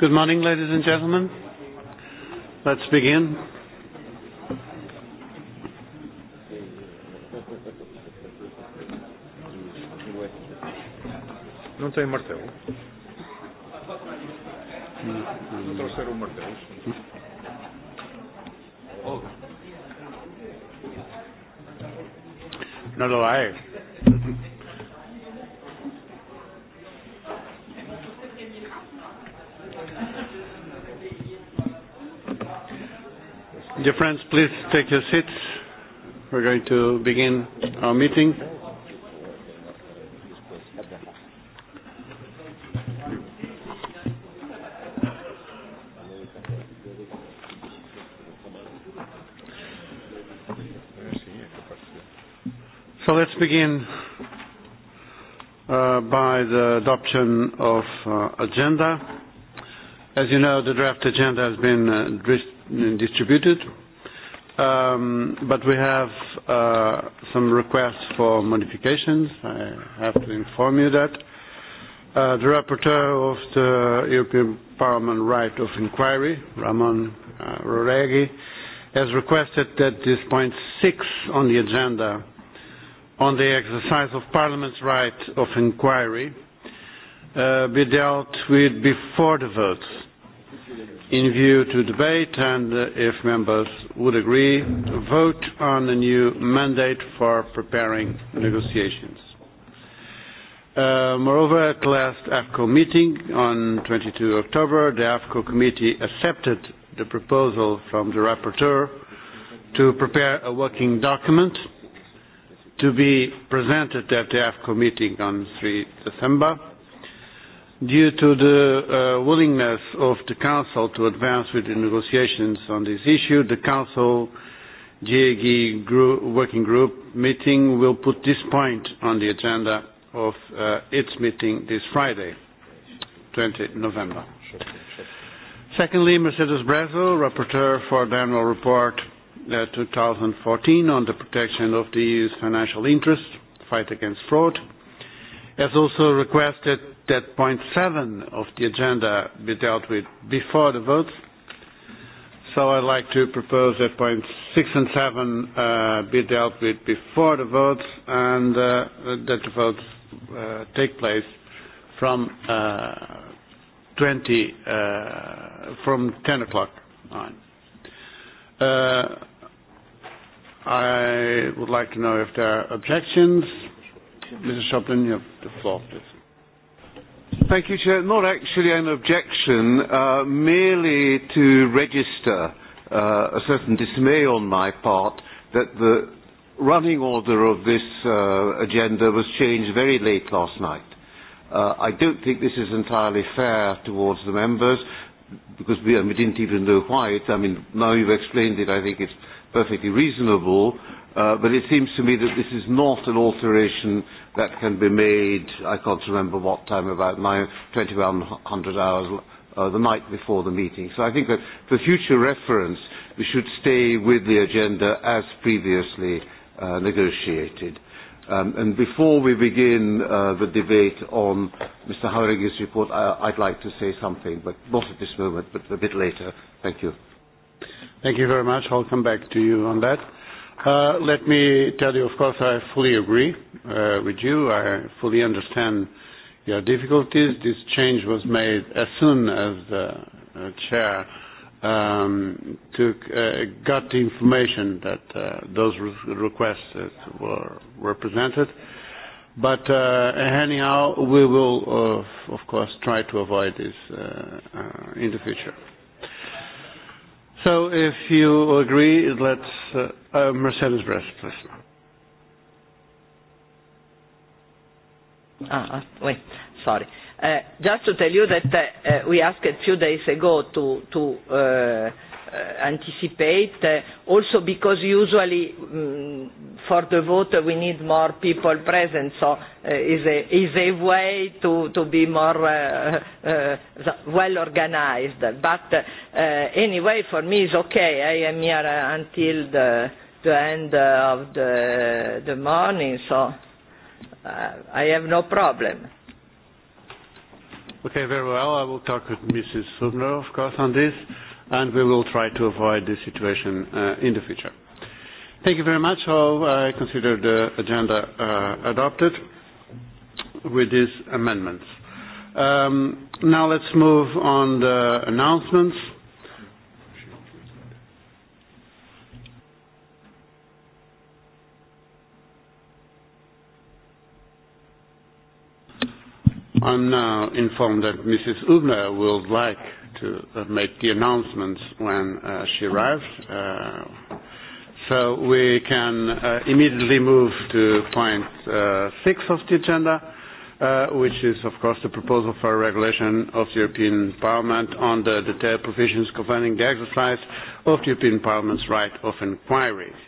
Good morning, ladies and gentlemen. Let's begin. Não Not alive. Dear friends, please take your seats. We're going to begin our meeting. So let's begin uh, by the adoption of uh, agenda. As you know, the draft agenda has been uh, distributed. Um, but we have uh, some requests for modifications. I have to inform you that. Uh, the rapporteur of the European Parliament Right of Inquiry, Ramon uh, Roregi, has requested that this point six on the agenda on the exercise of Parliament's right of inquiry uh, be dealt with before the votes in view to debate and uh, if members would agree, vote on the new mandate for preparing negotiations. Uh, moreover, at the last AFCO meeting on 22 October, the AFCO committee accepted the proposal from the rapporteur to prepare a working document to be presented at the AFCO meeting on 3 December due to the uh, willingness of the Council to advance with the negotiations on this issue, the Council GAG group, Working Group meeting will put this point on the agenda of uh, its meeting this Friday, 20 November. Secondly, Mercedes Brazo, Rapporteur for the Annual Report uh, 2014 on the protection of the EU's financial interests, fight against fraud, has also requested that point seven of the agenda be dealt with before the votes. So I'd like to propose that point six and seven uh, be dealt with before the votes and uh, that the votes uh, take place from uh, 20 uh, from 10 o'clock on. Uh, I would like to know if there are objections. Mr. Shopton, you have the floor, please. Thank you, Chair. Not actually an objection, uh, merely to register uh, a certain dismay on my part that the running order of this uh, agenda was changed very late last night. Uh, I don't think this is entirely fair towards the members because we, um, we didn't even know why it. I mean, now you've explained it, I think it's perfectly reasonable. Uh, but it seems to me that this is not an alteration that can be made, I can't remember what time, about 2100 hours, uh, the night before the meeting. So I think that for future reference, we should stay with the agenda as previously uh, negotiated. Um, and before we begin uh, the debate on Mr. Howregi's report, I, I'd like to say something, but not at this moment, but a bit later. Thank you. Thank you very much. I'll come back to you on that. Uh, let me tell you, of course, I fully agree uh, with you. I fully understand your difficulties. This change was made as soon as the uh, chair um, took, uh, got the information that uh, those re- requests were, were presented. But uh, anyhow, we will, uh, of course, try to avoid this uh, uh, in the future. So if you agree, let's, uh, uh, Mercedes Brest, please. Ah, wait, sorry. Uh, just to tell you that uh, we asked a few days ago to, to uh, anticipate, also because usually for the vote we need more people present, so uh is a is a way to to be more uh uh well organized. But uh Anyway, for me it's okay. I am here until the the end of the the morning, so uh I have no problem. Okay, very well. I will talk with Mrs. Subner, of course, on this and we will try to avoid this situation uh, in the future. Thank you very much. So I consider the agenda uh, adopted with these amendments. Um, now let's move on the announcements. I'm now informed that Mrs. Ubner would like to uh, make the announcements when uh, she arrives. Uh, so we can uh, immediately move to point uh, six of the agenda, uh, which is, of course, the proposal for a regulation of the European Parliament on the detailed provisions governing the exercise of the European Parliament's right of inquiry. Uh,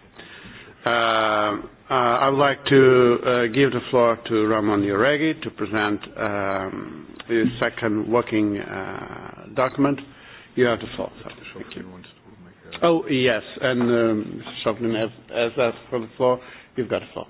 uh I would like to uh, give the floor to Ramon Uregui to present um, his second working uh, document. You have the floor. Sir. Thank you. Oh, yes, and um, Mr. has, has asked for the floor. You've got the floor.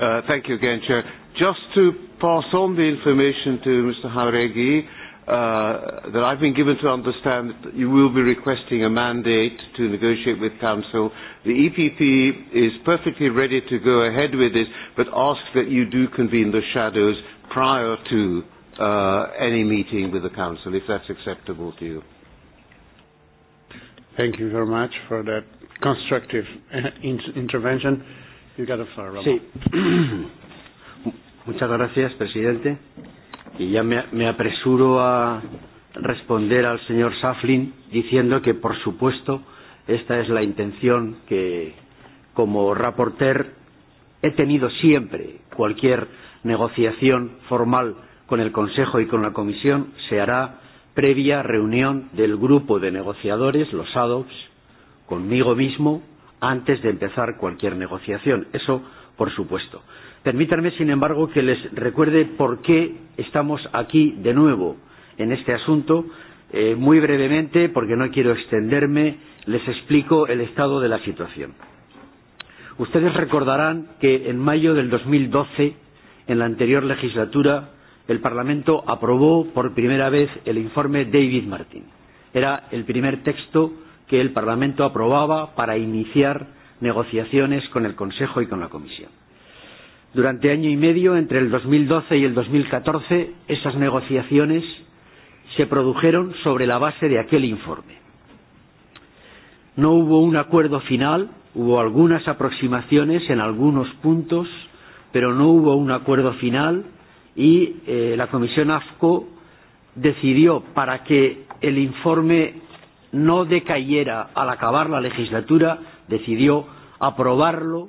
Uh, thank you again, Chair. Just to pass on the information to Mr. uh, uh, that I've been given to understand that you will be requesting a mandate to negotiate with Council. The EPP is perfectly ready to go ahead with this, but ask that you do convene the shadows prior to uh, any meeting with the Council, if that's acceptable to you. Thank you very much for that constructive in intervention. You got a floor, Muchas gracias, presidente. Y ya me, me apresuro a responder al señor Saflin diciendo que, por supuesto, esta es la intención que, como reporter, he tenido siempre. Cualquier negociación formal con el Consejo y con la Comisión se hará previa reunión del grupo de negociadores, los ADOPS, conmigo mismo, antes de empezar cualquier negociación. Eso, por supuesto. Permítanme, sin embargo, que les recuerde por qué estamos aquí de nuevo en este asunto. Eh, muy brevemente, porque no quiero extenderme, les explico el estado de la situación. Ustedes recordarán que en mayo del 2012, en la anterior legislatura, el Parlamento aprobó por primera vez el informe David Martin. Era el primer texto que el Parlamento aprobaba para iniciar negociaciones con el Consejo y con la Comisión Durante año y medio, entre el 2012 y el 2014, esas negociaciones se produjeron sobre la base de aquel informe. No hubo un acuerdo final, hubo algunas aproximaciones en algunos puntos, pero no hubo un acuerdo final y eh, la Comisión AFCO decidió para que el informe no decayera al acabar la legislatura, decidió aprobarlo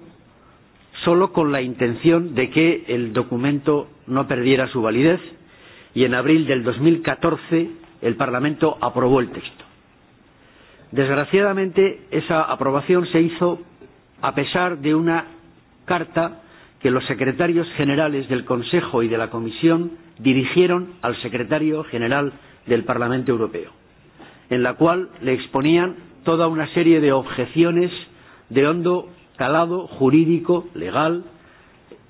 solo con la intención de que el documento no perdiera su validez y en abril del 2014 el Parlamento aprobó el texto. Desgraciadamente, esa aprobación se hizo a pesar de una carta que los secretarios generales del Consejo y de la Comisión dirigieron al secretario general del Parlamento Europeo, en la cual le exponían toda una serie de objeciones de hondo calado jurídico, legal,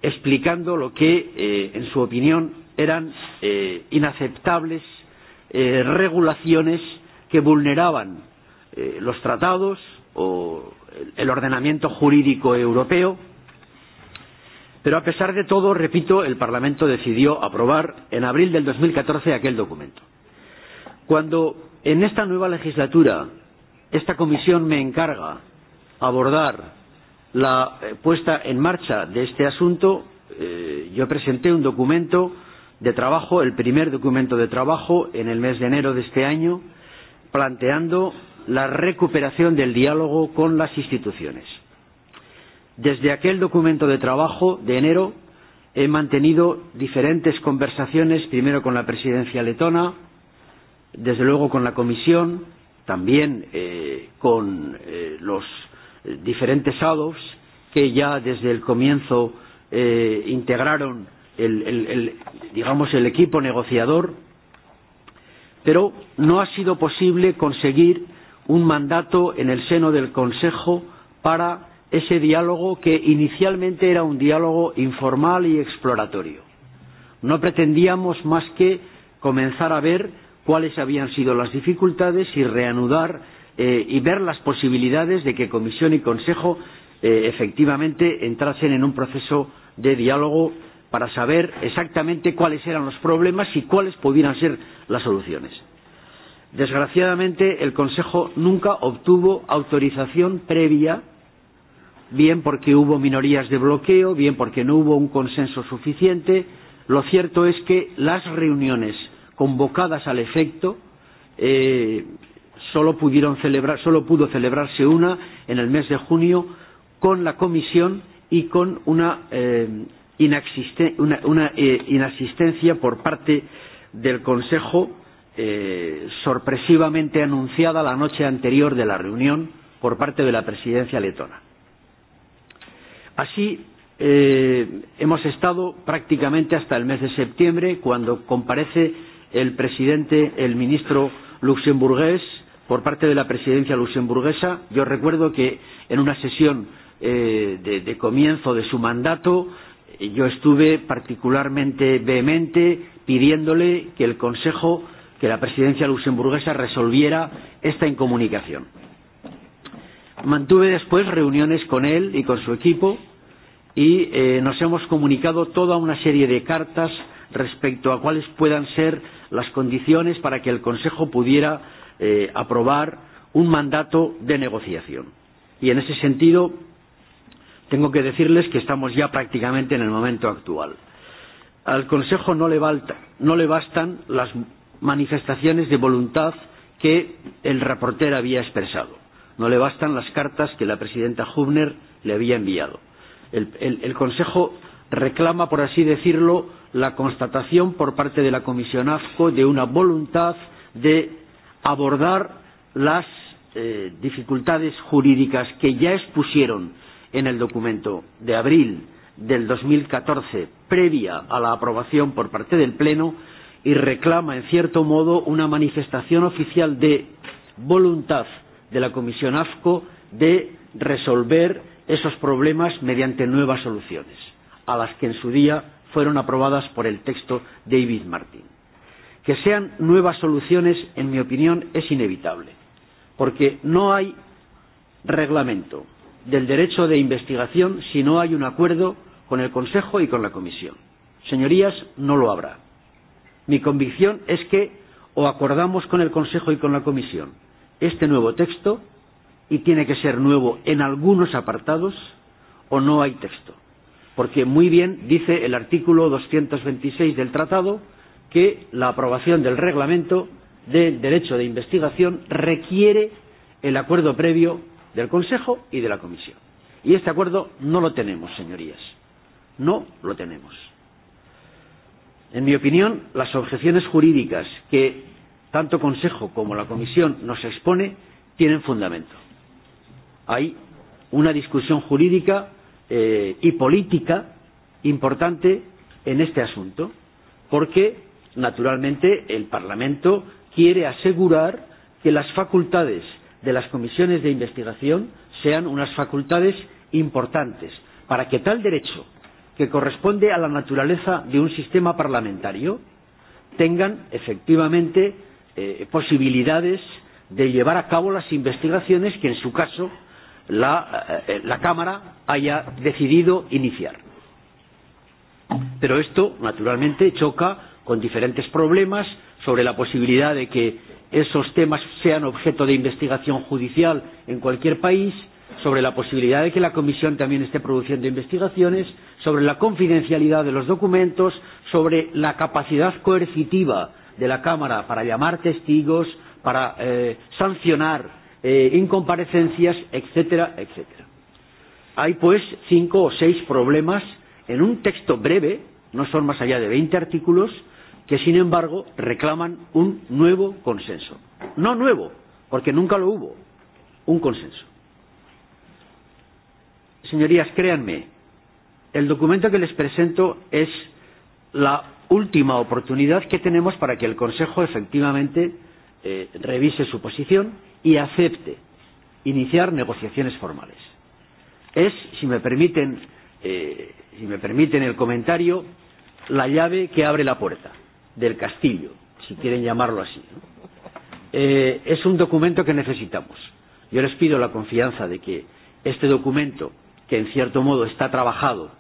explicando lo que, eh, en su opinión, eran eh, inaceptables eh, regulaciones que vulneraban eh, los tratados o el ordenamiento jurídico europeo. Pero a pesar de todo, repito, el Parlamento decidió aprobar en abril del 2014 aquel documento. Cuando en esta nueva legislatura esta comisión me encarga abordar la puesta en marcha de este asunto, eh, yo presenté un documento de trabajo, el primer documento de trabajo, en el mes de enero de este año, planteando la recuperación del diálogo con las instituciones. Desde aquel documento de trabajo de enero he mantenido diferentes conversaciones, primero con la presidencia letona, desde luego con la comisión, también eh, con eh, los diferentes ADOPS que ya desde el comienzo eh, integraron el, el, el, digamos, el equipo negociador, pero no ha sido posible conseguir un mandato en el seno del Consejo para ese diálogo que inicialmente era un diálogo informal y exploratorio. No pretendíamos más que comenzar a ver cuáles habían sido las dificultades y reanudar eh, y ver las posibilidades de que Comisión y Consejo eh, efectivamente entrasen en un proceso de diálogo para saber exactamente cuáles eran los problemas y cuáles pudieran ser las soluciones. Desgraciadamente, el Consejo nunca obtuvo autorización previa, bien porque hubo minorías de bloqueo, bien porque no hubo un consenso suficiente. Lo cierto es que las reuniones convocadas al efecto eh, solo, pudieron celebrar, solo pudo celebrarse una en el mes de junio con la Comisión y con una, eh, inasisten, una, una eh, inasistencia por parte del Consejo eh, sorpresivamente anunciada la noche anterior de la reunión por parte de la presidencia letona. Así, eh, hemos estado prácticamente hasta el mes de septiembre, cuando comparece el presidente, el ministro luxemburgués, por parte de la presidencia luxemburguesa. Yo recuerdo que en una sesión eh, de, de comienzo de su mandato yo estuve particularmente vehemente pidiéndole que el Consejo, que la presidencia luxemburguesa resolviera esta incomunicación. Mantuve después reuniones con él y con su equipo y eh, nos hemos comunicado toda una serie de cartas respecto a cuáles puedan ser las condiciones para que el Consejo pudiera eh, aprobar un mandato de negociación. Y en ese sentido, tengo que decirles que estamos ya prácticamente en el momento actual. Al Consejo no le, valta, no le bastan las manifestaciones de voluntad que el reporter había expresado. No le bastan las cartas que la presidenta hubner le había enviado. El, el, el Consejo reclama, por así decirlo, la constatación por parte de la Comisión AFCO de una voluntad de abordar las eh, dificultades jurídicas que ya expusieron en el documento de abril del 2014, previa a la aprobación por parte del Pleno, y reclama, en cierto modo, una manifestación oficial de voluntad de la Comisión AFCO de resolver esos problemas mediante nuevas soluciones, a las que en su día fueron aprobadas por el texto David Martín que sean nuevas soluciones, en mi opinión, es inevitable, porque no hay reglamento del derecho de investigación si no hay un acuerdo con el Consejo y con la Comisión. Señorías, no lo habrá. Mi convicción es que o acordamos con el Consejo y con la Comisión este nuevo texto, y tiene que ser nuevo en algunos apartados, o no hay texto. Porque muy bien dice el artículo 226 del tratado que la aprobación del reglamento de derecho de investigación requiere el acuerdo previo del Consejo y de la Comisión. Y este acuerdo no lo tenemos, señorías. No lo tenemos. En mi opinión, las objeciones jurídicas que tanto Consejo como la Comisión nos expone tienen fundamento. Hay una discusión jurídica eh, y política importante en este asunto, porque Naturalmente, el Parlamento quiere asegurar que las facultades de las comisiones de investigación sean unas facultades importantes para que tal derecho que corresponde a la naturaleza de un sistema parlamentario tengan efectivamente eh, posibilidades de llevar a cabo las investigaciones que en su caso la, eh, la Cámara haya decidido iniciar. Pero esto, naturalmente, choca con diferentes problemas sobre la posibilidad de que esos temas sean objeto de investigación judicial en cualquier país, sobre la posibilidad de que la Comisión también esté produciendo investigaciones, sobre la confidencialidad de los documentos, sobre la capacidad coercitiva de la Cámara para llamar testigos, para eh, sancionar eh, incomparecencias, etcétera, etcétera. Hay pues cinco o seis problemas en un texto breve, no son más allá de veinte artículos, que sin embargo reclaman un nuevo consenso. No nuevo, porque nunca lo hubo, un consenso. Señorías, créanme, el documento que les presento es la última oportunidad que tenemos para que el Consejo efectivamente eh, revise su posición y acepte iniciar negociaciones formales. Es, si me permiten, eh, si me permiten el comentario, la llave que abre la puerta del castillo, si quieren llamarlo así. ¿no? Eh, es un documento que necesitamos. Yo les pido la confianza de que este documento, que en cierto modo está trabajado,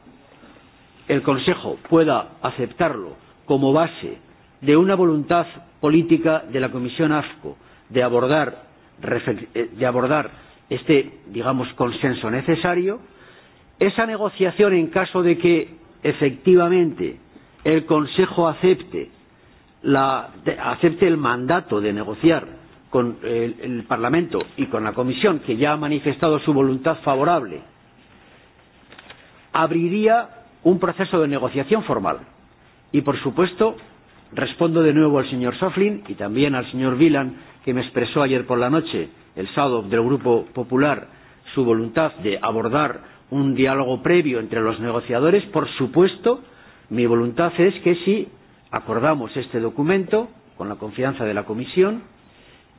el Consejo pueda aceptarlo como base de una voluntad política de la Comisión AFCO de abordar, de abordar este, digamos, consenso necesario, esa negociación en caso de que efectivamente el Consejo acepte la, acepte el mandato de negociar con el, el Parlamento y con la Comisión, que ya ha manifestado su voluntad favorable, abriría un proceso de negociación formal. Y, por supuesto, respondo de nuevo al señor Soflin y también al señor Vilan, que me expresó ayer por la noche, el sábado, del Grupo Popular, su voluntad de abordar un diálogo previo entre los negociadores. Por supuesto, mi voluntad es que si acordamos este documento con la confianza de la Comisión.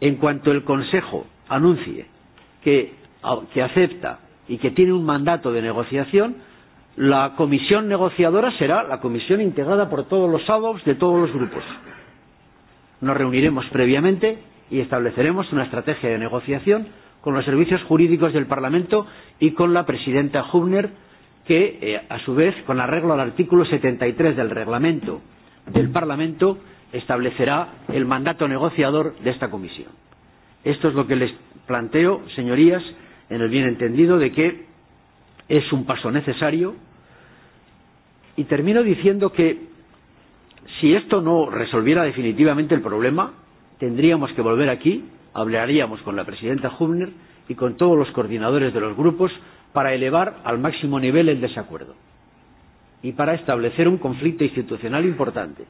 En cuanto el Consejo anuncie que, que acepta y que tiene un mandato de negociación, la comisión negociadora será la comisión integrada por todos los ADOPS de todos los grupos. Nos reuniremos previamente y estableceremos una estrategia de negociación con los servicios jurídicos del Parlamento y con la presidenta Hubner, que, eh, a su vez, con arreglo al artículo 73 del reglamento del Parlamento establecerá el mandato negociador de esta comisión. Esto es lo que les planteo, señorías, en el bien entendido de que es un paso necesario. Y termino diciendo que si esto no resolviera definitivamente el problema, tendríamos que volver aquí, hablaríamos con la presidenta Hübner y con todos los coordinadores de los grupos para elevar al máximo nivel el desacuerdo y para establecer un conflicto institucional importante.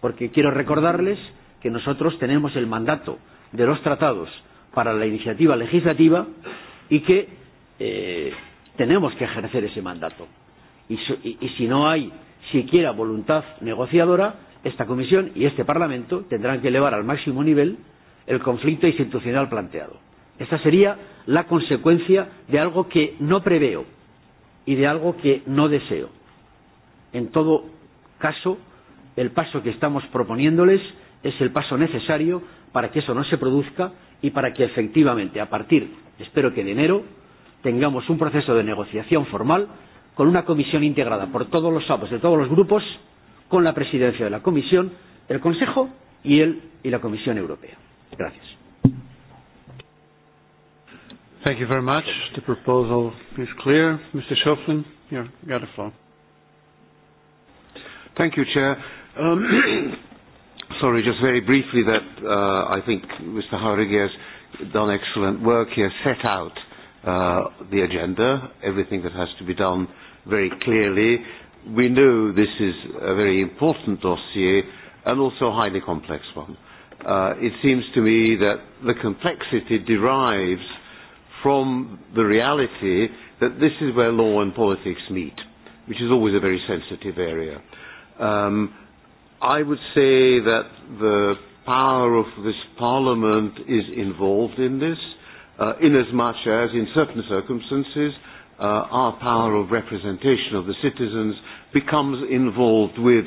Porque quiero recordarles que nosotros tenemos el mandato de los tratados para la iniciativa legislativa y que eh, tenemos que ejercer ese mandato. Y, y, y si no hay siquiera voluntad negociadora, esta comisión y este Parlamento tendrán que elevar al máximo nivel el conflicto institucional planteado. Esta sería la consecuencia de algo que no preveo y de algo que no deseo. En todo caso, el paso que estamos proponiéndoles es el paso necesario para que eso no se produzca y para que efectivamente, a partir, espero que de enero, tengamos un proceso de negociación formal con una comisión integrada por todos los sapos de todos los grupos, con la presidencia de la Comisión, el Consejo y, el, y la Comisión Europea. Gracias. Thank you very much. The proposal is clear. Mr. Shoflin, you've got the floor. Thank you, Chair. Um, sorry, just very briefly that uh, I think Mr. Haurigi has done excellent work here, set out uh, the agenda, everything that has to be done very clearly. We know this is a very important dossier and also a highly complex one. Uh, it seems to me that the complexity derives from the reality that this is where law and politics meet, which is always a very sensitive area Um, I would say that the power of this Parliament is involved in this, uh, in as much as, in certain circumstances, uh, our power of representation of the citizens becomes involved with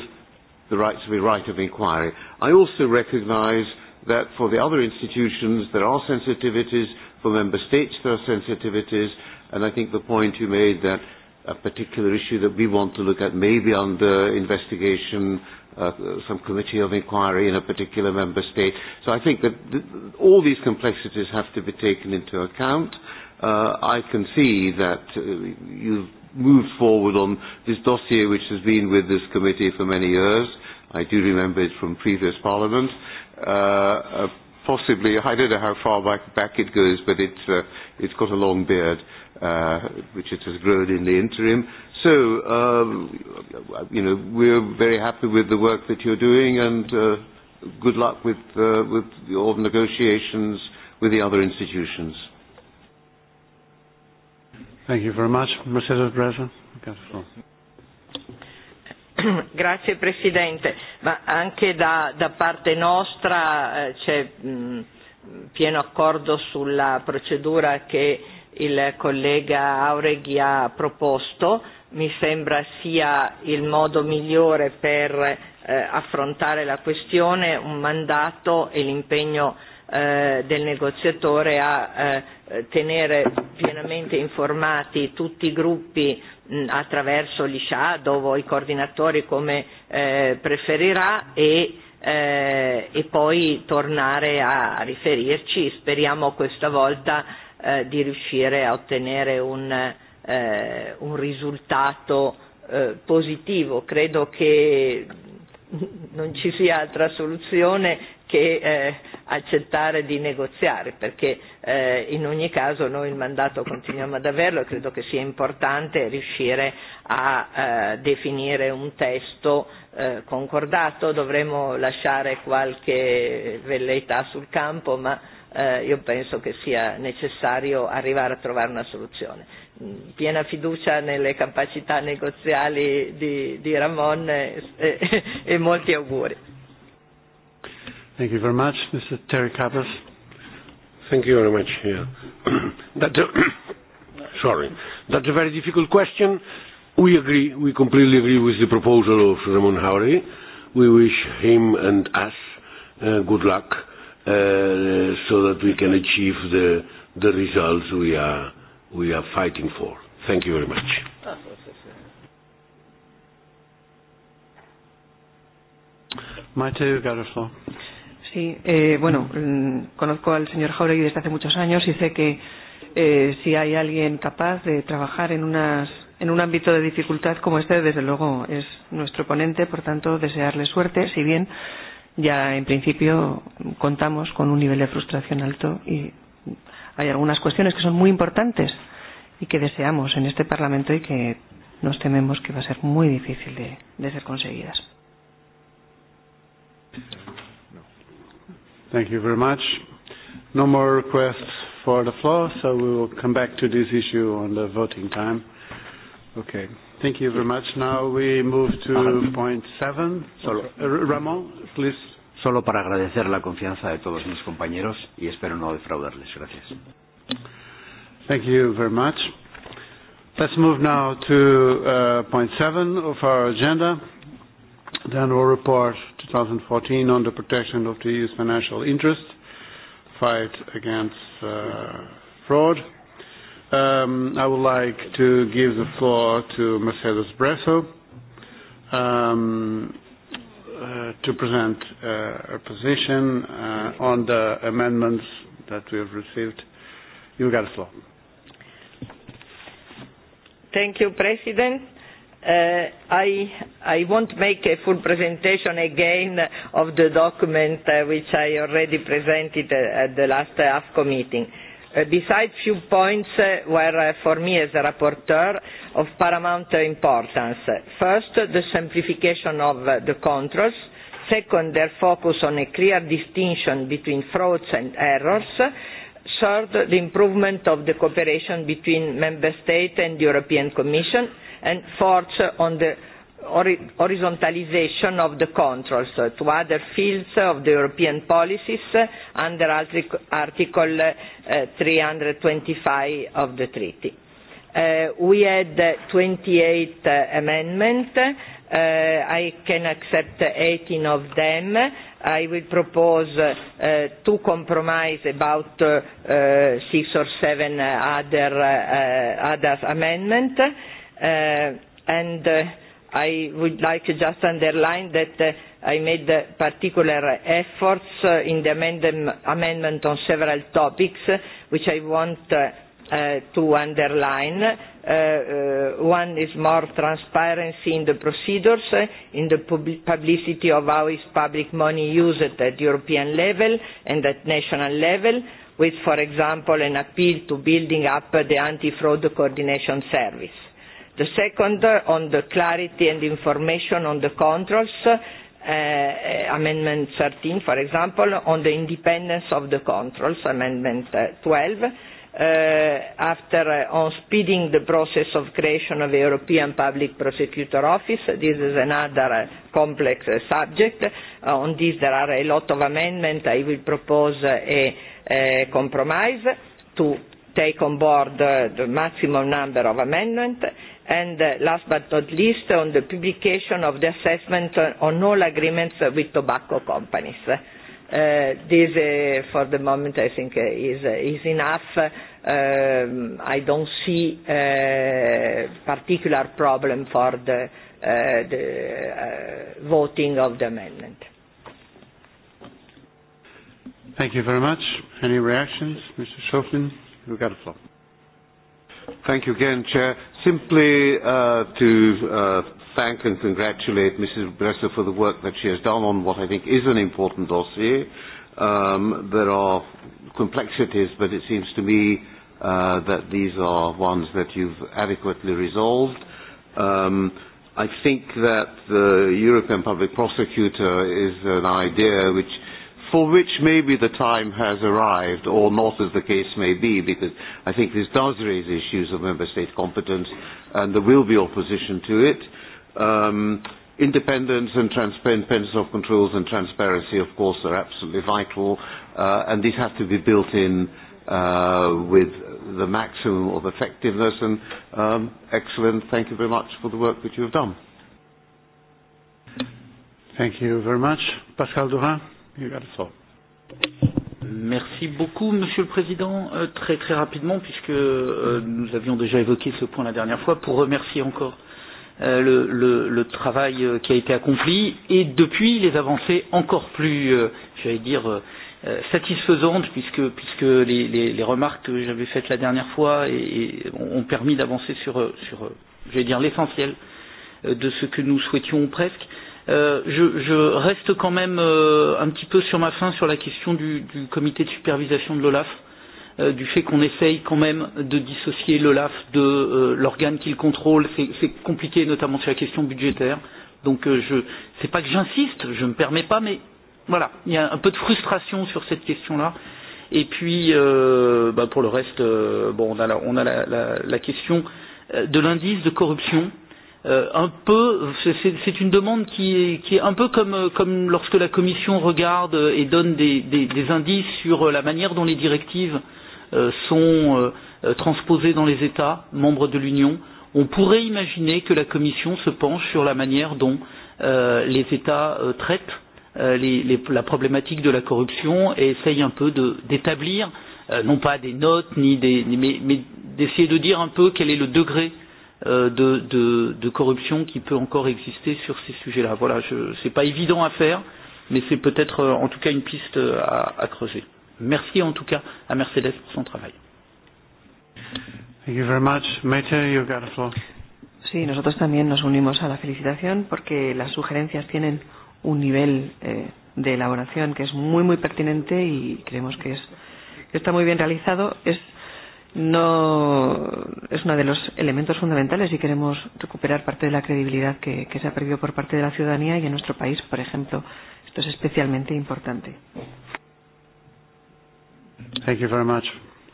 the right to be right of inquiry. I also recognise that for the other institutions there are sensitivities, for member states there are sensitivities, and I think the point you made that a particular issue that we want to look at, maybe under investigation, uh, some committee of inquiry in a particular member state. So I think that th- all these complexities have to be taken into account. Uh, I can see that uh, you've moved forward on this dossier which has been with this committee for many years. I do remember it from previous parliament. Uh, uh, possibly, I don't know how far back, back it goes, but it's, uh, it's got a long beard, uh, which it has grown in the interim. So, um, you know, we're very happy with the work that you're doing and uh, good luck with, uh, with your negotiations with the other institutions. Thank you very much. Mercedes Breza, Grazie Presidente, ma anche da, da parte nostra eh, c'è pieno accordo sulla procedura che il collega Aureghi ha proposto, mi sembra sia il modo migliore per eh, affrontare la questione, un mandato e l'impegno eh, del negoziatore a eh, tenere pienamente informati tutti i gruppi attraverso gli shadow o i coordinatori come eh, preferirà e, eh, e poi tornare a riferirci. Speriamo questa volta eh, di riuscire a ottenere un, eh, un risultato eh, positivo. Credo che non ci sia altra soluzione che eh, accettare di negoziare, perché eh, in ogni caso noi il mandato continuiamo ad averlo e credo che sia importante riuscire a eh, definire un testo eh, concordato, dovremmo lasciare qualche velleità sul campo, ma eh, io penso che sia necessario arrivare a trovare una soluzione piena fiducia nelle capacità negoziali di, di Ramon e, e, e molti auguri. Thank you very much. Mr. Terry Cabras. Thank you very much. Yeah. That's a, sorry. That's a very difficult question. We agree. We completely agree with the proposal of Ramon Howry. We wish him and us uh, good luck uh, so that we can achieve the, the results we are, we are fighting for. Thank you very much. Maite, you Sí, eh, bueno, conozco al señor Jauregui desde hace muchos años y sé que eh, si hay alguien capaz de trabajar en, unas, en un ámbito de dificultad como este, desde luego es nuestro ponente, por tanto, desearle suerte, si bien ya en principio contamos con un nivel de frustración alto y hay algunas cuestiones que son muy importantes y que deseamos en este Parlamento y que nos tememos que va a ser muy difícil de, de ser conseguidas. Thank you very much. No more requests for the floor, so we will come back to this issue on the voting time. Okay. Thank you very much. Now we move to point seven. Solo. Ramón, please. Solo para agradecer la confianza de todos mis compañeros y espero no defraudarles. Gracias. Thank you very much. Let's move now to uh, point seven of our agenda the annual report 2014 on the protection of the EU's financial interests, fight against uh, fraud. Um, I would like to give the floor to Mercedes Bresso um, uh, to present uh, her position uh, on the amendments that we have received. You got the floor. Thank you, President I, I won't make a full presentation again of the document uh, which I already presented uh, at the last AFCO meeting. Uh, besides few points uh, were uh, for me as a rapporteur of paramount importance. First, the simplification of uh, the controls. Second, their focus on a clear distinction between frauds and errors. Third, the improvement of the cooperation between Member States and the European Commission and fourth on the horizontalization of the controls to other fields of the European policies under Article 325 of the Treaty. Uh, we had 28 uh, amendments. Uh, I can accept 18 of them. I will propose uh, two compromise about uh, uh, six or seven other, uh, other amendments and uh, I would like to just underline that uh, I made particular efforts uh, in the amend amendment on several topics, uh, which I want uh, uh, to underline. Uh, uh, one is more transparency in the procedures, uh, in the pub publicity of how is public money used at European level and at national level, with, for example, an appeal to building up the anti-fraud coordination service The second, on the clarity and information on the controls, uh, Amendment 13, for example, on the independence of the controls, Amendment 12, uh, after uh, on speeding the process of creation of a European Public Prosecutor Office. This is another uh, complex uh, subject. Uh, on this there are a lot of amendments. I will propose a, a compromise to take on board uh, the maximum number of amendments And last but not least, on the publication of the assessment on all agreements with tobacco companies. This, uh for the moment, I think is uh is enough. Um I don't see uh particular problem for the uh uh the voting of the amendment. Thank you very much. Any reactions? Mr. Schoflin, you've got the floor. Thank you again, Chair simply uh, to uh, thank and congratulate Mrs. Bresser for the work that she has done on what I think is an important dossier. Um, there are complexities, but it seems to me uh, that these are ones that you've adequately resolved. Um, I think that the European Public Prosecutor is an idea which for which maybe the time has arrived, or not as the case may be, because I think this does raise issues of member state competence, and there will be opposition to it. Um, independence and transparency of controls and transparency, of course, are absolutely vital, uh, and these have to be built in uh, with the maximum of effectiveness. And um, excellent, thank you very much for the work that you have done. Thank you very much. Pascal Durin. You got Merci beaucoup, Monsieur le Président. Euh, très très rapidement, puisque euh, nous avions déjà évoqué ce point la dernière fois, pour remercier encore euh, le, le, le travail euh, qui a été accompli et depuis les avancées encore plus, euh, j'allais dire, euh, satisfaisantes, puisque, puisque les, les, les remarques que j'avais faites la dernière fois et, et ont permis d'avancer sur, sur j'allais dire, l'essentiel de ce que nous souhaitions presque. Euh, Euh, je, je reste quand même euh, un petit peu sur ma fin sur la question du, du comité de supervision de l'OLAF, euh, du fait qu'on essaye quand même de dissocier l'OLAF de euh, l'organe qu'il contrôle. C'est compliqué, notamment sur la question budgétaire. Donc euh, je c'est pas que j'insiste, je ne me permets pas, mais voilà, il y a un peu de frustration sur cette question-là. Et puis, euh, bah pour le reste, euh, bon, on a la, on a la, la, la question de l'indice de corruption. Euh, euh, un peu, c'est une demande qui est, qui est un peu comme, comme lorsque la Commission regarde et donne des, des, des indices sur la manière dont les directives euh, sont euh, transposées dans les États membres de l'Union. On pourrait imaginer que la Commission se penche sur la manière dont euh, les États euh, traitent euh, les, les, la problématique de la corruption et essaye un peu d'établir, euh, non pas des notes, ni des, mais, mais d'essayer de dire un peu quel est le degré de, de, de corruption qui peut encore exister sur ces sujets-là. Voilà, ce n'est pas évident à faire, mais c'est peut-être en tout cas une piste à, à creuser. Merci en tout cas à Mercedes pour son travail. Thank you very much. Mete, you've got the floor. Sí, nosotros también nos unimos a la felicitación porque las sugerencias tienen un nivel eh, de elaboración que es muy, muy pertinente y creemos que es que está muy bien realizado. Es no es uno de los elementos fundamentales si queremos recuperar parte de la credibilidad que, que se ha perdido por parte de la ciudadanía y en nuestro país, por ejemplo, esto es especialmente importante. Thank you very much.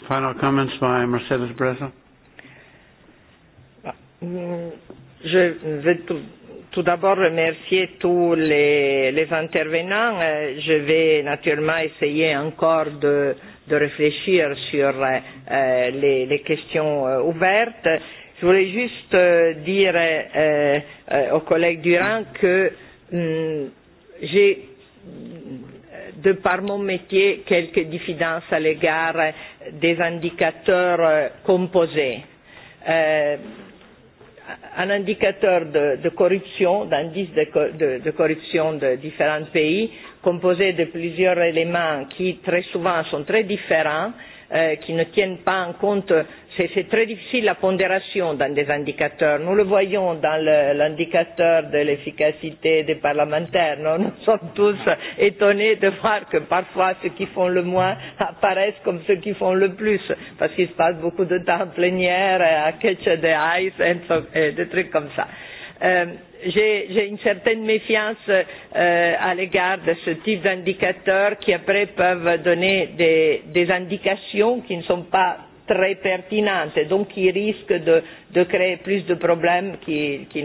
Final comments by Mercedes Bresso. Je vais tout, tout d'abord remercier tous les, les intervenants. Je vais naturellement essayer encore de euh, de réfléchir sur euh, les, les questions euh, ouvertes. Je voulais juste euh, dire euh, euh, au collègue Durand que hum, j'ai de par mon métier, quelques diffidences à l'égard des indicateurs composés. Euh, un indicateur de, de corruption, d'indice de, de, de corruption de différents pays, composée de plusieurs éléments qui très souvent sont très différents, euh, qui ne tiennent pas en compte. C'est très difficile la pondération dans des indicateurs. Nous le voyons dans l'indicateur de l'efficacité des parlementaires. Nous, nous sommes tous étonnés de voir que parfois ceux qui font le moins apparaissent comme ceux qui font le plus, parce qu'il se passe beaucoup de temps en plénière, à catch the eyes, et des trucs comme ça. Euh, j'ai une certaine méfiance euh, à l'égard de ce type d'indicateurs qui après peuvent donner des, des indications qui ne sont pas très pertinentes et donc qui risquent de, de créer plus de problèmes qui, qui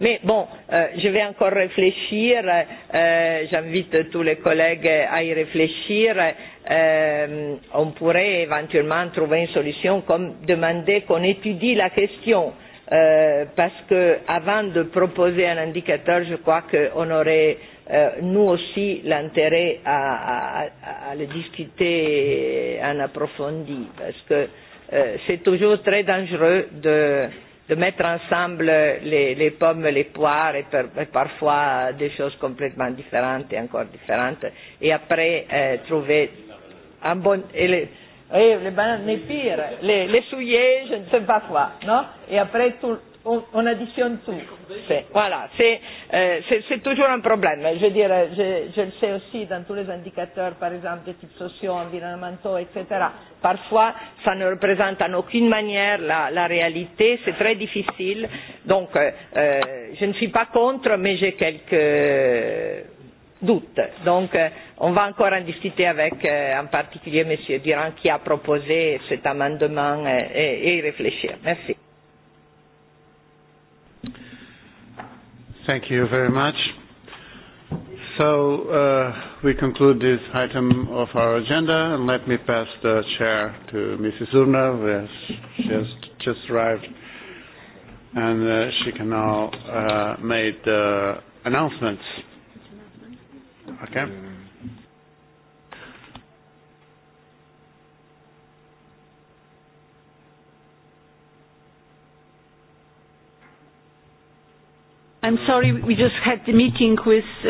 mais bon euh, je vais encore réfléchir euh, j'invite tous les collègues à y réfléchir euh, on pourrait éventuellement trouver une solution comme demander qu'on étudie la question euh, parce que avant de proposer un indicateur, je crois qu'on aurait euh, nous aussi l'intérêt à, à, à le discuter en approfondi, parce que euh, c'est toujours très dangereux de, de mettre ensemble les, les pommes, les poires et, per, et parfois des choses complètement différentes et encore différentes, et après euh, trouver un bon et élément Et les bananes, les pires, les, les souillés, je ne sais pas quoi, non Et après, tout, on, on additionne tout. C'est, voilà, c'est, euh, c'est, c'est toujours un problème. Je veux dire, je, je le sais aussi dans tous les indicateurs, par exemple, de types sociaux, environnementaux, etc. Parfois, ça ne représente en aucune manière la, la réalité, c'est très difficile. Donc, euh, je ne suis pas contre, mais j'ai quelques doute. Donc, on va encore en discuter avec, en particulier, M. Durand, qui a proposé cet amendement et, et réfléchir. Merci. Thank you very much. So uh, we conclude this item of our agenda, and let me pass the chair to Mrs. Urna, who has just arrived, and uh, she can now uh, make the announcements. Okay. I'm sorry, we just had the meeting with uh,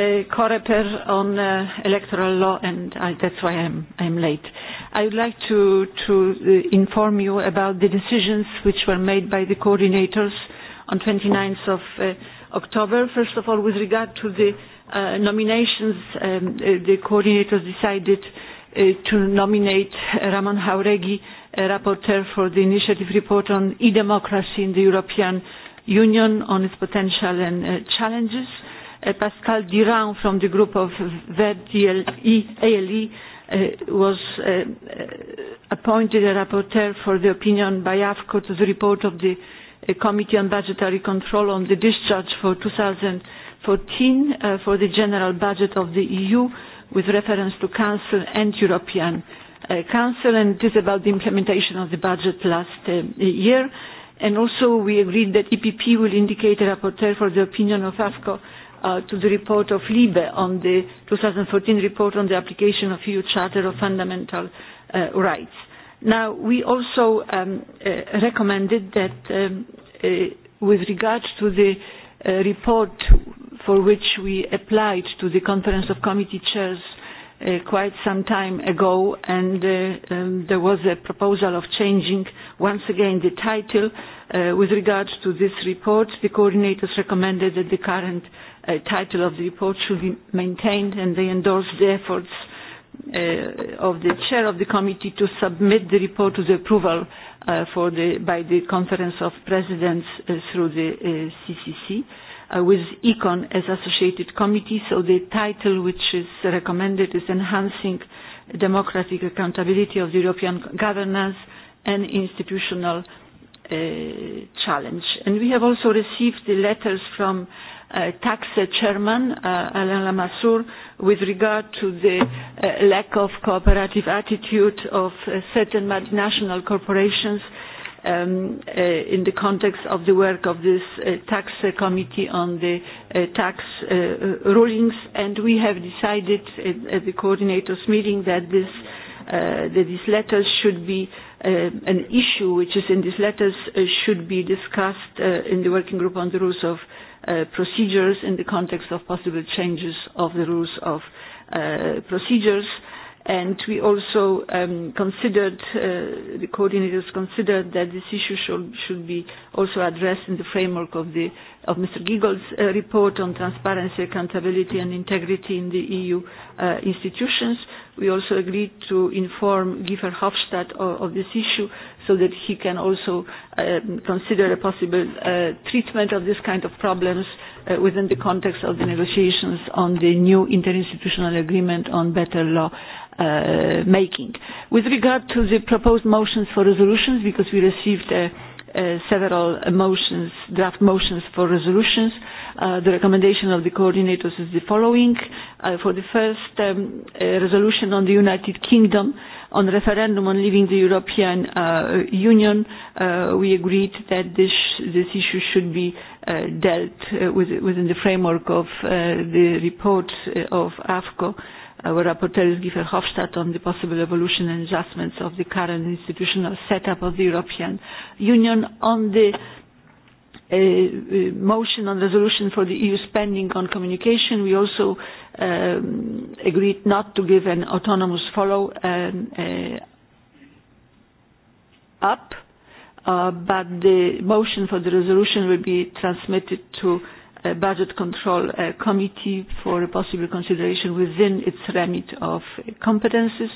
uh, Coreper on uh, electoral law, and I, that's why I'm, I'm late. I would like to, to uh, inform you about the decisions which were made by the coordinators on 29th of uh, October. First of all, with regard to the uh, nominations, um, the coordinators decided uh, to nominate Ramon Jauregui, a rapporteur for the initiative report on e-democracy in the European Union, on its potential and uh, challenges. Uh, Pascal Durand from the group of VERDLE uh, was uh, appointed a rapporteur for the opinion by AFCO to the report of the uh, Committee on Budgetary Control on the discharge for 2000 14 uh, for the general budget of the EU with reference to Council and European uh, Council, and it is about the implementation of the budget last uh, year. And also we agreed that EPP will indicate a rapporteur for the opinion of AFCO uh, to the report of LIBE on the 2014 report on the application of EU Charter of Fundamental uh, Rights. Now, we also um, uh, recommended that um, uh, with regards to the uh, report for which we applied to the Conference of Committee Chairs uh, quite some time ago, and uh, um, there was a proposal of changing once again the title uh, with regard to this report. The coordinators recommended that the current uh, title of the report should be maintained, and they endorsed the efforts uh, of the chair of the committee to submit the report to the approval uh, for the, by the Conference of Presidents uh, through the uh, CCC. Uh, uh, with ECON as associated committee. So the title which is recommended is Enhancing Democratic Accountability of the European Governance and Institutional uh, Challenge. And we have also received the letters from uh, TAXE chairman, uh, Alain Lamassoure, with regard to the uh, lack of cooperative attitude of uh, certain multinational corporations um, uh, in the context of the work of this uh, tax uh, committee on the uh, tax uh, rulings and we have decided at, at the coordinators meeting that this uh, that these letters should be uh, an issue which is in these letters uh, should be discussed uh, in the working group on the rules of uh, procedures in the context of possible changes of the rules of uh, procedures uh, and we also um, considered, uh, the coordinators considered that this issue should, should be also addressed in the framework of, the, of Mr. Giegel's uh, report on transparency, accountability and integrity in the EU uh, institutions. We also agreed to inform Giefer Hofstadt of, of this issue so that he can also um, consider a possible uh, treatment of this kind of problems uh, within the context of the negotiations on the new interinstitutional agreement on better law uh, making. With regard to the proposed motions for resolutions, because we received uh, uh, several motions, draft motions for resolutions, uh, the recommendation of the coordinators is the following. Uh, for the first um, uh, resolution on the United Kingdom, on referendum on leaving the European uh, Union, uh, we agreed that this, this issue should be uh, dealt uh, with, within the framework of uh, the report of AFCO our rapporteur Guy Verhofstadt on the possible evolution and adjustments of the current institutional setup of the European Union on the uh, motion on resolution for the EU spending on communication. We also um, agreed not to give an autonomous follow um, uh, up, uh, but the motion for the resolution will be transmitted to uh, Budget Control uh, Committee for a possible consideration within its remit of competences.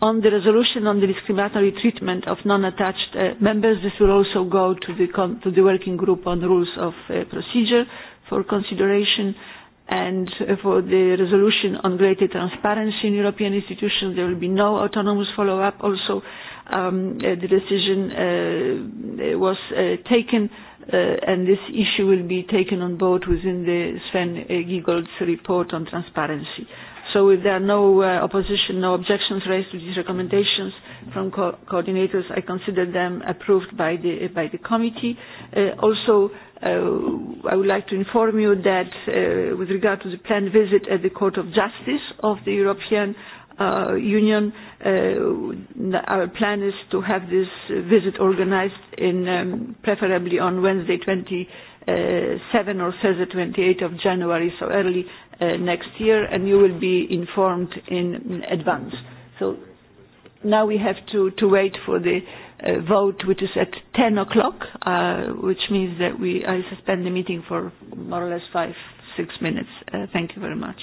On the resolution on the discriminatory treatment of non-attached uh, members, this will also go to the, con to the working group on rules of uh, procedure for consideration and for the resolution on greater transparency in European institutions. There will be no autonomous follow-up. Also, um, uh, the decision uh, was uh, taken uh, uh, and this issue will be taken on board within the Sven Giegold's report on transparency. So if there are no uh, opposition, no objections raised to these recommendations from co coordinators, I consider them approved by the, by the committee. Uh, also, uh, I would like to inform you that uh, with regard to the planned visit at the Court of Justice of the European uh, Union. Uh, our plan is to have this visit organized in um, preferably on Wednesday 27 or Thursday 28 of January, so early uh, next year, and you will be informed in advance. So now we have to, to wait for the uh, vote, which is at 10 o'clock, uh, which means that we I suspend the meeting for more or less five, six minutes. Uh, thank you very much.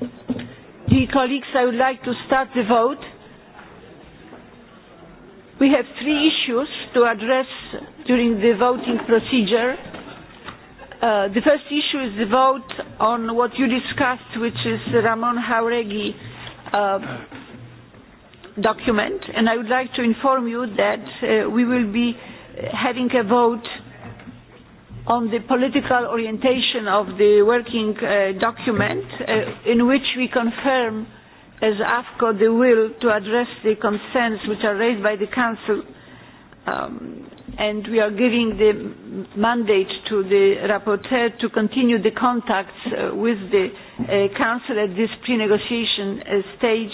Dear colleagues, I would like to start the vote. We have three issues to address during the voting procedure. Uh, the first issue is the vote on what you discussed, which is the Ramon Jauregui uh, document. And I would like to inform you that uh, we will be having a vote on the political orientation of the working uh, document uh, in which we confirm as AFCO the will to address the concerns which are raised by the Council um, and we are giving the mandate to the rapporteur to continue the contacts uh, with the uh, Council at this pre-negotiation uh, stage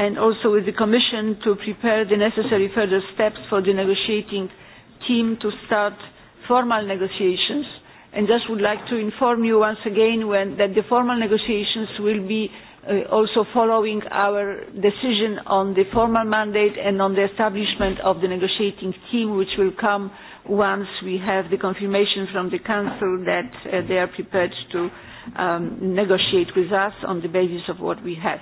and also with the Commission to prepare the necessary further steps for the negotiating team to start formal negotiations, and just would like to inform you once again when, that the formal negotiations will be uh, also following our decision on the formal mandate and on the establishment of the negotiating team, which will come once we have the confirmation from the Council that uh, they are prepared to um, negotiate with us on the basis of what we have.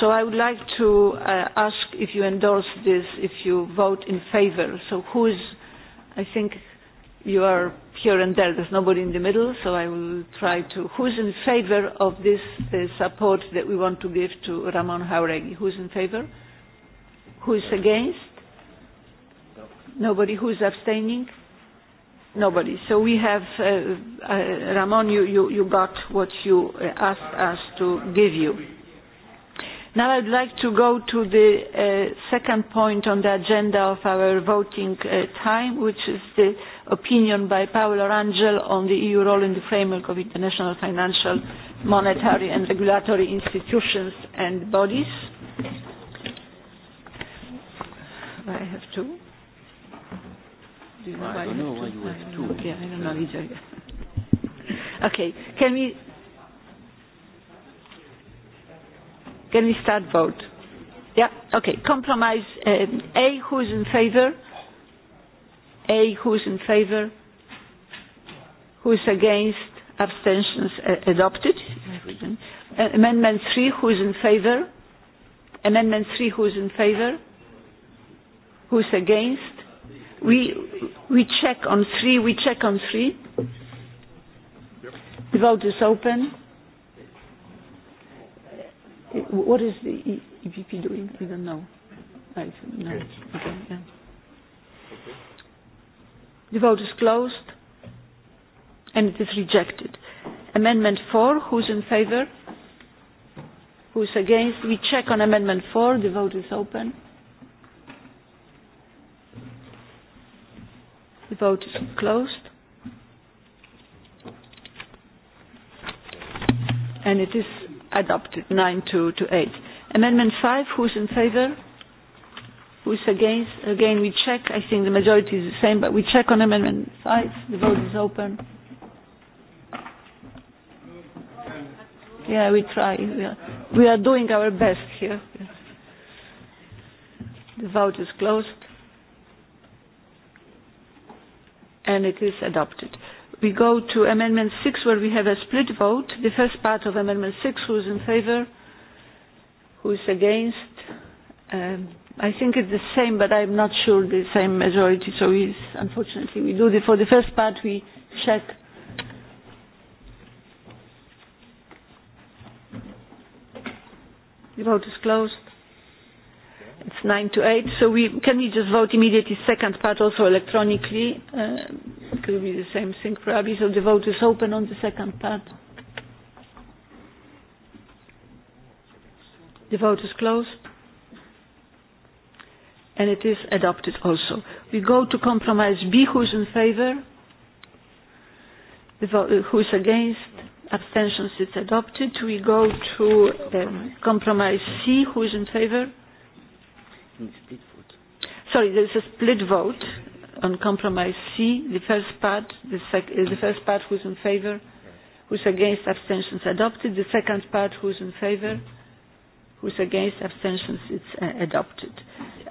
So I would like to uh, ask if you endorse this, if you vote in favour. So who is, I think, you are here and there. There's nobody in the middle, so I will try to. Who's in favor of this uh, support that we want to give to Ramon Jauregui? Who's in favor? Who's against? Nobody. Who's abstaining? Nobody. So we have, uh, uh, Ramon, you, you, you got what you uh, asked us to give you. Now I'd like to go to the uh, second point on the agenda of our voting uh, time, which is the uh, opinion by Paolo Rangel on the EU role in the framework of international financial, monetary and regulatory institutions and bodies. I have two. Do you know I don't know why you have two. I don't know either. Okay, can we can we start vote? Yeah, okay. Compromise um, A, is in favor? A, who is in favor? Who is against? Abstentions adopted. Amendment 3, who is in favor? Amendment 3, who is in favor? Who is against? We, we check on 3, we check on 3. The vote is open. What is the EPP doing? I don't know. I don't know. Okay, yeah. The vote is closed and it is rejected. Amendment 4, who is in favour? is against? We check on Amendment 4. The vote is open. The vote is closed. And it is adopted, 9 to, to 8. Amendment 5, who is in favour? Who is against? Again, we check. I think the majority is the same, but we check on Amendment 5. The vote is open. Yeah, we try. We are, we are doing our best here. The vote is closed. And it is adopted. We go to Amendment 6 where we have a split vote. The first part of Amendment 6, who is in favor? Who is against? Um, I think it's the same, but I'm not sure the same majority, so it's, unfortunately we do the, for the first part we check. The vote is closed. It's 9 to 8, so we, can we just vote immediately second part also electronically? Uh, it could be the same thing probably, so the vote is open on the second part. The vote is closed and it is adopted also. We go to compromise B. Who is in favor? Who is against? Abstentions is adopted. We go to um, compromise C. Who is in favor? Sorry, there is a split vote on compromise C. The first part, the, sec- the first part who is in favor, who is against abstentions adopted. The second part who is in favor, Who's against? Abstentions? It's uh, adopted.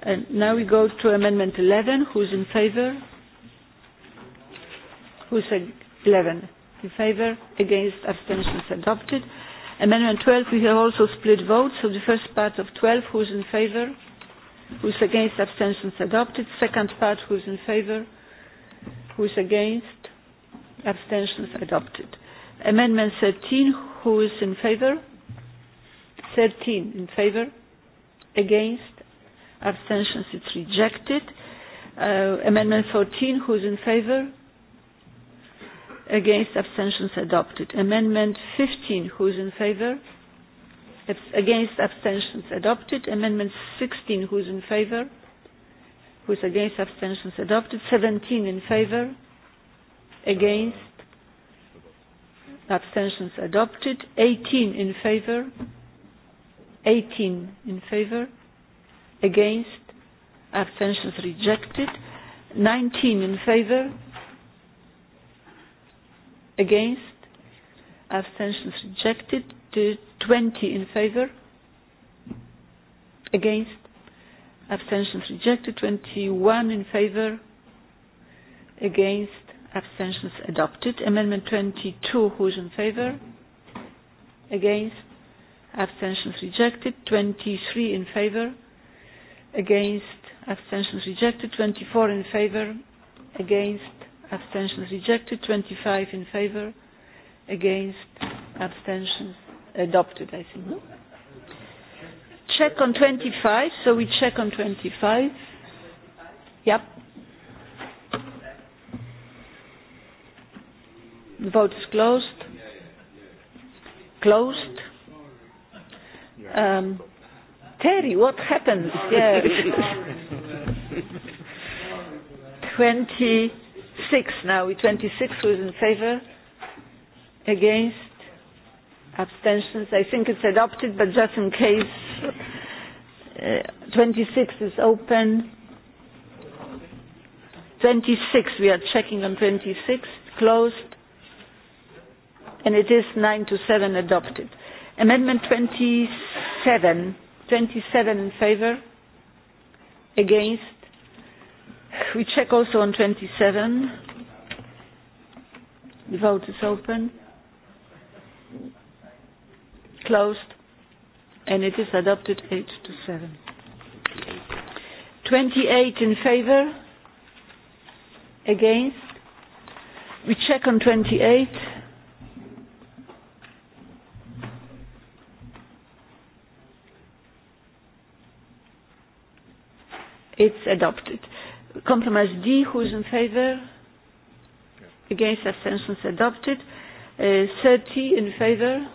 And now we go to Amendment 11. Who's in favor? Who's ag- 11? In favor? Against? Abstentions? Adopted. Amendment 12, we have also split votes. So the first part of 12, who's in favor? Who's against? Abstentions? Adopted. Second part, who's in favor? Who's against? Abstentions? Adopted. Amendment 13, who is in favor? 13 in favor, against, abstentions, it's rejected. Uh, amendment 14, who's in favor? Against, abstentions, adopted. Amendment 15, who's in favor? Against, abstentions, adopted. Amendment 16, who's in favor? Who's against, abstentions, adopted. 17 in favor, against, abstentions adopted, 18 in favor, 18 in favor, against, abstentions rejected, 19 in favor, against, abstentions rejected, 20 in favor, against, abstentions rejected, 21 in favor, against, abstentions adopted, amendment 22, who is in favor, against, abstentions rejected, 23 in favor, against, abstentions rejected, 24 in favor, against, abstentions rejected, 25 in favor, against, abstentions adopted, I think. No? Check on 25, so we check on 25. Yep. The vote is closed. Closed Um, Terry, what happened? Yeah. 26 now. 26 was in favor. Against. Abstentions. I think it's adopted, but just in case. Uh, 26 is open. 26. We are checking on 26. Closed. And it is 9 to 7 adopted. Amendment 27. 27 in favor? Against? We check also on 27. The vote is open. Closed. And it is adopted 8 to 7. 28 in favor? Against? We check on 28. It's adopted. Compromise D, who is in favor? Against abstentions adopted. Uh, 30 in favor?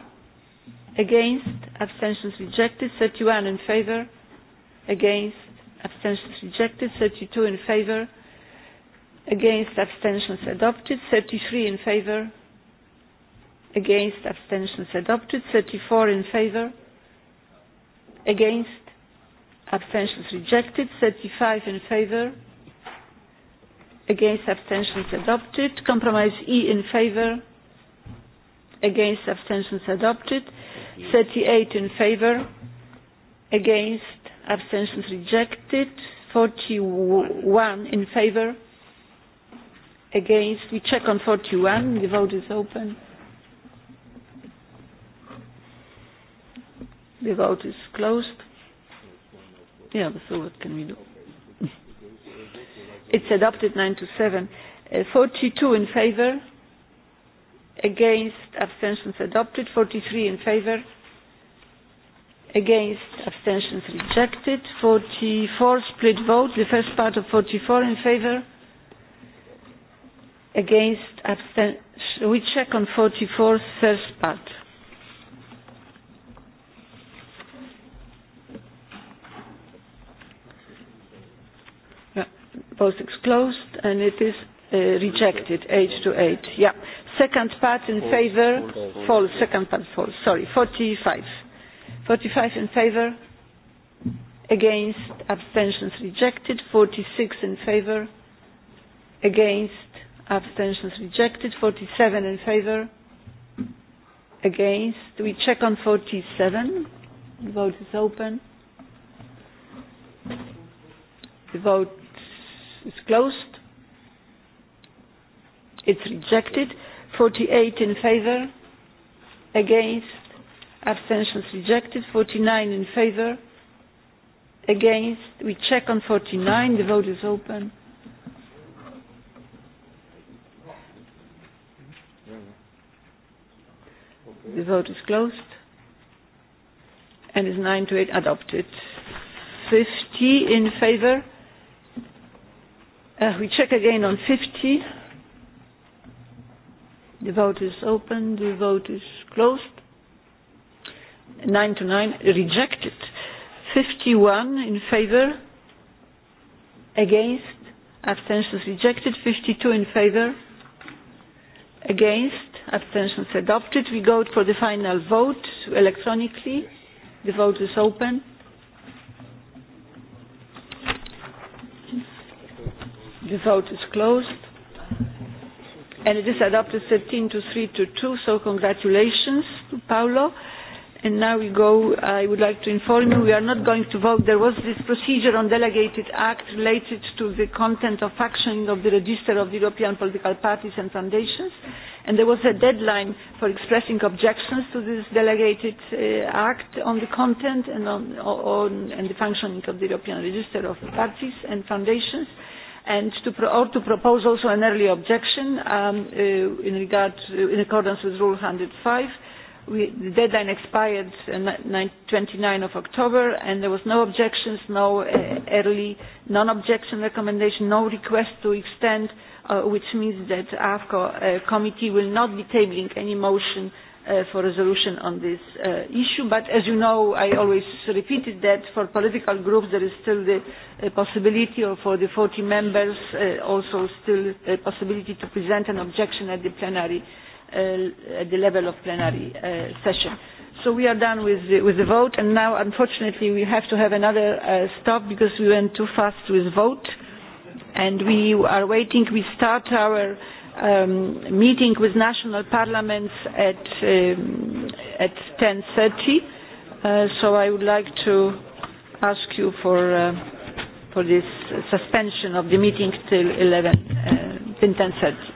Against abstentions rejected. 31 in favor? Against abstentions rejected. 32 in favor? Against abstentions adopted. 33 in favor? Against abstentions adopted. 34 in favor? Against abstentions rejected, 35 in favor, against abstentions adopted, compromise E in favor, against abstentions adopted, 38 in favor, against abstentions rejected, 41 in favor, against, we check on 41, the vote is open. The vote is closed Yeah, so what can we do? It's adopted 9 to 7. Uh, 42 in favor. Against abstentions adopted. 43 in favor. Against abstentions rejected. 44 split vote. The first part of 44 in favor. Against abstentions. We check on 44 first part. Vote is closed, and it is uh, rejected, 8 to 8. Yeah. Second part in false, favor, false, false, false. Second part false. Sorry, 45. 45 in favor, against, abstentions rejected. 46 in favor, against, abstentions rejected. 47 in favor, against. We check on 47. The vote is open. The vote is closed. It's rejected. 48 in favor, against, abstentions rejected. 49 in favor, against. We check on 49. The vote is open. The vote is closed and is 9 to 8 adopted. 50 in favor, Uh, we check again on 50. The vote is open. The vote is closed. 9 to 9 rejected. 51 in favor. Against. Abstentions rejected. 52 in favor. Against. Abstentions adopted. We go for the final vote electronically. The vote is open. The vote is closed. And it is adopted 13 to 3 to 2, so congratulations to Paolo. And now we go, I would like to inform you, we are not going to vote. There was this procedure on delegated act related to the content of functioning of the register of the European political parties and foundations. And there was a deadline for expressing objections to this delegated uh, act on the content and on, on and the functioning of the European register of parties and foundations and to pro or to propose also an early objection um, uh, in, regard, in accordance with Rule 105. We, the deadline expired uh, 29 of October, and there was no objections, no uh, early non-objection recommendation, no request to extend, uh, which means that AFCO uh, committee will not be tabling any motion uh, for resolution on this uh, issue. But as you know, I always repeated that for political groups there is still the uh, possibility, or for the 40 members uh, also still a possibility to present an objection at the plenary, uh, at the level of plenary uh, session. So we are done with the, with the vote, and now unfortunately we have to have another uh, stop because we went too fast with vote, and we are waiting. We start our um, meeting with national parliaments at, um, at 10.30. Uh, so I would like to ask you for, uh, for this suspension of the meeting till 11, uh, 10.30.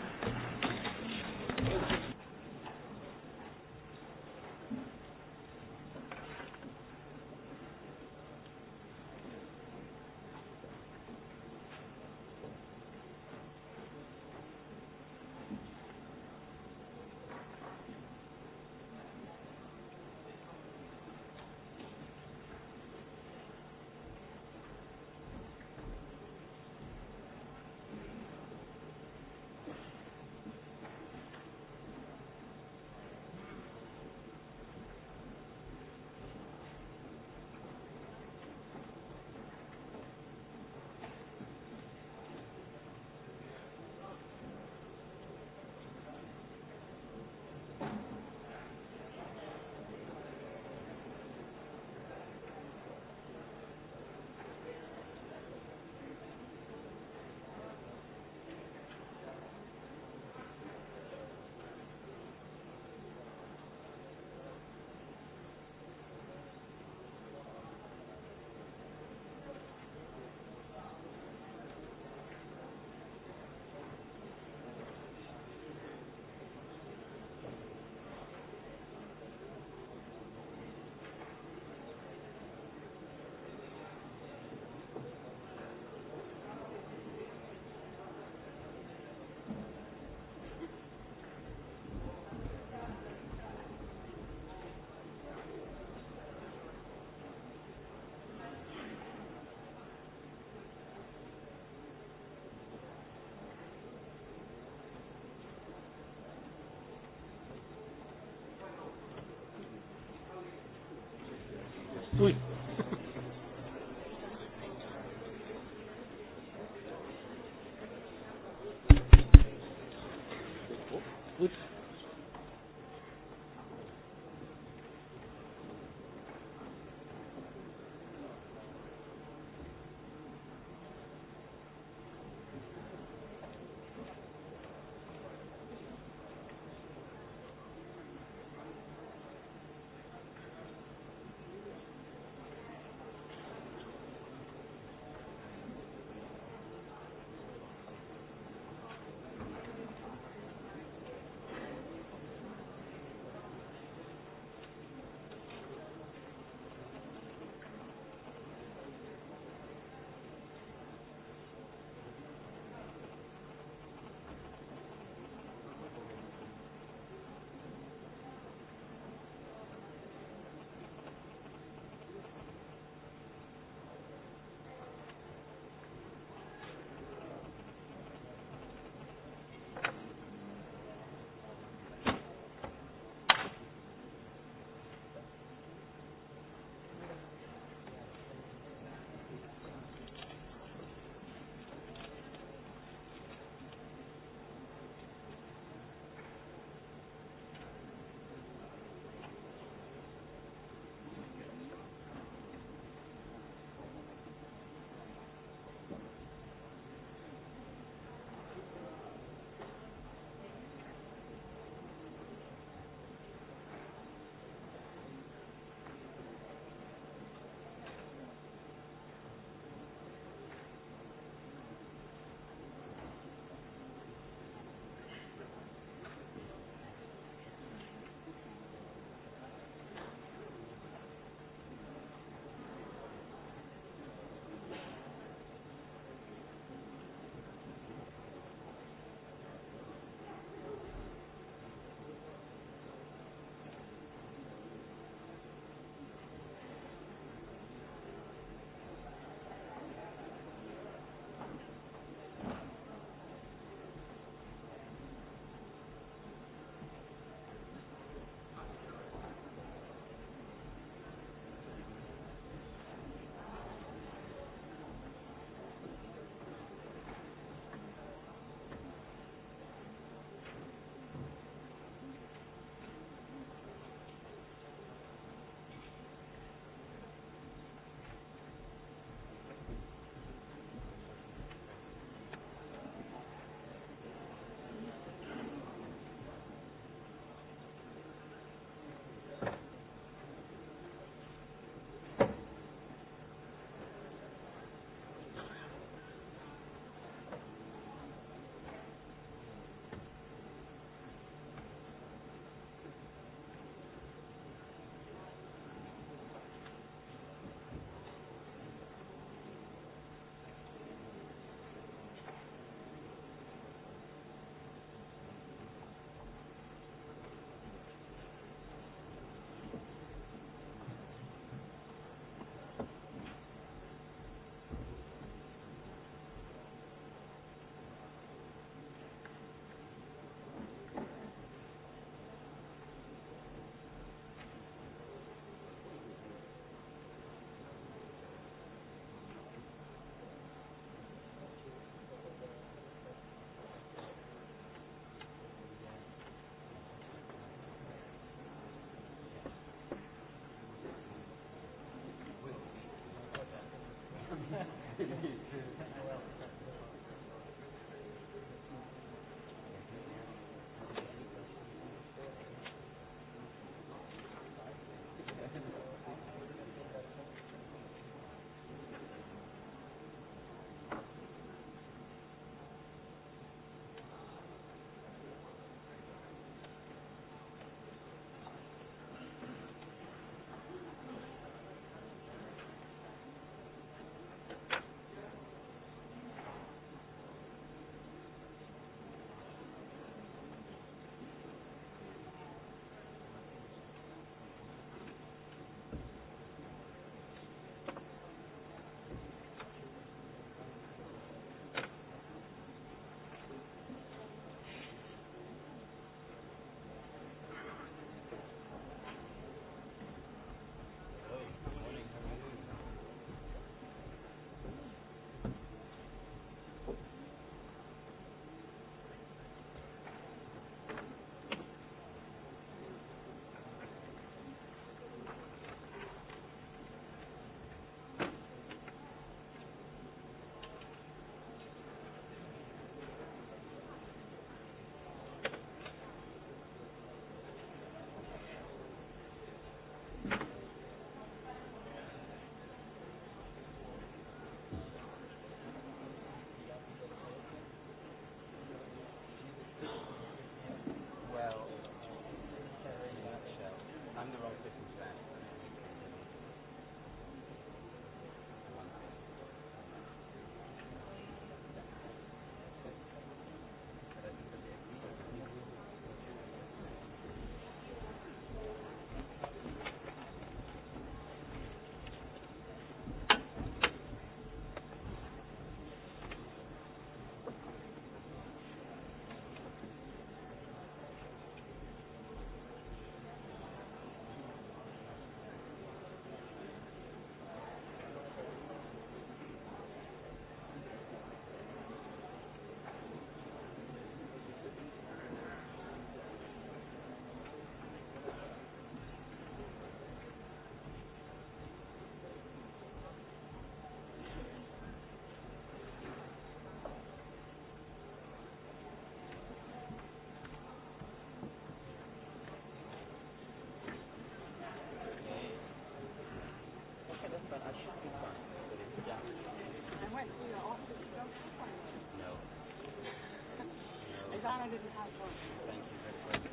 Thank you very much.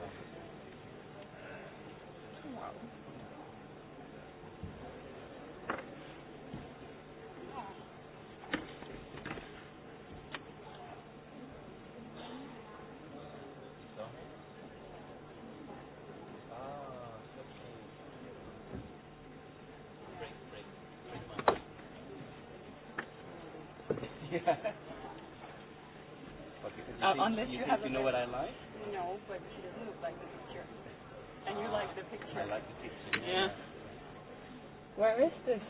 Yeah. Uh, unless you, you have. You know what I like? No, but she doesn't look like the picture. And you like the picture. I like the picture. Yeah. Where is this?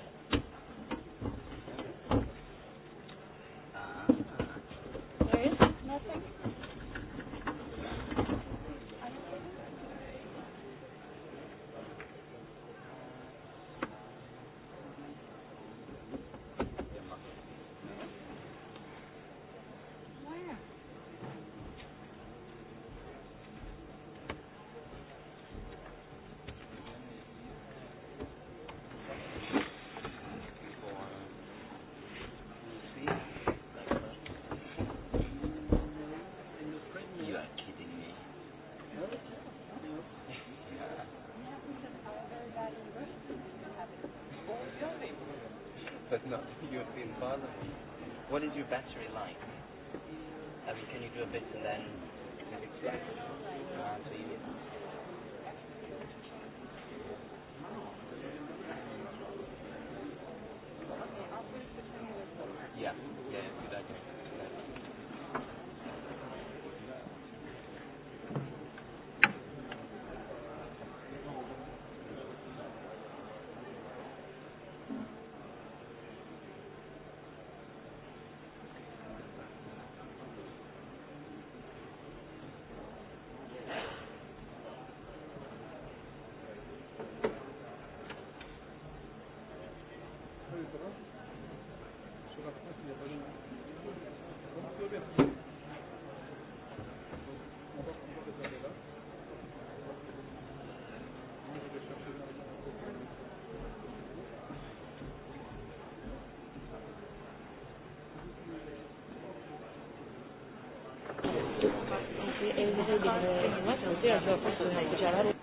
Gracias.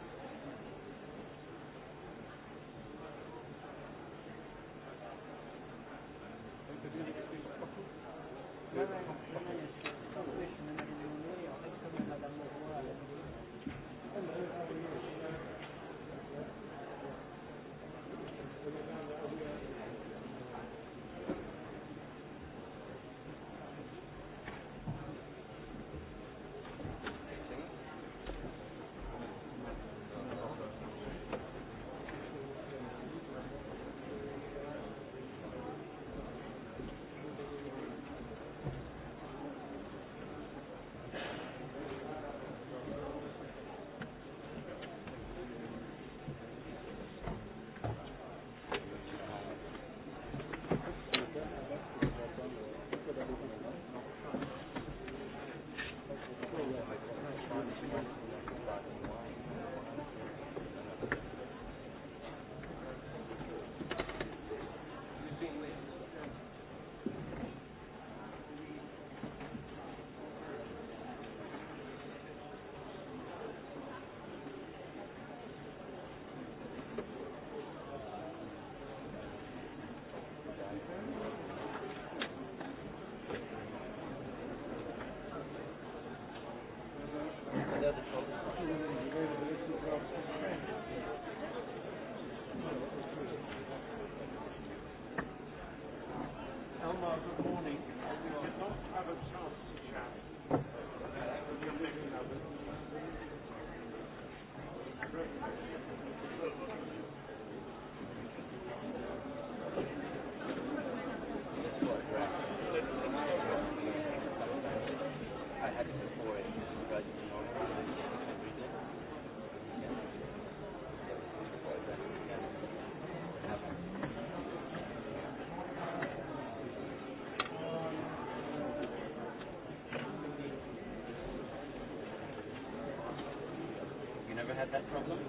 have that problem?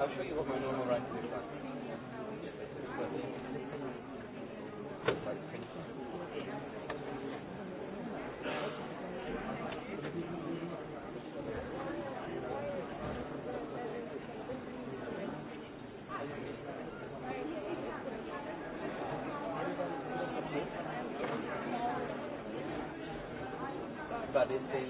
I'll show you what my normal writing to like. But it's in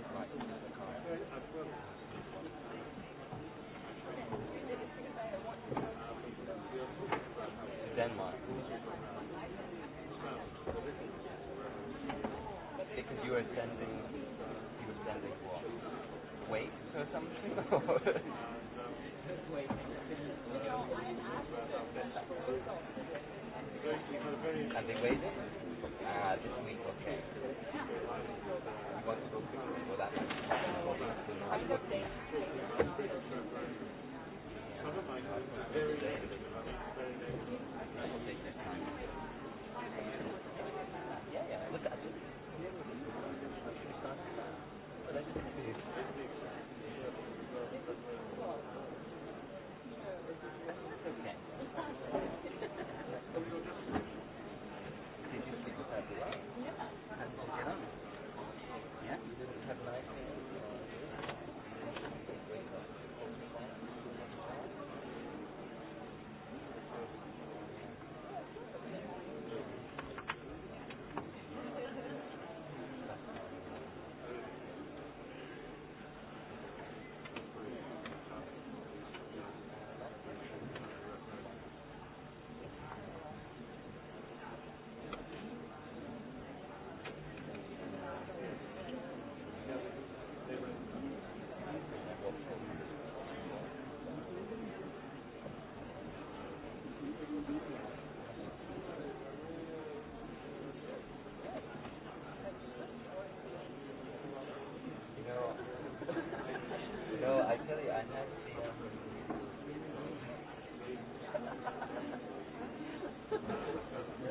Are they wait. Ah, this week, okay. You want to go quickly for that? I don't think. I Thank you.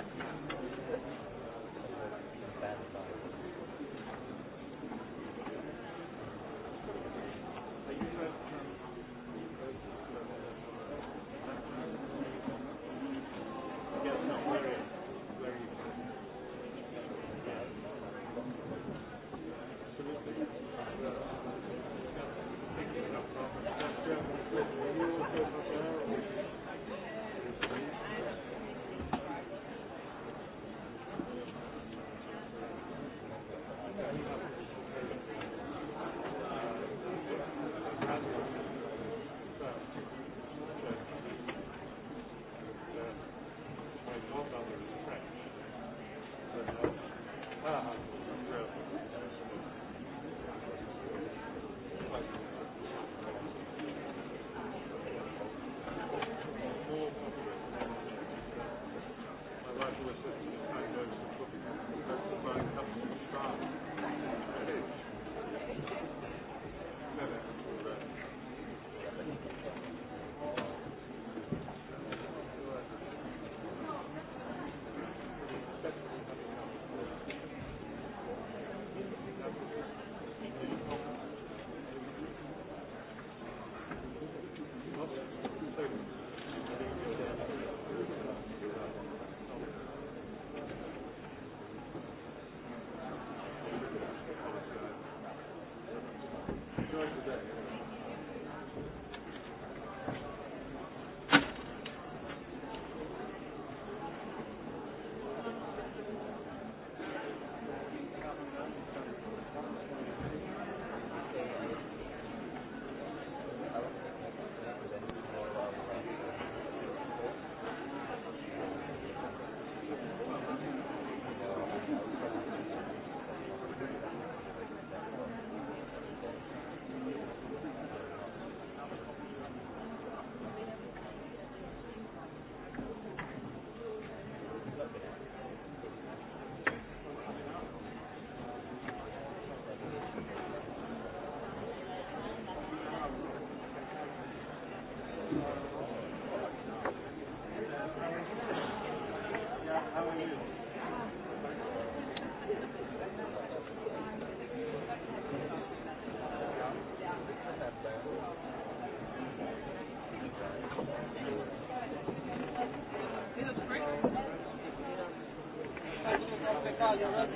Italia,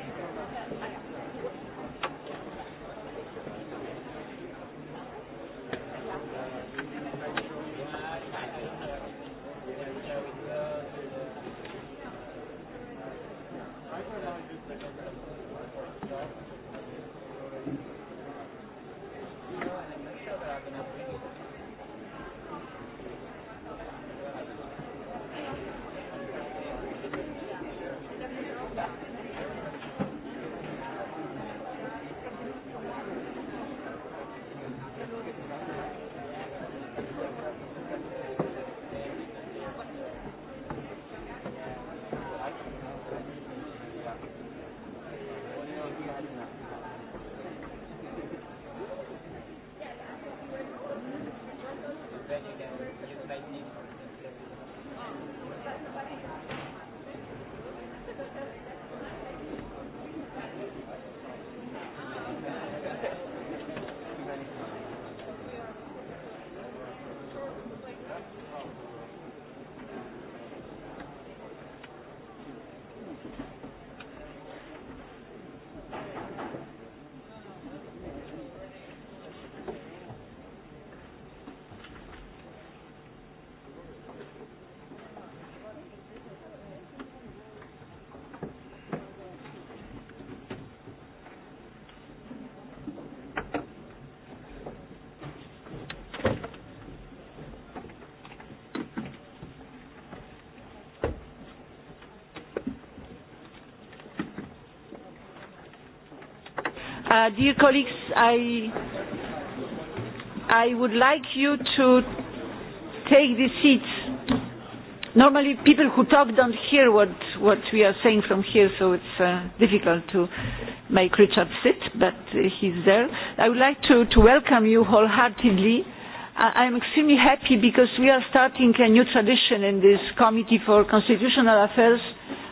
dear colleagues, I, I would like you to take the seats. Normally, people who talk don't hear what, what we are saying from here, so it's uh, difficult to make Richard sit, but uh, he's there. I would like to, to welcome you wholeheartedly. I am extremely happy because we are starting a new tradition in this Committee for Constitutional Affairs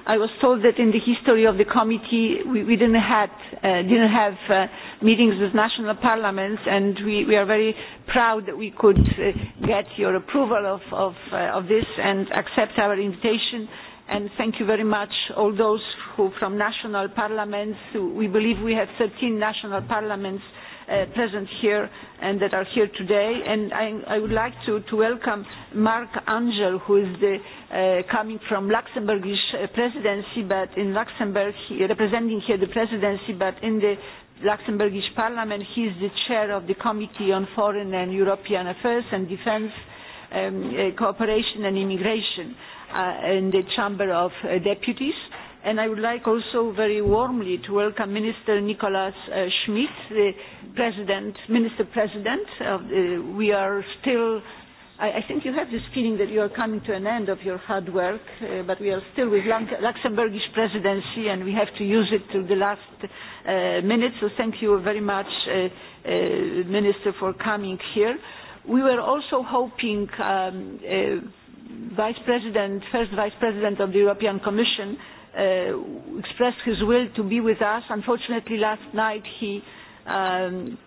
I was told that in the history of the committee we, we didn't, had, uh, didn't have uh, meetings with national parliaments and we, we are very proud that we could uh, get your approval of, of, uh, of this and accept our invitation and thank you very much all those who from national parliaments. We believe we have 13 national parliaments uh, present here and that are here today. And I, I would like to, to welcome Mark Angel, who is the, uh, coming from Luxembourgish presidency, but in Luxembourg, he, representing here the presidency, but in the Luxembourgish parliament, he is the chair of the Committee on Foreign and European Affairs and Defence um, uh, Cooperation and Immigration uh, in the Chamber of uh, Deputies and I would like also very warmly to welcome Minister Nicolas uh, Schmidt, the President, Minister President. Of the, we are still, I, I think you have this feeling that you are coming to an end of your hard work, uh, but we are still with Luxembourgish presidency and we have to use it to the last uh, minute. So thank you very much, uh, uh, Minister, for coming here. We were also hoping um, uh, Vice President, first Vice President of the European Commission, uh, uh, expressed his will to be with us. Unfortunately, last night he um,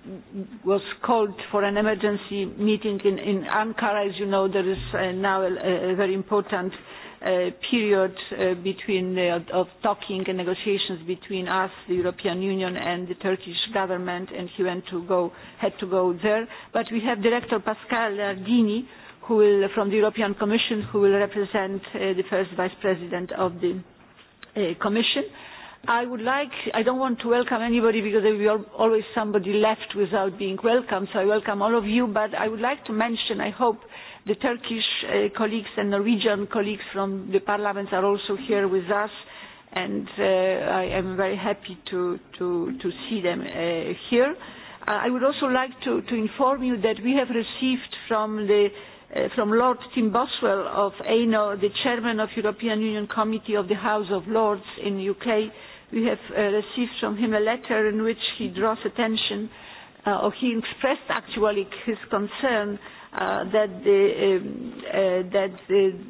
was called for an emergency meeting in, in Ankara. As you know, there is uh, now a, a very important uh, period uh, between uh, of talking and negotiations between us, the European Union, and the Turkish government, and he went to go, had to go there. But we have Director Pascal Lardini, who will, from the European Commission, who will represent uh, the first Vice President of the Commission. I would like, I don't want to welcome anybody because there will be always somebody left without being welcomed, so I welcome all of you, but I would like to mention, I hope the Turkish uh, colleagues and Norwegian colleagues from the parliaments are also here with us, and uh, I am very happy to, to, to see them uh, here. I would also like to, to inform you that we have received from the uh, from Lord Tim Boswell of ANO, the chairman of the European Union Committee of the House of Lords in the UK. We have received from him a letter in which he draws attention, or he expressed actually his concern that, the, uh, that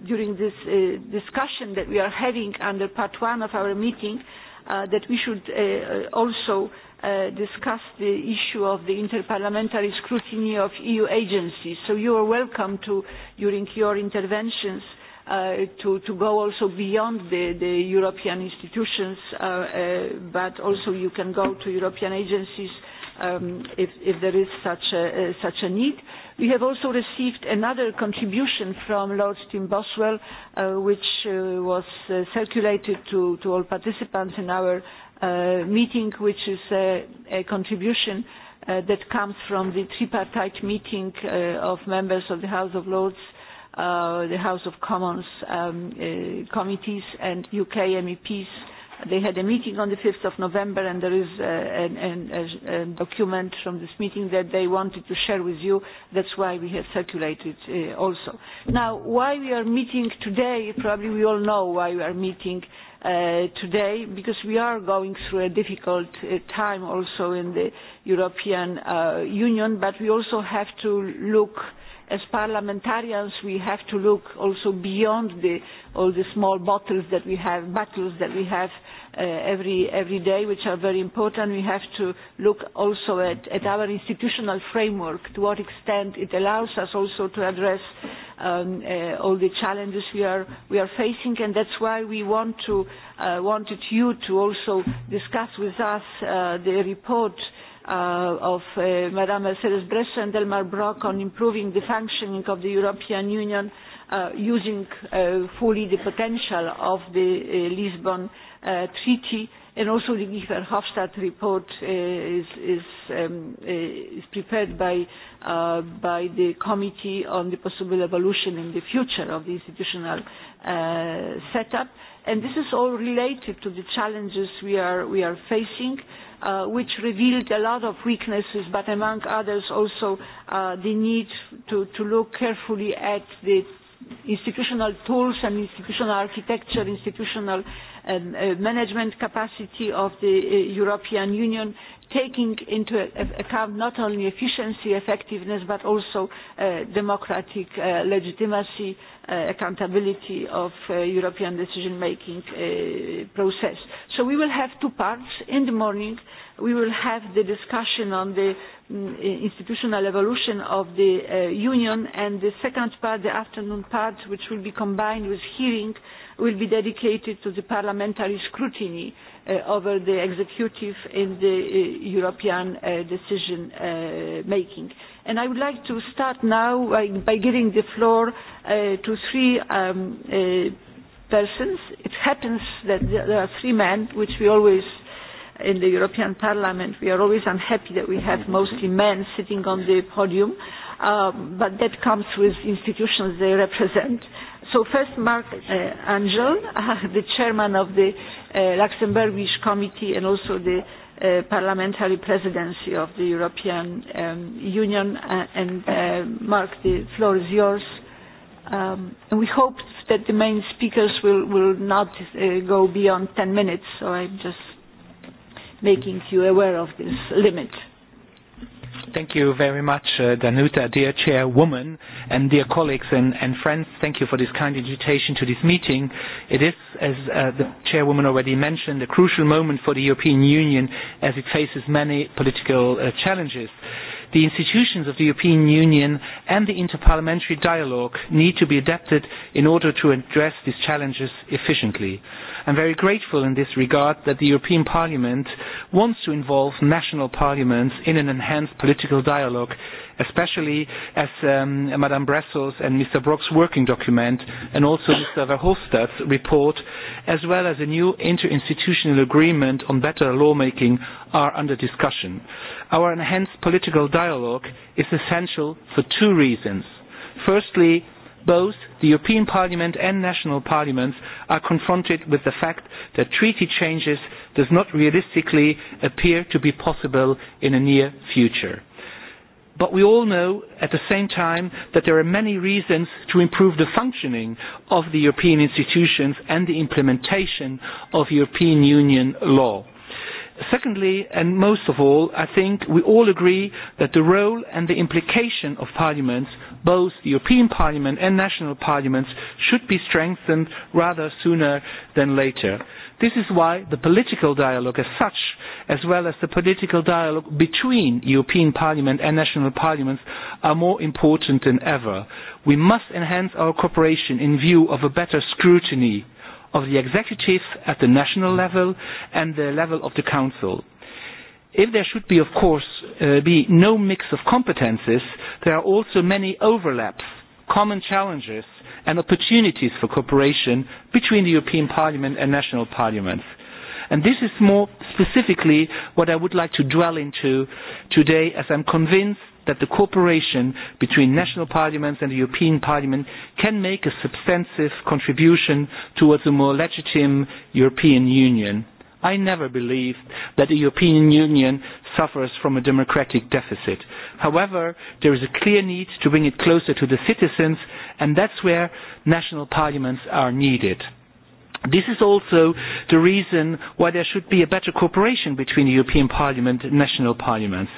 during this uh, discussion that we are having under part one of our meeting, uh, that we should uh, also uh, uh, discuss the issue of the interparliamentary scrutiny of EU agencies. So you are welcome to, during your interventions, uh, to, to go also beyond the, the European institutions, uh, uh, but also you can go to European agencies um, if, if there is such a, uh, such a need. We have also received another contribution from Lord Tim Boswell, uh, which uh, was uh, circulated to, to all participants in our uh, meeting, which is a, a contribution uh, that comes from the tripartite meeting uh, of members of the House of Lords, uh, the House of Commons um, uh, committees, and UK MEPs. They had a meeting on the 5th of November, and there is a, a document from this meeting that they wanted to share with you. That's why we have circulated uh, also. Now, why we are meeting today, probably we all know why we are meeting today because we are going through a difficult uh time also in the European uh Union, but we also have to look as parliamentarians we have to look also beyond the, all the small bottles that we have, battles that we have every, every day, which are very important. We have to look also at, at our institutional framework, to what extent it allows us also to address um, uh, all the challenges we are, we are facing, and that's why we want to, uh, wanted you to also discuss with us uh, the report uh, of uh, Madame Mercedes-Bresso and Elmar Brock on improving the functioning of the European Union uh, using uh, fully the potential of the uh, Lisbon uh, treaty and also the Guy Hofstadt report uh, is, is, um, uh, is prepared by, uh, by the Committee on the Possible Evolution in the Future of the Institutional uh, Setup. And this is all related to the challenges we are, we are facing, uh, which revealed a lot of weaknesses, but among others also uh, the need to, to look carefully at the institutional tools and institutional architecture, institutional uh, management capacity of the European Union, taking into account not only efficiency, effectiveness, but also democratic legitimacy, accountability of European decision-making process. So we will have two parts in the morning we will have the discussion on the institutional evolution of the uh, union and the second part, the afternoon part, which will be combined with hearing, will be dedicated to the parliamentary scrutiny uh, over the executive in the uh, European uh, decision uh, making. And I would like to start now by, by giving the floor uh, to three um, uh, persons. It happens that there are three men, which we always in the European Parliament, we are always unhappy that we have mostly men sitting on the podium, um, but that comes with institutions they represent. So first, Mark uh, Angel, uh, the chairman of the uh, Luxembourgish Committee and also the uh, parliamentary presidency of the European um, Union. Uh, and uh, Mark, the floor is yours. Um, and we hope that the main speakers will, will not uh, go beyond 10 minutes, so I just making you aware of this limit. Thank you very much, uh, Danuta, dear chairwoman, and dear colleagues and, and friends. Thank you for this kind invitation to this meeting. It is, as uh, the chairwoman already mentioned, a crucial moment for the European Union as it faces many political uh, challenges. Uh, the institutions of the European Union and the interparliamentary dialogue need to be adapted in order to address these challenges efficiently. I'm very grateful in this regard that the European Parliament wants to involve national parliaments in an enhanced political dialogue especially as um, Madame Bresso's and Mr. Brock's working document and also Mr. Verhofstadt's report, as well as a new interinstitutional agreement on better lawmaking are under discussion. Our enhanced political dialogue is essential for two reasons. Firstly, both the European Parliament and national parliaments are confronted with the fact that treaty changes does not realistically appear to be possible in the near future. But we all know at the same time that there are many reasons to improve the functioning of the European institutions and the implementation of European Union law. Secondly, and most of all, I think we all agree that the role and the implication of parliaments, both the European Parliament and national parliaments, should be strengthened rather sooner than later. This is why the political dialogue as such as well as the political dialogue between European Parliament and national parliaments are more important than ever. We must enhance our cooperation in view of a better scrutiny of the executive at the national level and the level of the council. If there should be, of course, uh, be no mix of competences, there are also many overlaps, common challenges and opportunities for cooperation between the European Parliament and national parliaments. And this is more specifically what I would like to dwell into today as I'm convinced that the cooperation between national parliaments and the European Parliament can make a substantive contribution towards a more legitimate European Union. I never believed that the European Union suffers from a democratic deficit. However, there is a clear need to bring it closer to the citizens, and that's where national parliaments are needed. This is also the reason why there should be a better cooperation between the European Parliament and national parliaments.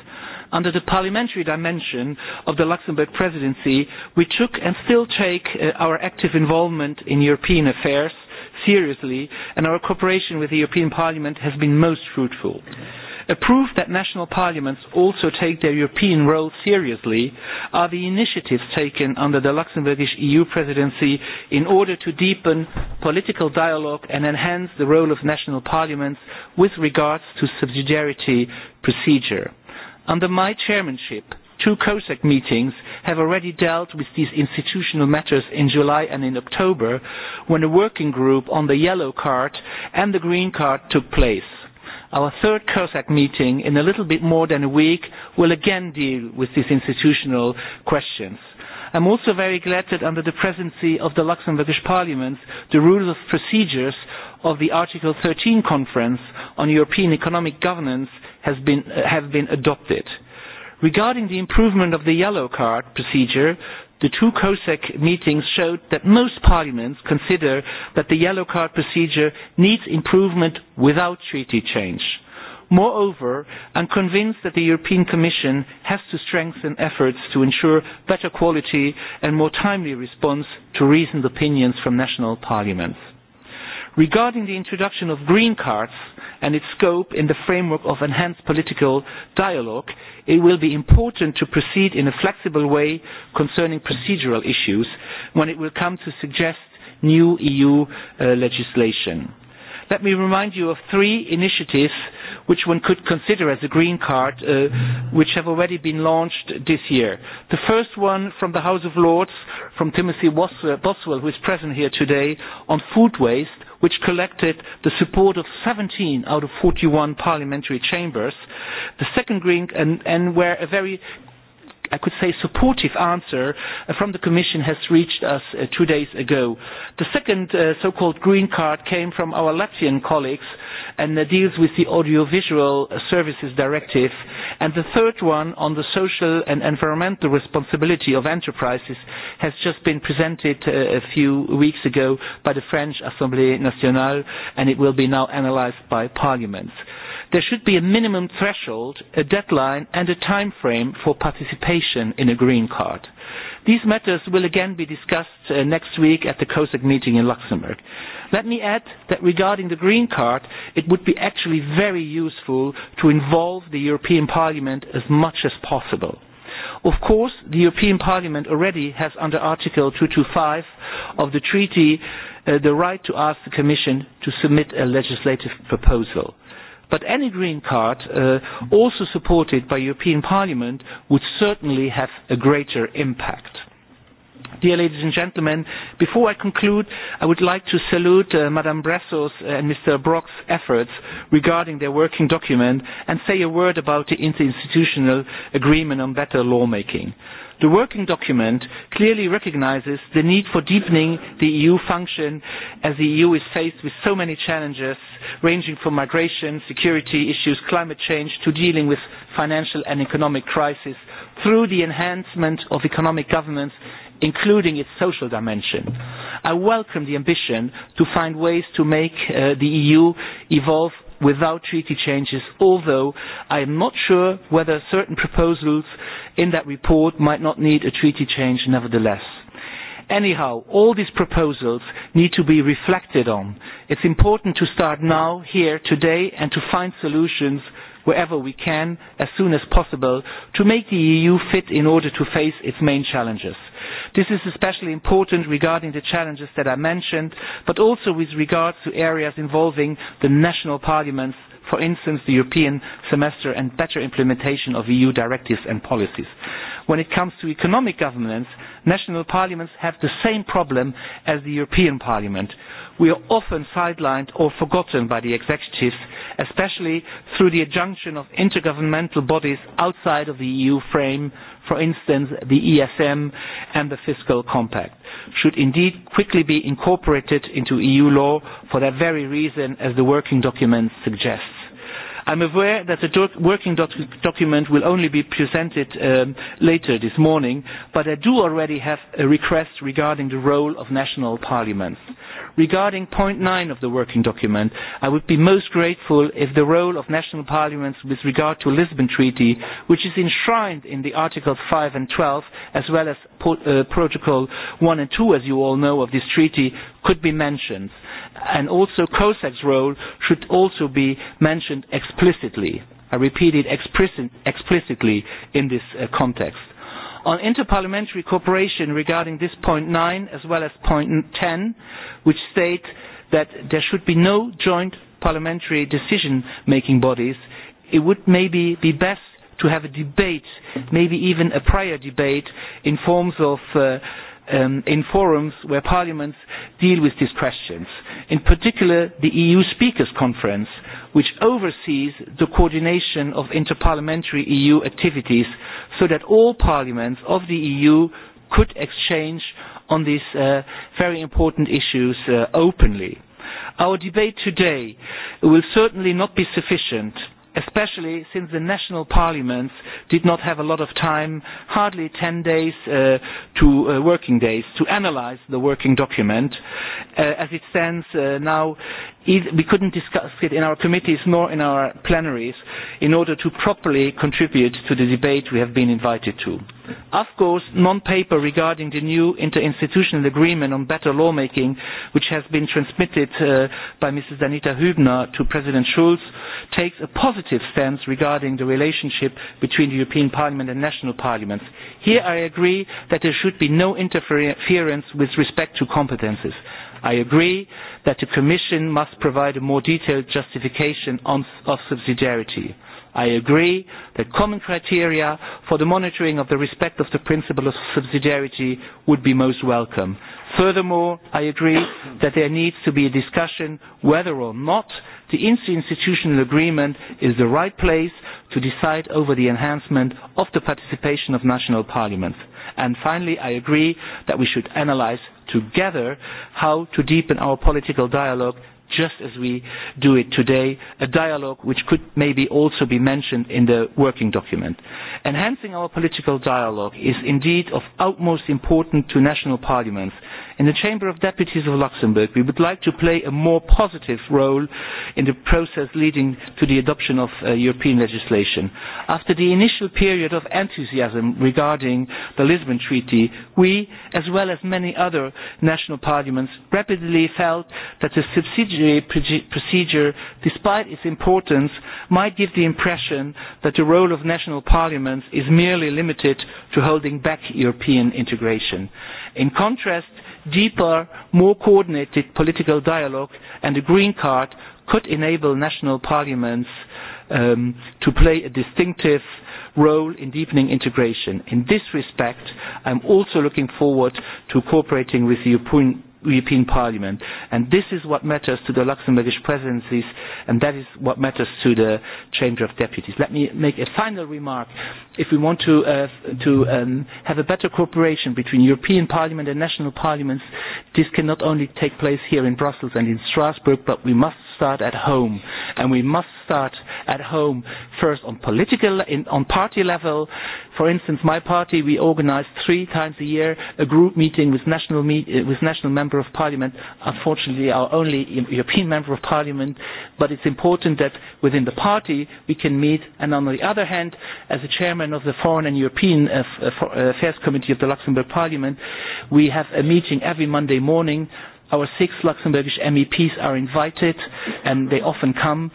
Under the parliamentary dimension of the Luxembourg presidency, we took and still take uh, our active involvement in European affairs seriously, and our cooperation with the European Parliament has been most fruitful. Yeah A proof that national parliaments also take their European role seriously are the initiatives taken under the Luxembourgish EU presidency in order to deepen political dialogue and enhance the role of national parliaments with regards to subsidiarity procedure. Under my chairmanship, two COSEC meetings have already dealt with these institutional matters in July and in October when a working group on the yellow card and the green card took place Our third COSAC meeting in a little bit more than a week will again deal with these institutional questions. I'm also very glad that under the presidency of the Luxembourgish Parliament, the rules of procedures of the Article 13 Conference on European Economic Governance has been, have been adopted. Regarding the improvement of the yellow card procedure, The two COSEC meetings showed that most parliaments consider that the yellow card procedure needs improvement without treaty change. Moreover, I am convinced that the European Commission has to strengthen efforts to ensure better quality and more timely response to reasoned opinions from national parliaments. Regarding the introduction of green cards and its scope in the framework of enhanced political dialogue, it will be important to proceed in a flexible way concerning procedural issues when it will come to suggest new EU uh, legislation. Let me remind you of three initiatives which one could consider as a green card, uh, which have already been launched this year. The first one from the House of Lords, from Timothy Boswell, who is present here today, on food waste, which collected the support of 17 out of 41 parliamentary chambers. The second green and, and where a very I could say, supportive answer from the Commission has reached us uh, two days ago. The second uh, so-called green card came from our Latvian colleagues and uh, deals with the Audiovisual Services Directive. And the third one on the social and environmental responsibility of enterprises has just been presented uh, a few weeks ago by the French Assemblée Nationale and it will be now analysed by parliaments. There should be a minimum threshold, a deadline and a time frame for participation in a green card. These matters will again be discussed uh, next week at the COSAC meeting in Luxembourg. Let me add that regarding the green card, it would be actually very useful to involve the European Parliament as much as possible. Of course, the European Parliament already has under Article 225 of the treaty uh, the right to ask the Commission to submit a legislative proposal. But any green card, uh, also supported by European Parliament, would certainly have a greater impact. Dear ladies and gentlemen, before I conclude, I would like to salute uh, Madame Bresso's and Mr. Brock's efforts regarding their working document and say a word about the interinstitutional agreement on better lawmaking. The working document clearly recognises the need for deepening the EU function as the EU is faced with so many challenges ranging from migration, security issues, climate change to dealing with financial and economic crisis through the enhancement of economic governance including its social dimension. I welcome the ambition to find ways to make uh, the EU evolve without treaty changes, although I am not sure whether certain proposals in that report might not need a treaty change nevertheless. Anyhow, all these proposals need to be reflected on. It's important to start now, here, today, and to find solutions wherever we can, as soon as possible, to make the EU fit in order to face its main challenges. This is especially important regarding the challenges that I mentioned, but also with regard to areas involving the national parliaments, for instance the European semester and better implementation of EU directives and policies. When it comes to economic governance, national parliaments have the same problem as the European Parliament. We are often sidelined or forgotten by the executives, especially through the adjunction of intergovernmental bodies outside of the EU frame, for instance, the ESM and the Fiscal Compact, should indeed quickly be incorporated into EU law for that very reason as the working document suggests I'm aware that the working doc document will only be presented um, later this morning, but I do already have a request regarding the role of national parliaments. Regarding point nine of the working document, I would be most grateful if the role of national parliaments with regard to the Lisbon Treaty, which is enshrined in the Articles five and twelve, as well as Protocol one and two, as you all know, of this treaty, could be mentioned. And also COSAC's role should also be mentioned explicitly. I repeat it explicitly in this uh, context. On interparliamentary cooperation regarding this point 9 as well as point 10, which state that there should be no joint parliamentary decision-making bodies, it would maybe be best to have a debate, maybe even a prior debate, in forms of uh, um, in forums where parliaments deal with these questions, in particular the EU Speakers Conference, which oversees the coordination of interparliamentary EU activities so that all parliaments of the EU could exchange on these uh, very important issues uh, openly. Our debate today will certainly not be sufficient especially since the national parliaments did not have a lot of time, hardly 10 days uh, to uh, working days, to analyze the working document. Uh, as it stands uh, now, we couldn't discuss it in our committees nor in our plenaries in order to properly contribute to the debate we have been invited to AFCO's non-paper regarding the new interinstitutional agreement on better lawmaking, which has been transmitted uh, by Mrs. Danita Hübner to President Schulz, takes a positive stance regarding the relationship between the European Parliament and national parliaments. Here I agree that there should be no interference with respect to competences. I agree that the Commission must provide a more detailed justification on, of subsidiarity. I agree that common criteria for the monitoring of the respect of the principle of subsidiarity would be most welcome. Furthermore, I agree that there needs to be a discussion whether or not the institutional agreement is the right place to decide over the enhancement of the participation of national parliaments. And finally, I agree that we should analyse together how to deepen our political dialogue just as we do it today, a dialogue which could maybe also be mentioned in the working document. Enhancing our political dialogue is indeed of utmost importance to national parliaments. In the Chamber of Deputies of Luxembourg, we would like to play a more positive role in the process leading to the adoption of uh, European legislation. After the initial period of enthusiasm regarding the Lisbon Treaty, we, as well as many other national parliaments, rapidly felt that the subsidiary ECJ procedure, despite its importance, might give the impression that the role of national parliaments is merely limited to holding back European integration. In contrast, deeper, more coordinated political dialogue and a green card could enable national parliaments um, to play a distinctive role in deepening integration. In this respect, I'm also looking forward to cooperating with the European European Parliament. And this is what matters to the Luxembourgish presidencies, and that is what matters to the Chamber of Deputies. Let me make a final remark. If we want to, uh, to um, have a better cooperation between European Parliament and national parliaments, this can not only take place here in Brussels and in Strasbourg, but we must start at home. And we must start at home first on political, in, on party level. For instance, my party, we organize three times a year a group meeting with national, meet, with national member of parliament. Unfortunately, our only European member of parliament. But it's important that within the party we can meet. And on the other hand, as a chairman of the Foreign and European Affairs Committee of the Luxembourg Parliament, we have a meeting every Monday morning Our six Luxembourgish MEPs are invited, and they often come.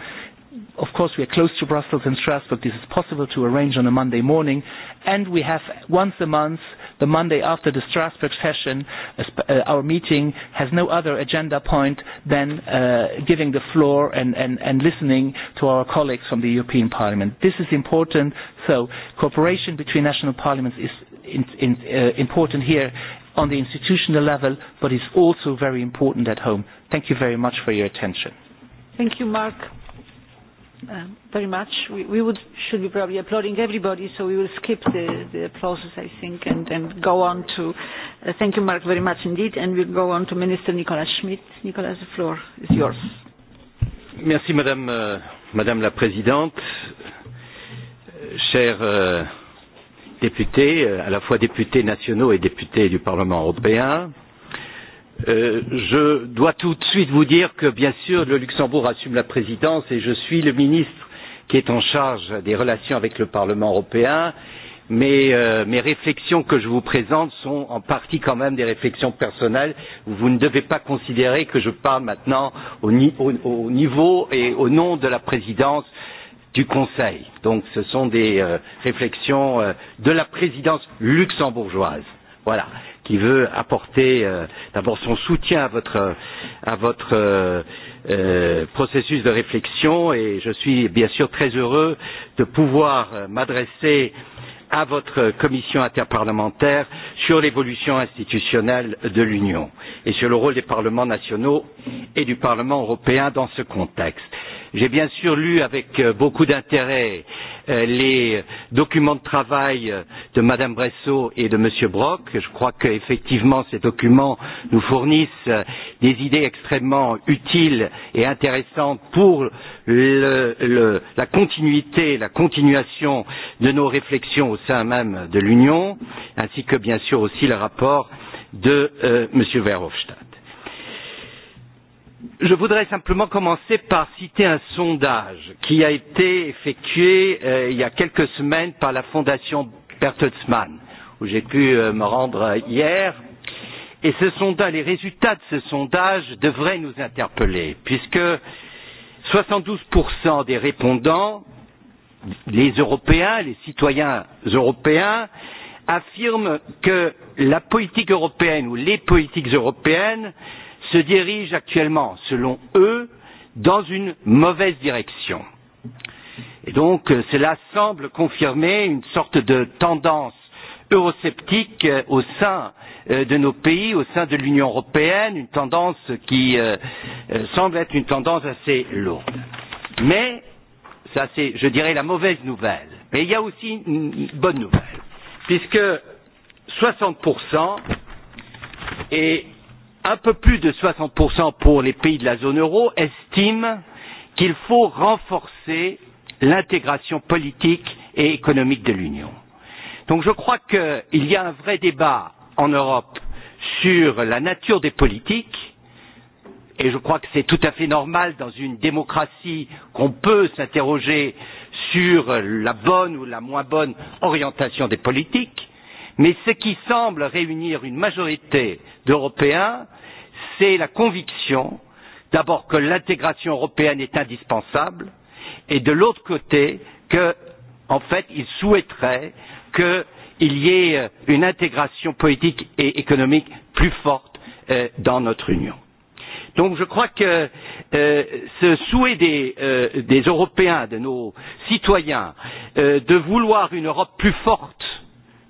Of course, we are close to Brussels and Strasbourg. This is possible to arrange on a Monday morning. And we have once a month, the Monday after the Strasbourg session, uh, our meeting has no other agenda point than uh, giving the floor and, and, and listening to our colleagues from the European Parliament. This is important. So cooperation between national parliaments is in, in, uh, important here on the institutional level, but is also very important at home. Thank you very much for your attention. Thank you, Mark, uh, very much. We, we would, should be probably applauding everybody, so we will skip the, the applauses, I think, and, and go on to. Uh, thank you, Mark, very much indeed, and we'll go on to Minister Nicolas Schmidt. Nicolas, the floor is yours. Merci, Madame, uh, Madame la Présidente. Chers. uh, députés, à la fois députés nationaux et députés du Parlement européen. je dois tout de suite vous dire que, bien sûr, le Luxembourg assume la présidence et je suis le ministre qui est en charge des relations avec le Parlement européen, mais euh, mes réflexions que je vous présente sont en partie quand même des réflexions personnelles. Vous ne devez pas considérer que je parle maintenant au, ni au, au niveau et au nom de la présidence euh, du Conseil. Donc ce sont des euh, réflexions euh, de la présidence luxembourgeoise. Voilà, qui veut apporter euh, d'abord son soutien à votre, à votre euh, euh, processus de réflexion et je suis bien sûr très heureux de pouvoir euh, m'adresser à votre commission interparlementaire sur l'évolution institutionnelle de l'Union et sur le rôle des parlements nationaux et du Parlement européen dans ce contexte. Euh, J'ai bien sûr lu avec beaucoup d'intérêt les documents de travail de Madame Bressot et de Monsieur Brok. Je crois qu'effectivement ces documents nous fournissent des idées extrêmement utiles et intéressantes pour le, le, la continuité, la continuation de nos réflexions au sein même de l'Union, ainsi que bien sûr aussi le rapport de euh, M. Verhofstadt je voudrais simplement commencer par citer un sondage qui a été effectué euh, il y a quelques semaines par la Fondation Bertelsmann, où j'ai pu euh, me rendre hier. Et ce sondage, les résultats de ce sondage devraient nous interpeller, puisque 72% des répondants, les Européens, les citoyens européens, affirment que la politique européenne ou les politiques européennes euh, se dirigent actuellement, selon eux, dans une mauvaise direction. Et donc, cela semble confirmer une sorte de tendance eurosceptique au sein de nos pays, au sein de l'Union européenne, une tendance qui semble être une tendance assez lourde. Mais, ça c'est, je dirais, la mauvaise nouvelle. Mais il y a aussi une bonne nouvelle, puisque 60% et un peu plus de 60% pour les pays de la zone euro estiment qu'il faut renforcer l'intégration politique et économique de l'Union. Donc je crois qu'il y a un vrai débat en Europe sur la nature des politiques et je crois que c'est tout à fait normal dans une démocratie qu'on peut s'interroger sur la bonne ou la moins bonne orientation des politiques Mais ce qui semble réunir une majorité d'Européens, c'est la conviction d'abord que l'intégration européenne est indispensable et de l'autre côté que, en fait, ils souhaiteraient qu'il y ait une intégration politique et économique plus forte euh, dans notre Union. Donc je crois que euh, ce souhait des, euh, des Européens, de nos citoyens, euh, de vouloir une Europe plus forte,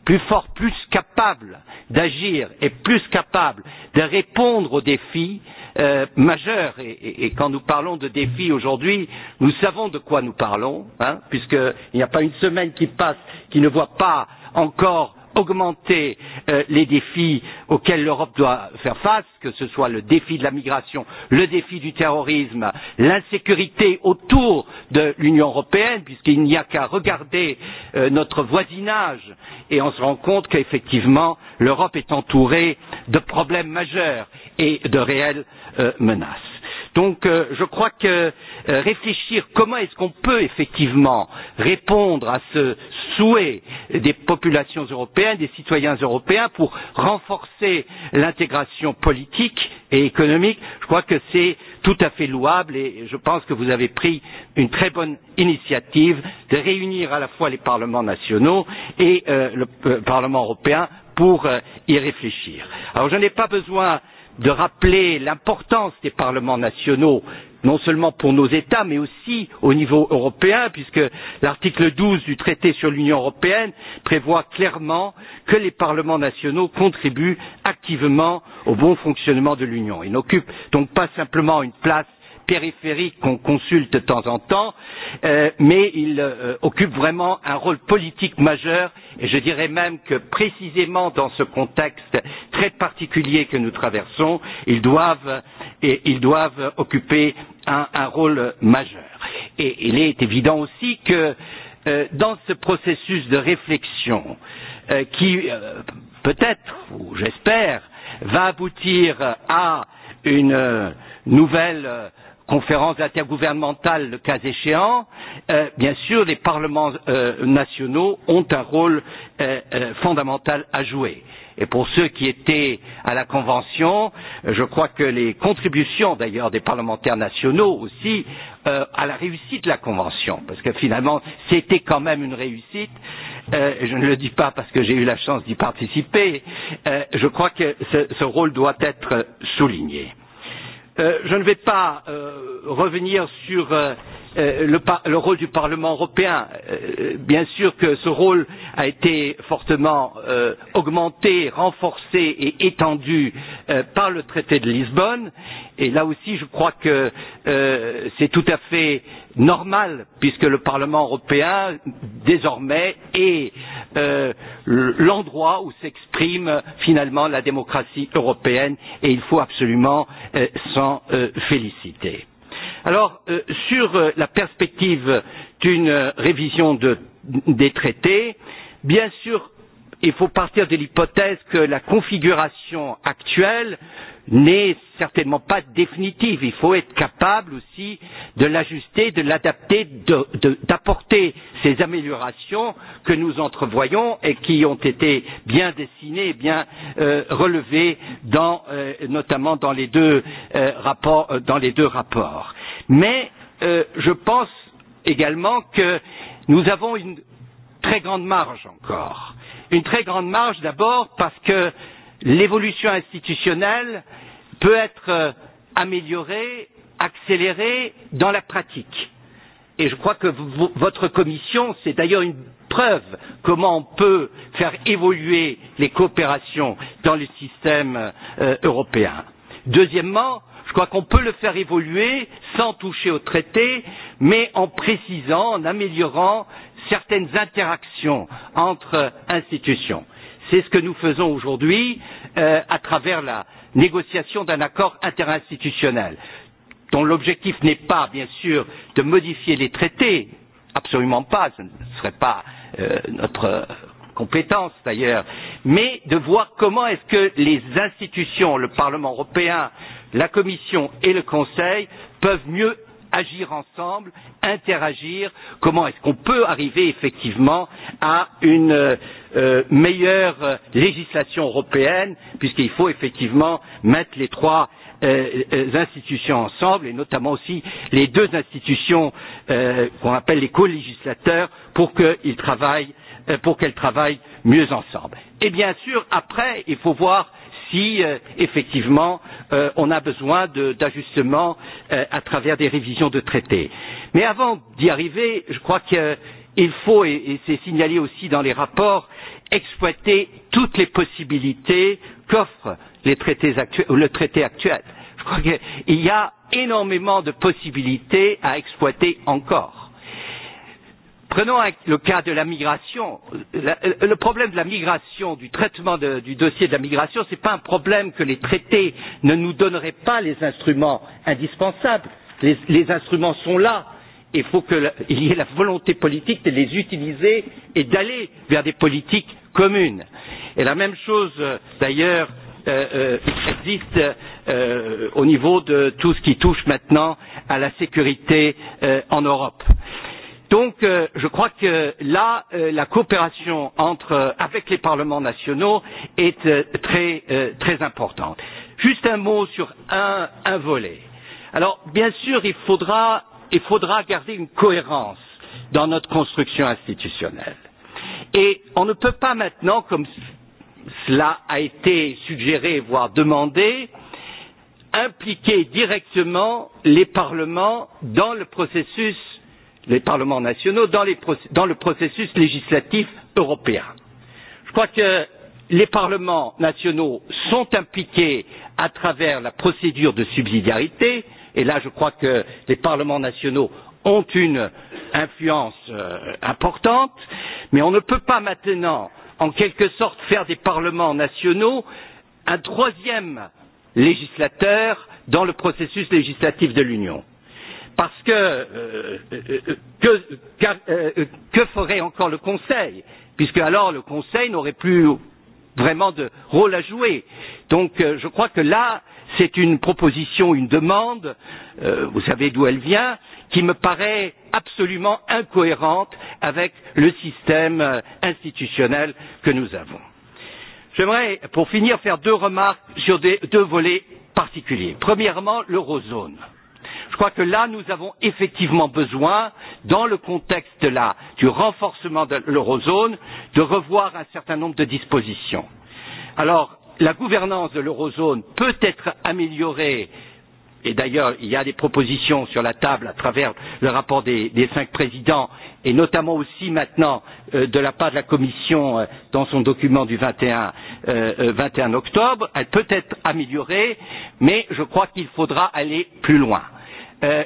plus fort, plus capable d'agir et plus capable de répondre aux défis euh, majeurs. Et, et, et quand nous parlons de défis aujourd'hui, nous savons de quoi nous parlons, hein, puisqu'il n'y a pas une semaine qui passe qui ne voit pas encore augmenter les défis auxquels l'Europe doit faire face, que ce soit le défi de la migration, le défi du terrorisme, l'insécurité autour de l'Union européenne, puisqu'il n'y a qu'à regarder notre voisinage et on se rend compte qu'effectivement l'Europe est entourée de problèmes majeurs et de réelles menaces Donc euh, je crois que euh, réfléchir comment est-ce qu'on peut effectivement répondre à ce souhait des populations européennes, des citoyens européens pour renforcer l'intégration politique et économique, je crois que c'est tout à fait louable et je pense que vous avez pris une très bonne initiative de réunir à la fois les parlements nationaux et euh, le euh, Parlement européen pour euh, y réfléchir. Alors je n'ai pas besoin euh, de rappeler l'importance des parlements nationaux non seulement pour nos États, mais aussi au niveau européen, puisque l'article douze du traité sur l'Union européenne prévoit clairement que les parlements nationaux contribuent activement au bon fonctionnement de l'Union et n'occupent donc pas simplement une place périphérique qu'on consulte de temps en temps, euh, mais il euh, occupe vraiment un rôle politique majeur et je dirais même que précisément dans ce contexte très particulier que nous traversons, ils doivent, et, ils doivent occuper un, un rôle majeur. Et il est évident aussi que euh, dans ce processus de réflexion euh, qui euh, peut-être ou j'espère va aboutir à une nouvelle euh, conférence intergouvernementale le cas échéant, euh, bien sûr, les parlements euh, nationaux ont un rôle euh, euh, fondamental à jouer. Et pour ceux qui étaient à la Convention, je crois que les contributions d'ailleurs des parlementaires nationaux aussi euh, à la réussite de la Convention, parce que finalement c'était quand même une réussite, euh, je ne le dis pas parce que j'ai eu la chance d'y participer, euh, je crois que ce, ce rôle doit être souligné je ne vais pas revenir sur le, rôle du Parlement européen. bien sûr que ce rôle a été fortement augmenté, renforcé et étendu par le traité de Lisbonne Et là aussi, je crois que euh, c'est tout à fait normal, puisque le Parlement européen, désormais, est euh, l'endroit où s'exprime finalement la démocratie européenne, et il faut absolument euh, s'en euh, féliciter. Alors, euh, sur euh, la perspective d'une révision de, des traités, bien sûr, il faut partir de l'hypothèse que la configuration actuelle euh, n'est certainement pas définitive. Il faut être capable aussi de l'ajuster, de l'adapter, d'apporter ces améliorations que nous entrevoyons et qui ont été bien dessinées et bien euh, relevées dans, euh, notamment dans les deux, euh, rapports, euh, dans les deux rapports. Mais euh, je pense également que nous avons une très grande marge encore. Une très grande marge d'abord parce que l'évolution institutionnelle peut être améliorée, accélérée dans la pratique. Et je crois que votre commission, c'est d'ailleurs une preuve comment on peut faire évoluer les coopérations dans le système euh, européen. Deuxièmement, je crois qu'on peut le faire évoluer sans toucher au traité, mais en précisant, en améliorant certaines interactions entre institutions. C'est ce que nous faisons aujourd'hui euh, à travers la négociation d'un accord interinstitutionnel dont l'objectif n'est pas, bien sûr, de modifier les traités, absolument pas, ce ne serait pas euh, notre compétence d'ailleurs, mais de voir comment est-ce que les institutions, le Parlement européen, la Commission et le Conseil peuvent mieux agir ensemble, interagir, comment est-ce qu'on peut arriver effectivement à une euh, meilleure législation européenne, puisqu'il faut effectivement mettre les trois euh, institutions ensemble, et notamment aussi les deux institutions euh, qu'on appelle les co-législateurs, pour qu'ils travaillent pour qu'elles travaillent mieux ensemble. Et bien sûr, après, il faut voir euh, si euh, effectivement euh, on a besoin d'ajustements euh, à travers des révisions de traités. Mais avant d'y arriver, je crois qu'il faut, et, et c'est signalé aussi dans les rapports, exploiter toutes les possibilités qu'offre le traité actuel. Je crois qu'il y a énormément de possibilités à exploiter encore Prenons le cas de la migration. Le problème de la migration, du traitement de, du dossier de la migration, ce n'est pas un problème que les traités ne nous donneraient pas les instruments indispensables. Les, les instruments sont là. Il faut qu'il y ait la volonté politique de les utiliser et d'aller vers des politiques communes. Et la même chose, d'ailleurs, euh, existe euh, au niveau de tout ce qui touche maintenant à la sécurité euh, en Europe. Euh, Donc euh, je crois que là, euh, la coopération entre, euh, avec les parlements nationaux est euh, très, euh, très importante. Juste un mot sur un, un volet. Alors bien sûr, il faudra, il faudra garder une cohérence dans notre construction institutionnelle. Et on ne peut pas maintenant, comme cela a été suggéré, voire demandé, impliquer directement les parlements dans le processus les parlements nationaux dans, les, dans le processus législatif européen. Je crois que les parlements nationaux sont impliqués à travers la procédure de subsidiarité et là je crois que les parlements nationaux ont une influence euh, importante, mais on ne peut pas maintenant, en quelque sorte, faire des parlements nationaux un troisième législateur dans le processus législatif de l'Union Parce que, euh, que, que, que ferait encore le Conseil Puisque alors le Conseil n'aurait plus vraiment de rôle à jouer. Donc euh, je crois que là, c'est une proposition, une demande, euh, vous savez d'où elle vient, qui me paraît absolument incohérente avec le système institutionnel que nous avons. J'aimerais, pour finir, faire deux remarques sur des, deux volets particuliers. Premièrement, l'eurozone. Euh, Je crois que là, nous avons effectivement besoin, dans le contexte la, du renforcement de l'eurozone, de revoir un certain nombre de dispositions. Alors, la gouvernance de l'eurozone peut être améliorée et d'ailleurs il y a des propositions sur la table à travers le rapport des, des cinq présidents et notamment aussi maintenant euh, de la part de la Commission euh, dans son document du 21, euh, 21 octobre, elle peut être améliorée, mais je crois qu'il faudra aller plus loin. Euh,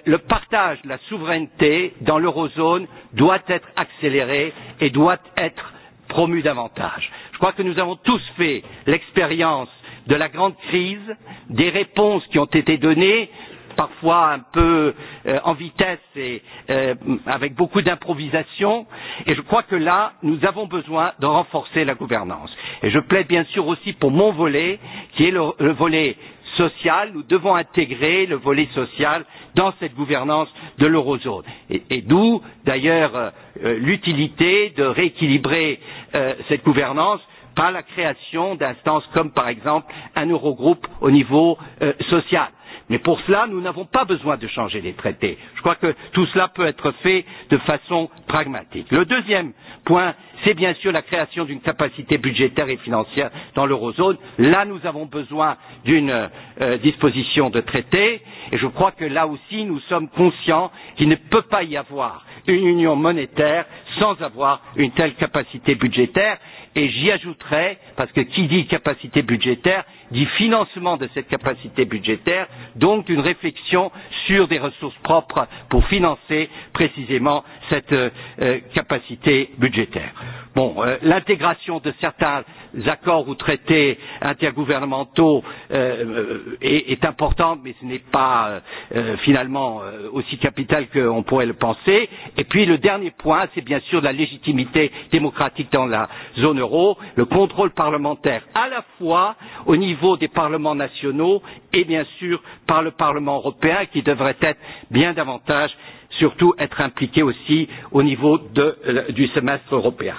le partage de la souveraineté dans l'eurozone doit être accéléré et doit être promu davantage. Je crois que nous avons tous fait l'expérience de la grande crise, des réponses qui ont été données, parfois un peu euh, en vitesse et euh, avec beaucoup d'improvisation. Et je crois que là, nous avons besoin de renforcer la gouvernance. Et je plaide bien sûr aussi pour mon volet, qui est le, le volet sociale, nous devons intégrer le volet social dans cette gouvernance de l'eurozone. Et, et d'où, d'ailleurs, euh, l'utilité de rééquilibrer euh, cette gouvernance par la création d'instances comme, par exemple, un Eurogroupe au niveau euh, social Mais pour cela, nous n'avons pas besoin de changer les traités. Je crois que tout cela peut être fait de façon pragmatique. Le deuxième point, c'est bien sûr la création d'une capacité budgétaire et financière dans l'eurozone. Là, nous avons besoin d'une euh, disposition de traité et je crois que là aussi, nous sommes conscients qu'il ne peut pas y avoir une union monétaire sans avoir une telle capacité budgétaire. Et j'y ajouterai, parce que qui dit capacité budgétaire du financement de cette capacité budgétaire, donc une réflexion sur des ressources propres pour financer précisément cette euh, capacité budgétaire. Bon, euh, l'intégration de certains accords ou traités intergouvernementaux euh, est, est importante, mais ce n'est pas euh, finalement aussi capital qu'on pourrait le penser. Et puis le dernier point, c'est bien sûr la légitimité démocratique dans la zone euro, le contrôle parlementaire à la fois au niveau niveau des parlements nationaux et bien sûr par le Parlement européen qui devrait être bien davantage, surtout être impliqué aussi au niveau de, du semestre européen.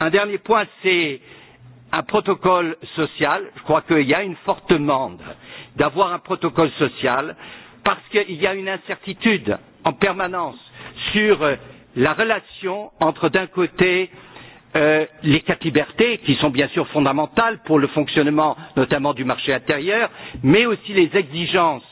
Un dernier point, c'est un protocole social. Je crois qu'il y a une forte demande d'avoir un protocole social parce qu'il y a une incertitude en permanence sur la relation entre d'un côté euh, les quatre libertés qui sont bien sûr fondamentales pour le fonctionnement notamment du marché intérieur, mais aussi les exigences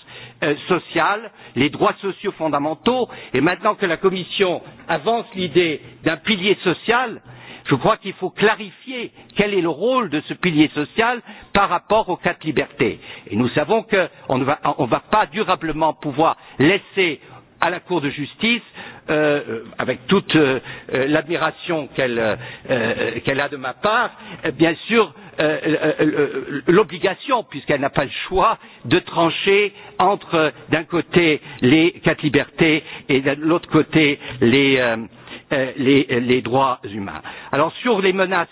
sociales, les droits sociaux fondamentaux, et maintenant que la Commission avance l'idée d'un pilier social, je crois qu'il faut clarifier quel est le rôle de ce pilier social par rapport aux quatre libertés. Et nous savons qu'on ne va, on va pas durablement pouvoir laisser à la Cour de justice, euh, avec toute euh, l'admiration qu'elle euh, qu a de ma part, bien sûr, euh, l'obligation, puisqu'elle n'a pas le choix, de trancher entre, d'un côté, les quatre libertés et de l'autre côté, les, euh, les, les droits humains. Alors, sur les menaces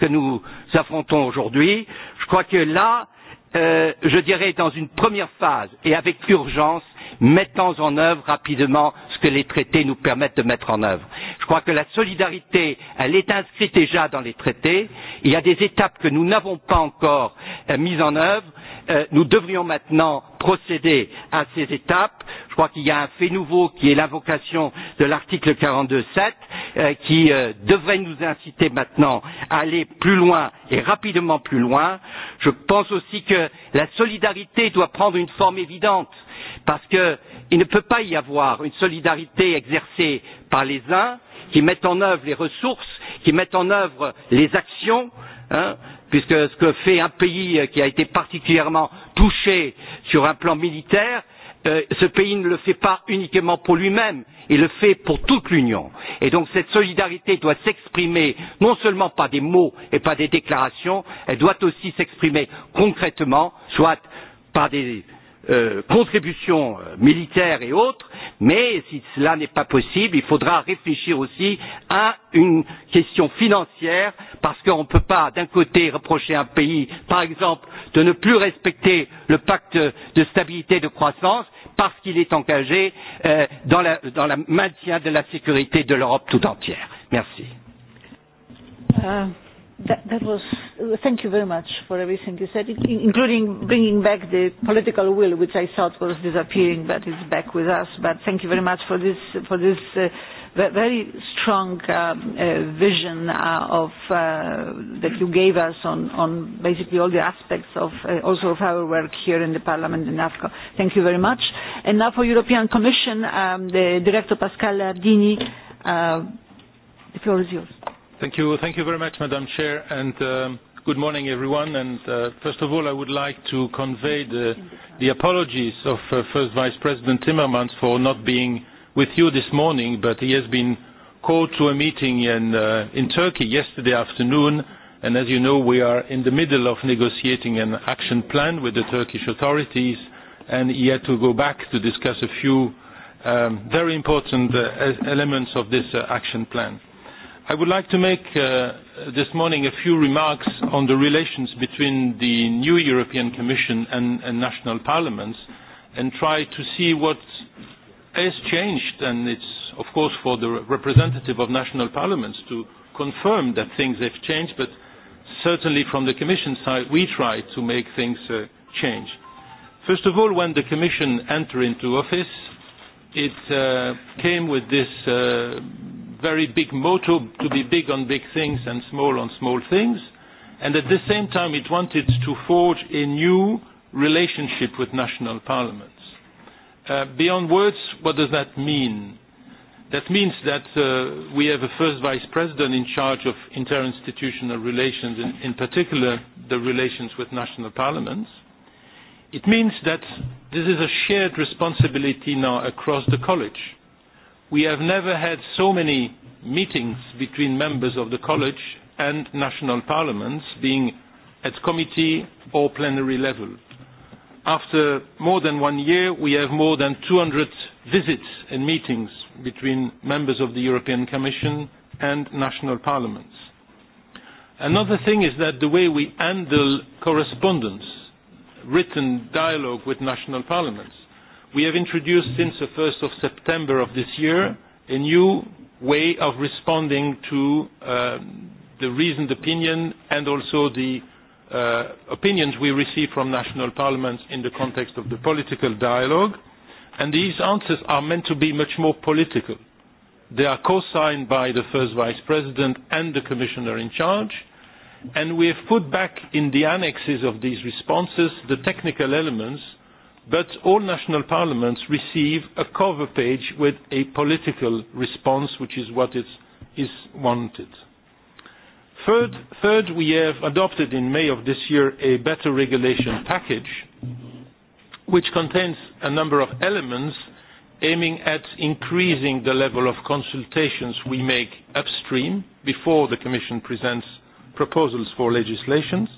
que nous affrontons aujourd'hui, je crois que là, euh, je dirais dans une première phase et avec urgence, mettons en œuvre rapidement ce que les traités nous permettent de mettre en œuvre. Je crois que la solidarité, elle est inscrite déjà dans les traités. Il y a des étapes que nous n'avons pas encore mises en œuvre nous devrions maintenant procéder à ces étapes. Je crois qu'il y a un fait nouveau qui est l'invocation de l'article quarante deux sept qui devrait nous inciter maintenant à aller plus loin et rapidement plus loin. Je pense aussi que la solidarité doit prendre une forme évidente parce qu'il ne peut pas y avoir une solidarité exercée par les uns qui mettent en œuvre les ressources, qui mettent en œuvre les actions, hein, puisque ce que fait un pays qui a été particulièrement touché sur un plan militaire, ce pays ne le fait pas uniquement pour lui-même, il le fait pour toute l'Union. Et donc cette solidarité doit s'exprimer non seulement par des mots et par des déclarations, elle doit aussi s'exprimer concrètement, soit par des contributions militaires et autres, mais si cela n'est pas possible, il faudra réfléchir aussi à une question financière, parce qu'on ne peut pas, d'un côté, reprocher à un pays, par exemple, de ne plus respecter le pacte de stabilité et de croissance, parce qu'il est engagé euh, dans le maintien de la sécurité de l'Europe tout entière. Merci. That, that was. Thank you very much for everything you said, including bringing back the political will, which I thought was disappearing, but it's back with us. But thank you very much for this for this uh, very strong um, uh, vision uh, of uh, that you gave us on on basically all the aspects of uh, also of our work here in the Parliament in AFCO. Thank you very much. And now for European Commission, um, the Director Pascal Ardini. Uh, the floor is yours. Thank you. Thank you very much, Madam Chair, and good morning, everyone. And First of all, I would like to convey the the apologies of First Vice President Timmermans for not being with you this morning, but he has been called to a meeting in in Turkey yesterday afternoon. and As you know, we are in the middle of negotiating an action plan with the Turkish authorities, and he had to go back to discuss a few um very important uh elements of this uh action plan. I would like to make uh, this morning a few remarks on the relations between the new European Commission and, and national parliaments and try to see what has changed and it's of course for the representative of national parliaments to confirm that things have changed but certainly from the Commission side we try to make things uh, change. First of all when the Commission entered into office it uh, came with this uh, very big motto to be big on big things and small on small things. And at the same time, it wanted to forge a new relationship with national parliaments. Uh, beyond words, what does that mean? That means that uh, we have a first vice president in charge of interinstitutional relations, in, in particular the relations with national parliaments. It means that this is a shared responsibility now across the college We have never had so many meetings between members of the College and national parliaments, being at committee or plenary level. After more than one year, we have more than 200 visits and meetings between members of the European Commission and national parliaments. Another thing is that the way we handle correspondence, written dialogue with national parliaments, we have introduced since the 1st of September of this year a new way of responding to um, the reasoned opinion and also the uh, opinions we receive from national parliaments in the context of the political dialogue. And these answers are meant to be much more political. They are co-signed by the first vice president and the commissioner in charge. And we have put back in the annexes of these responses the technical elements but all national parliaments receive a cover page with a political response, which is what is, is wanted. Third, third, we have adopted in May of this year a better regulation package, which contains a number of elements aiming at increasing the level of consultations we make upstream before the Commission presents proposals for legislation,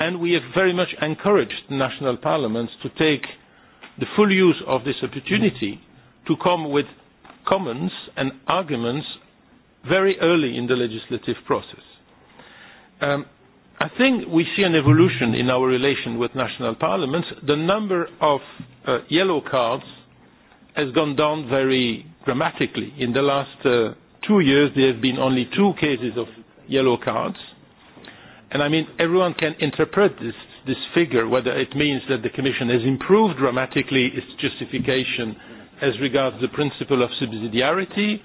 and we have very much encouraged national parliaments to take the full use of this opportunity to come with comments and arguments very early in the legislative process. Um, I think we see an evolution in our relation with national parliaments. The number of uh, yellow cards has gone down very dramatically. In the last uh, two years, there have been only two cases of yellow cards. And I mean, everyone can interpret this this figure, whether it means that the Commission has improved dramatically its justification as regards the principle of subsidiarity,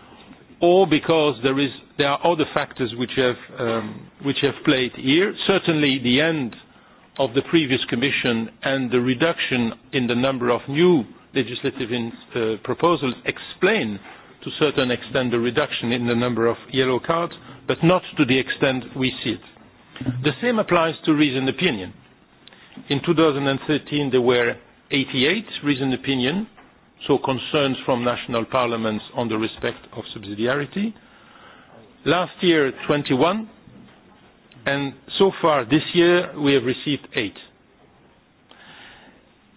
or because there, is, there are other factors which have, um, which have played here. Certainly the end of the previous Commission and the reduction in the number of new legislative in, uh, proposals explain to a certain extent the reduction in the number of yellow cards, but not to the extent we see it. The same applies to reasoned opinion. In 2013, there were 88 reasoned opinion, so concerns from national parliaments on the respect of subsidiarity. Last year, 21, and so far this year, we have received eight.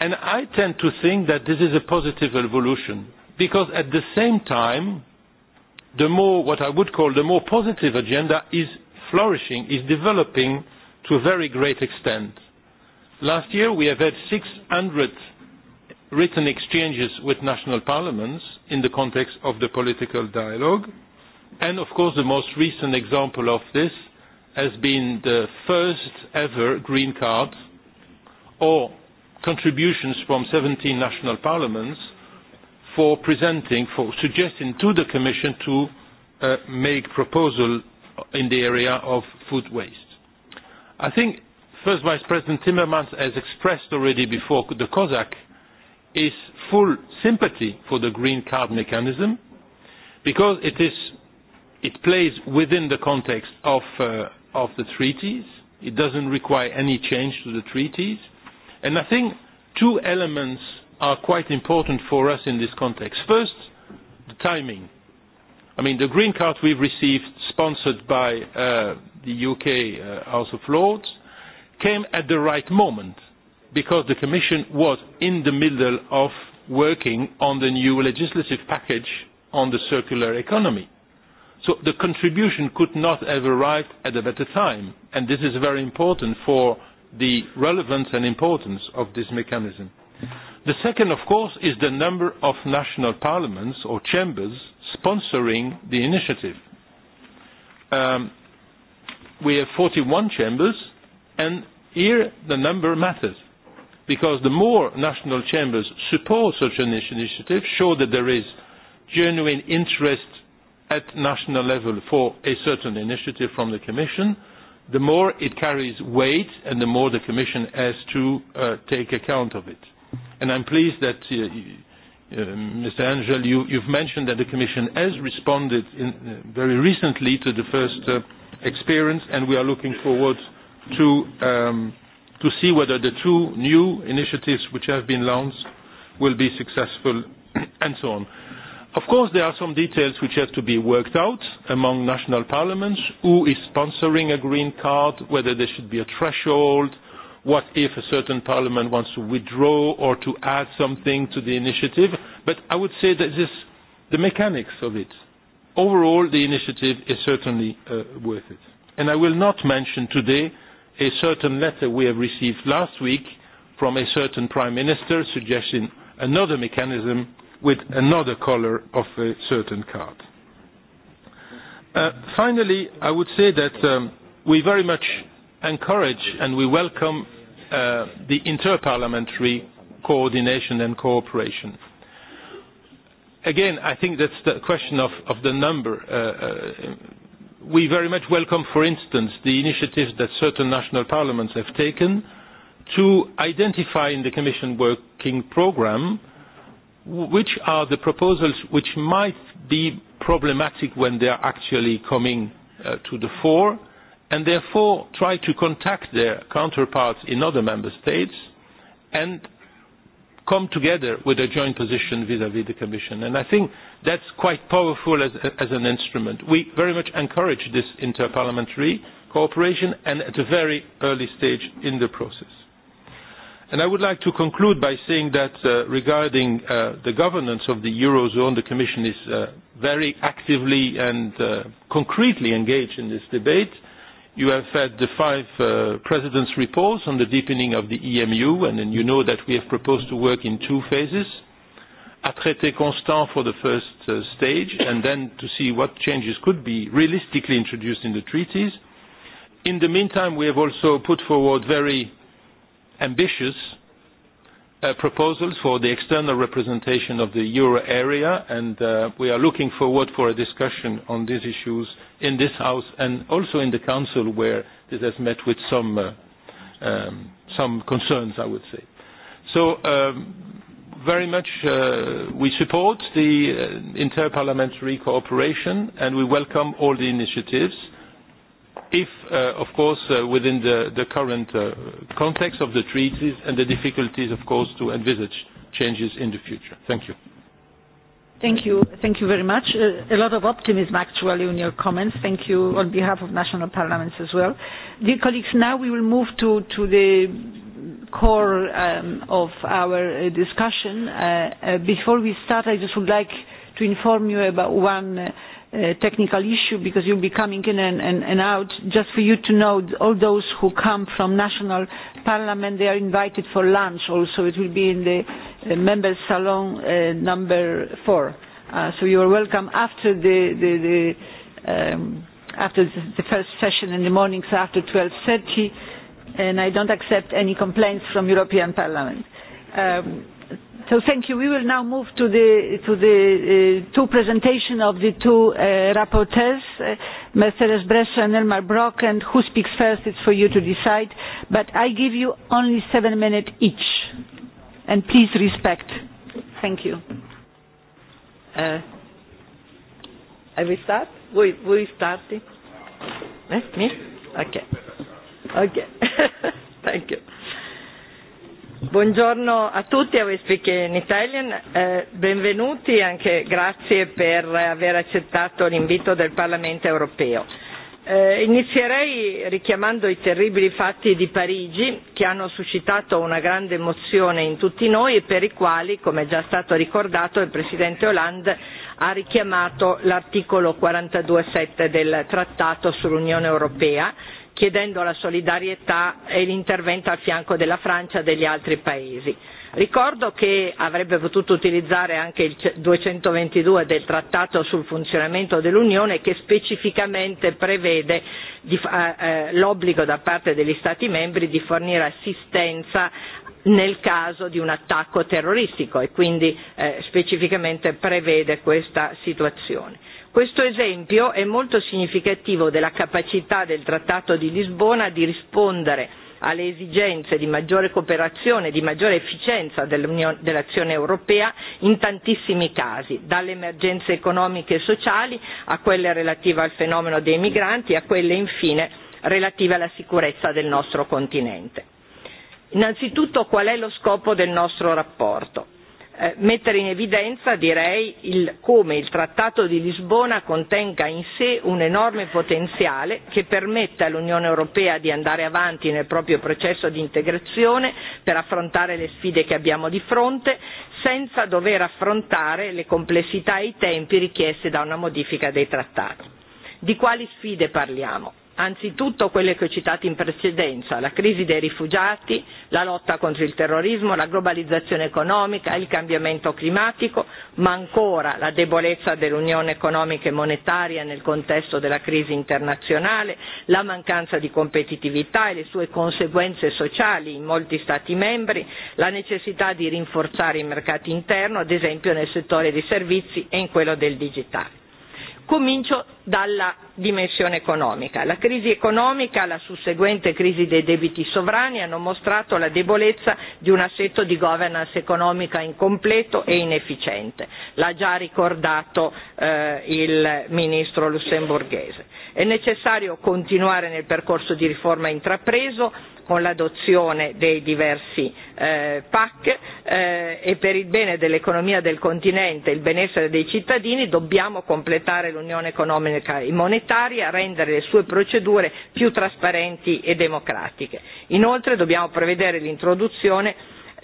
And I tend to think that this is a positive evolution, because at the same time, the more, what I would call the more positive agenda is flourishing, is developing to a very great extent. Last year, we have had 600 written exchanges with national parliaments in the context of the political dialogue. And of course, the most recent example of this has been the first ever green card or contributions from 17 national parliaments for presenting, for suggesting to the Commission to uh, make proposal in the area of food waste. I think First Vice President Timmermans has expressed already before the COSAC his full sympathy for the green card mechanism because it, is, it plays within the context of, uh, of the treaties. It doesn't require any change to the treaties. And I think two elements are quite important for us in this context. First, the timing. I mean, the green card we've received, sponsored by uh, the UK uh, House of Lords, came at the right moment because the Commission was in the middle of working on the new legislative package on the circular economy. So the contribution could not have arrived at a better time, and this is very important for the relevance and importance of this mechanism. The second, of course, is the number of national parliaments or chambers sponsoring the initiative. Um, we have 41 chambers, and Here, the number matters, because the more national chambers support such an initiative, show that there is genuine interest at national level for a certain initiative from the Commission, the more it carries weight and the more the Commission has to uh, take account of it. And I'm pleased that, uh, uh, Mr. Angel, you, you've mentioned that the Commission has responded in, uh, very recently to the first uh, experience, and we are looking forward to to um, to see whether the two new initiatives which have been launched will be successful and so on. Of course, there are some details which have to be worked out among national parliaments. Who is sponsoring a green card? Whether there should be a threshold? What if a certain parliament wants to withdraw or to add something to the initiative? But I would say that this, the mechanics of it, overall, the initiative is certainly uh, worth it. And I will not mention today a certain letter we have received last week from a certain prime minister suggesting another mechanism with another colour of a certain card. Uh, finally, I would say that um, we very much encourage and we welcome uh, the interparliamentary coordination and cooperation. Again, I think that's the question of, of the number. Uh, uh, we very much welcome, for instance, the initiatives that certain national parliaments have taken to identify in the Commission working programme which are the proposals which might be problematic when they are actually coming uh, to the fore, and therefore try to contact their counterparts in other member states and come together with a joint position vis-à-vis the Commission. And I think that's quite powerful as, as an instrument. We very much encourage this interparliamentary cooperation and at a very early stage in the process. And I would like to conclude by saying that uh, regarding uh, the governance of the Eurozone, the Commission is uh, very actively and uh, concretely engaged in this debate. You have had the five uh, presidents' reports on the deepening of the EMU, and then you know that we have proposed to work in two phases, a traité constant for the first uh, stage, and then to see what changes could be realistically introduced in the treaties. In the meantime, we have also put forward very ambitious uh, proposals for the external representation of the euro area, and uh, we are looking forward for a discussion on these issues in this House and also in the Council where this has met with some, uh, um, some concerns, I would say. So um, very much uh, we support the uh, interparliamentary cooperation and we welcome all the initiatives if, uh, of course, uh, within the, the current uh, context of the treaties and the difficulties, of course, to envisage changes in the future. Thank you. Thank you. Thank you very much. Uh, a lot of optimism actually in your comments. Thank you on behalf of national parliaments as well. Dear colleagues, now we will move to, to the core um, of our uh, discussion. Uh, uh, before we start, I just would like to inform you about one uh, technical issue because you'll be coming in and, and, and out. Just for you to know, all those who come from national parliament, they are invited for lunch also. It will be in the member salon uh, number four. Uh, so you are welcome after the, the, the um, after the first session in the so after 12.30 and I don't accept any complaints from European Parliament. Um, so thank you. We will now move to the, to the uh, two presentation of the two uh, rapporteurs, uh, Mercedes Bresso and Elmar Brock, and who speaks first, it's for you to decide. But I give you only seven minutes each and please respect. Thank you. Uh, I will start? We we start? Eh, me? Okay. Okay. Thank you. Buongiorno a tutti, I will speak in Italian. Eh, benvenuti, anche grazie per aver accettato l'invito del Parlamento europeo Eh, inizierei richiamando i terribili fatti di Parigi che hanno suscitato una grande emozione in tutti noi e per i quali, come è già stato ricordato, il Presidente Hollande ha richiamato l'articolo 42.7 del Trattato sull'Unione Europea, chiedendo la solidarietà e l'intervento al fianco della Francia e degli altri Paesi Ricordo che avrebbe potuto utilizzare anche il 222 del Trattato sul funzionamento dell'Unione che specificamente prevede l'obbligo da parte degli Stati membri di fornire assistenza nel caso di un attacco terroristico e quindi eh, specificamente prevede questa situazione. Questo esempio è molto significativo della capacità del Trattato di Lisbona di rispondere alle esigenze di maggiore cooperazione e di maggiore efficienza dell'azione europea in tantissimi casi, dalle emergenze economiche e sociali a quelle relative al fenomeno dei migranti e a quelle infine relative alla sicurezza del nostro continente. Innanzitutto qual è lo scopo del nostro rapporto? mettere in evidenza direi il, come il Trattato di Lisbona contenga in sé un enorme potenziale che permetta all'Unione Europea di andare avanti nel proprio processo di integrazione per affrontare le sfide che abbiamo di fronte senza dover affrontare le complessità e i tempi richiesti da una modifica dei trattati. Di quali sfide parliamo? anzitutto quelle che ho citato in precedenza la crisi dei rifugiati, la lotta contro il terrorismo, la globalizzazione economica, il cambiamento climatico, ma ancora la debolezza dell'unione economica e monetaria nel contesto della crisi internazionale, la mancanza di competitività e le sue conseguenze sociali in molti Stati membri, la necessità di rinforzare il mercato interno, ad esempio nel settore dei servizi e in quello del digitale Comincio dalla dimensione economica. La crisi economica e la susseguente crisi dei debiti sovrani hanno mostrato la debolezza di un assetto di governance economica incompleto e inefficiente, l'ha già ricordato eh, il ministro lussemburghese. È necessario continuare nel percorso di riforma intrapreso con l'adozione dei diversi eh, PAC eh, e per il bene dell'economia del continente e il benessere dei cittadini dobbiamo completare l'unione economica e monetaria, rendere le sue procedure più trasparenti e democratiche. Inoltre dobbiamo prevedere l'introduzione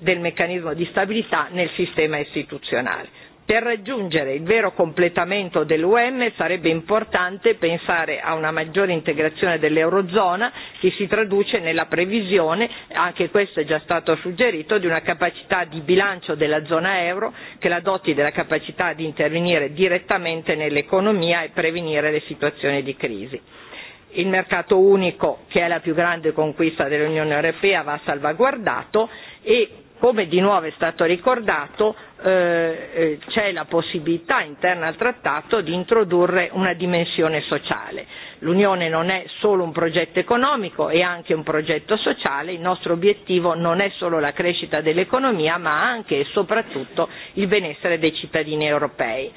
del meccanismo di stabilità nel sistema istituzionale Per raggiungere il vero completamento dell'UM sarebbe importante pensare a una maggiore integrazione dell'Eurozona che si traduce nella previsione, anche questo è già stato suggerito, di una capacità di bilancio della zona euro che la doti della capacità di intervenire direttamente nell'economia e prevenire le situazioni di crisi. Il mercato unico, che è la più grande conquista dell'Unione Europea, va salvaguardato e come di nuovo è stato ricordato, c'è la possibilità interna al trattato di introdurre una dimensione sociale. L'Unione non è solo un progetto economico, è anche un progetto sociale, il nostro obiettivo non è solo la crescita dell'economia ma anche e soprattutto il benessere dei cittadini europei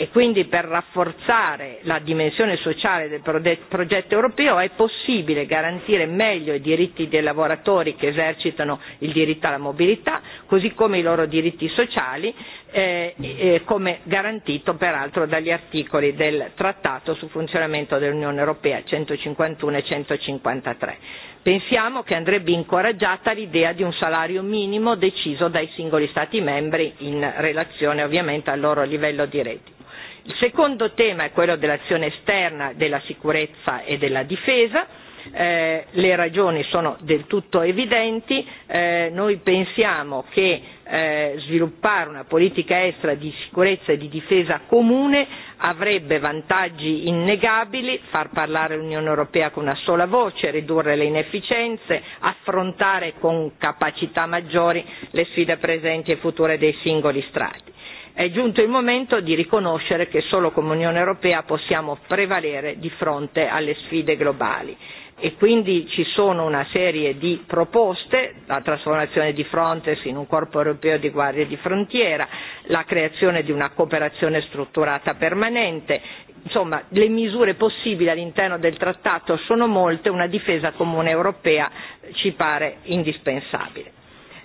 e quindi per rafforzare la dimensione sociale del progetto europeo è possibile garantire meglio i diritti dei lavoratori che esercitano il diritto alla mobilità, così come i loro diritti sociali, eh, come garantito peraltro dagli articoli del Trattato sul funzionamento dell'Unione Europea 151 e 153. Pensiamo che andrebbe incoraggiata l'idea di un salario minimo deciso dai singoli Stati membri in relazione ovviamente al loro livello di reddito Il secondo tema è quello dell'azione esterna, della sicurezza e della difesa. Eh, le ragioni sono del tutto evidenti, eh, noi pensiamo che eh, sviluppare una politica estera di sicurezza e di difesa comune avrebbe vantaggi innegabili, far parlare l'Unione Europea con una sola voce, ridurre le inefficienze, affrontare con capacità maggiori le sfide presenti e future dei singoli Stati È giunto il momento di riconoscere che solo come Unione Europea possiamo prevalere di fronte alle sfide globali e quindi ci sono una serie di proposte, la trasformazione di Frontex in un corpo europeo di guardie di frontiera, la creazione di una cooperazione strutturata permanente, insomma le misure possibili all'interno del trattato sono molte, una difesa comune europea ci pare indispensabile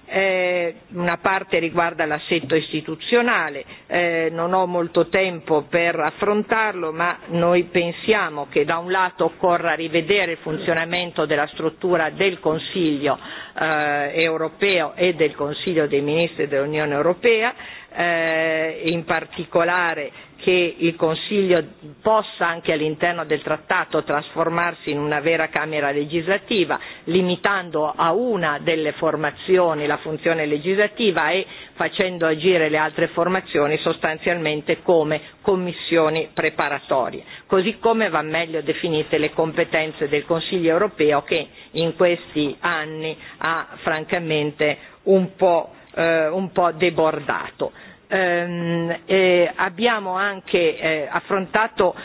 eh, una parte riguarda l'assetto istituzionale, eh, non ho molto tempo per affrontarlo, ma noi pensiamo che da un lato occorra rivedere il funzionamento della struttura del Consiglio eh, europeo e del Consiglio dei Ministri dell'Unione Europea, eh, in particolare che il Consiglio possa anche all'interno del trattato trasformarsi in una vera Camera legislativa, limitando a una delle formazioni la funzione legislativa e facendo agire le altre formazioni sostanzialmente come commissioni preparatorie, così come va meglio definite le competenze del Consiglio europeo che in questi anni ha francamente un po', eh, un po debordato abbiamo anche affrontato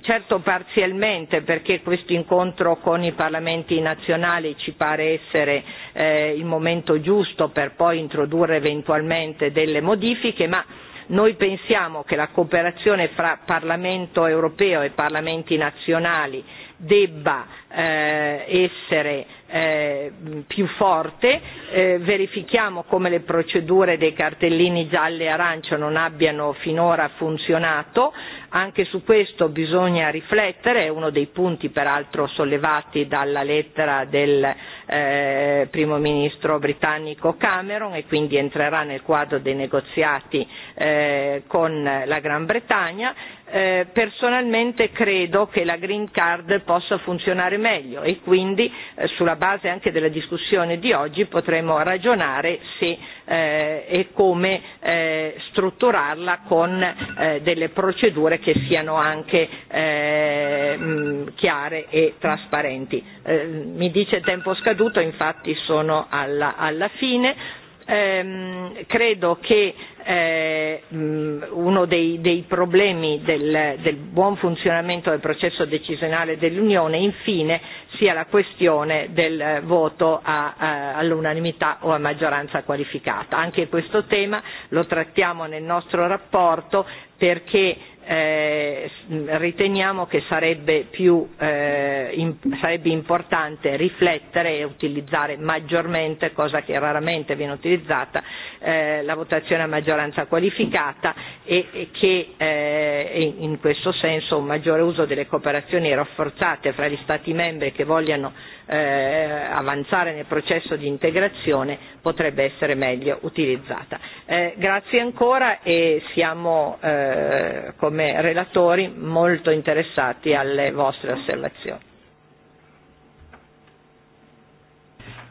certo parzialmente perché questo incontro con i parlamenti nazionali ci pare essere il momento giusto per poi introdurre eventualmente delle modifiche ma noi pensiamo che la cooperazione fra Parlamento europeo e Parlamenti nazionali debba essere eh, più forte, eh, verifichiamo come le procedure dei cartellini gialli e arancio non abbiano finora funzionato, anche su questo bisogna riflettere, è uno dei punti peraltro sollevati dalla lettera del eh, primo ministro britannico Cameron e quindi entrerà nel quadro dei negoziati eh, con la Gran Bretagna eh, personalmente credo che la green card possa funzionare meglio e quindi eh, sulla base anche della discussione di oggi potremo ragionare se eh, e come eh, strutturarla con eh, delle procedure che siano anche eh, mh, chiare e trasparenti. Eh, mi dice tempo scaduto, infatti sono alla, alla fine ehm, credo che eh, uno dei, dei problemi del, del buon funzionamento del processo decisionale dell'Unione infine sia la questione del voto a, a, all'unanimità o a maggioranza qualificata. Anche questo tema lo trattiamo nel nostro rapporto perché eh, riteniamo che sarebbe, più, eh, in, sarebbe importante riflettere e utilizzare maggiormente, cosa che raramente viene utilizzata, eh, la votazione a maggioranza qualificata e, e che eh, in questo senso un maggiore uso delle cooperazioni rafforzate fra gli Stati membri che vogliano eh, avanzare nel processo di integrazione potrebbe essere meglio utilizzata. Eh, grazie ancora e siamo eh, come relatori molto interessati alle vostre osservazioni.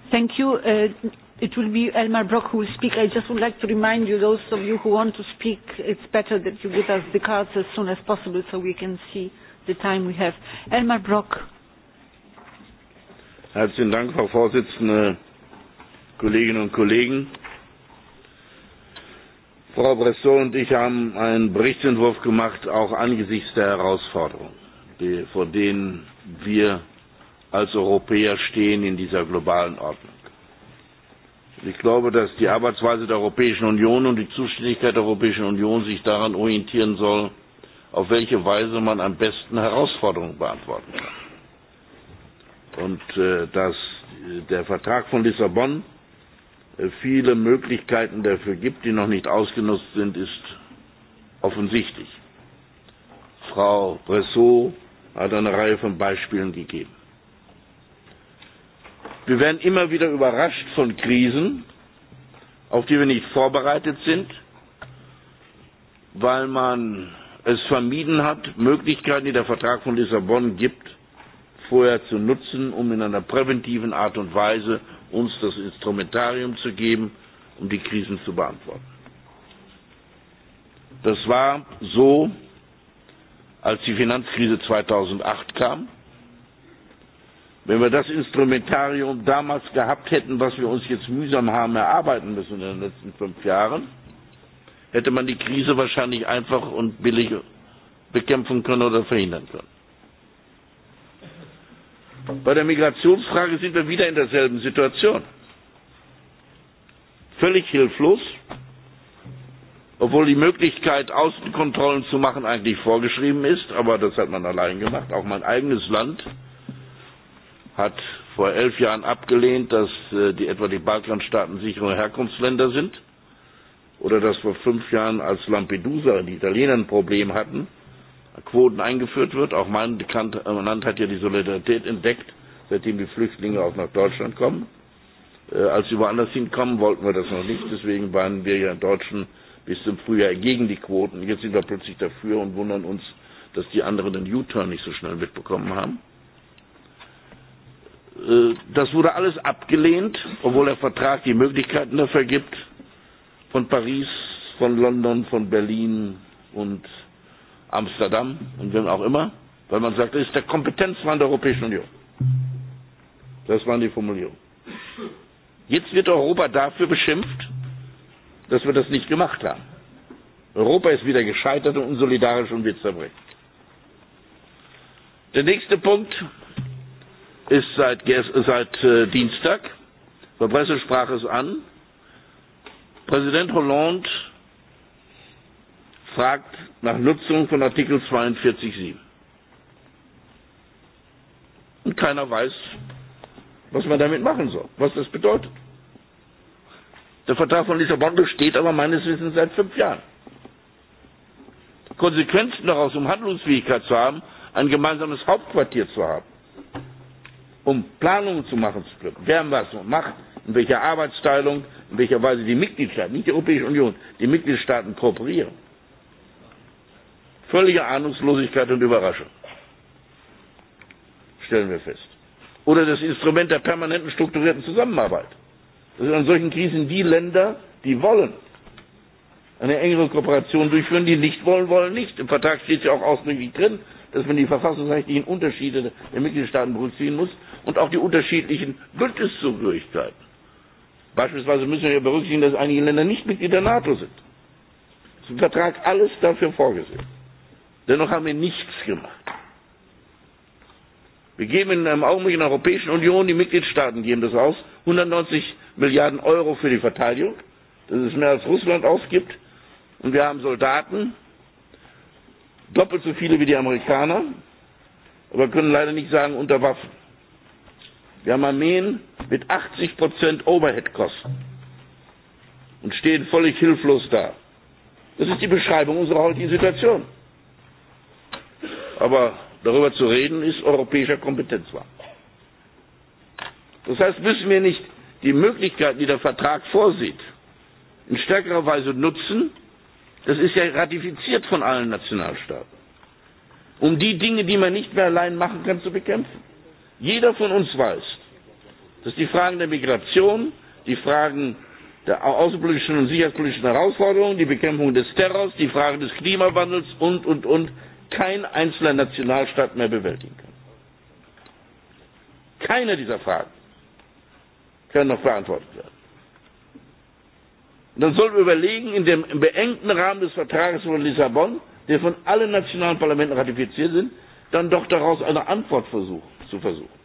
Thank you. Uh, It will be Elmar Brock who will speak. I just would like to remind you, those of you who want to speak, it's better that you give us the cards as soon as possible so we can see the time we have. Elmar Brock. Herzlichen Dank, Frau Vorsitzende, Kolleginnen und Kollegen. Frau Bresson und ich haben einen Berichtsentwurf gemacht, auch angesichts der Herausforderungen, vor denen wir als Europäer stehen in dieser globalen Ordnung. Ich glaube, dass die Arbeitsweise der Europäischen Union und die Zuständigkeit der Europäischen Union sich daran orientieren soll, auf welche Weise man am besten Herausforderungen beantworten kann. Und äh, dass der Vertrag von Lissabon viele Möglichkeiten dafür gibt, die noch nicht ausgenutzt sind, ist offensichtlich. Frau Bressot hat eine Reihe von Beispielen gegeben. Wir werden immer wieder überrascht von Krisen, auf die wir nicht vorbereitet sind, weil man es vermieden hat, Möglichkeiten, die der Vertrag von Lissabon gibt, vorher zu nutzen, um in einer präventiven Art und Weise uns das Instrumentarium zu geben, um die Krisen zu beantworten. Das war so, als die Finanzkrise 2008 kam Wenn wir das Instrumentarium damals gehabt hätten, was wir uns jetzt mühsam haben erarbeiten müssen in den letzten fünf Jahren, hätte man die Krise wahrscheinlich einfach und billig bekämpfen können oder verhindern können. Bei der Migrationsfrage sind wir wieder in derselben Situation. Völlig hilflos, obwohl die Möglichkeit, Außenkontrollen zu machen, eigentlich vorgeschrieben ist, aber das hat man allein gemacht. Auch mein eigenes Land hat vor elf Jahren abgelehnt, dass die etwa die Balkanstaaten sichere Herkunftsländer sind oder dass vor fünf Jahren, als Lampedusa die Italiener ein Problem hatten, Quoten eingeführt wird. Auch mein Land hat ja die Solidarität entdeckt, seitdem die Flüchtlinge auch nach Deutschland kommen. Als sie woanders hinkommen, wollten wir das noch nicht. Deswegen waren wir ja Deutschen bis zum Frühjahr gegen die Quoten. Jetzt sind wir plötzlich dafür und wundern uns, dass die anderen den U-Turn nicht so schnell mitbekommen haben. Das wurde alles abgelehnt, obwohl der Vertrag die Möglichkeiten dafür gibt, von Paris, von London, von Berlin und Amsterdam und wem auch immer, weil man sagt, das ist der Kompetenzmann der Europäischen Union. Das waren die Formulierungen. Jetzt wird Europa dafür beschimpft, dass wir das nicht gemacht haben. Europa ist wieder gescheitert und unsolidarisch und wird zerbrechen. Der nächste Punkt, ist seit, seit äh, Dienstag. Bei Presse sprach es an. Präsident Hollande fragt nach Nutzung von Artikel 42.7. Und keiner weiß, was man damit machen soll, was das bedeutet. Der Vertrag von Lissabon besteht aber meines Wissens seit fünf Jahren. Konsequenzen daraus, um Handlungsfähigkeit zu haben, ein gemeinsames Hauptquartier zu haben um Planungen zu machen zu können. Wer was macht, in welcher Arbeitsteilung, in welcher Weise die Mitgliedstaaten, nicht die Europäische Union, die Mitgliedstaaten kooperieren. Völlige Ahnungslosigkeit und Überraschung. Stellen wir fest. Oder das Instrument der permanenten strukturierten Zusammenarbeit. Das sind an solchen Krisen die Länder, die wollen, eine engere Kooperation durchführen, die nicht wollen, wollen nicht. Im Vertrag steht ja auch ausdrücklich drin, dass man die verfassungsrechtlichen Unterschiede der Mitgliedstaaten berücksichtigen muss und auch die unterschiedlichen Bündniszugehörigkeiten. Beispielsweise müssen wir berücksichtigen, dass einige Länder nicht Mitglied der NATO sind. Es ist im Vertrag alles dafür vorgesehen. Dennoch haben wir nichts gemacht. Wir geben in einem Augenblick in der Europäischen Union, die Mitgliedstaaten geben das aus, 190 Milliarden Euro für die Verteidigung. Das ist mehr als Russland ausgibt. Und wir haben Soldaten, doppelt so viele wie die Amerikaner, aber können leider nicht sagen unter Waffen. Wir haben Armeen mit 80 Prozent Overhead-Kosten und stehen völlig hilflos da. Das ist die Beschreibung unserer heutigen Situation. Aber darüber zu reden, ist europäischer Kompetenzwahn. Das heißt, müssen wir nicht die Möglichkeiten, die der Vertrag vorsieht, in stärkerer Weise nutzen, das ist ja ratifiziert von allen Nationalstaaten, um die Dinge, die man nicht mehr allein machen kann, zu bekämpfen jeder von uns weiß, dass die Fragen der Migration, die Fragen der außenpolitischen und sicherheitspolitischen Herausforderungen, die Bekämpfung des Terrors, die Fragen des Klimawandels und, und, und kein einzelner Nationalstaat mehr bewältigen kann. Keine dieser Fragen können noch beantwortet werden. Und dann sollten wir überlegen, in dem beengten Rahmen des Vertrages von Lissabon, der von allen nationalen Parlamenten ratifiziert sind, dann doch daraus eine Antwort versuchen zu versuchen.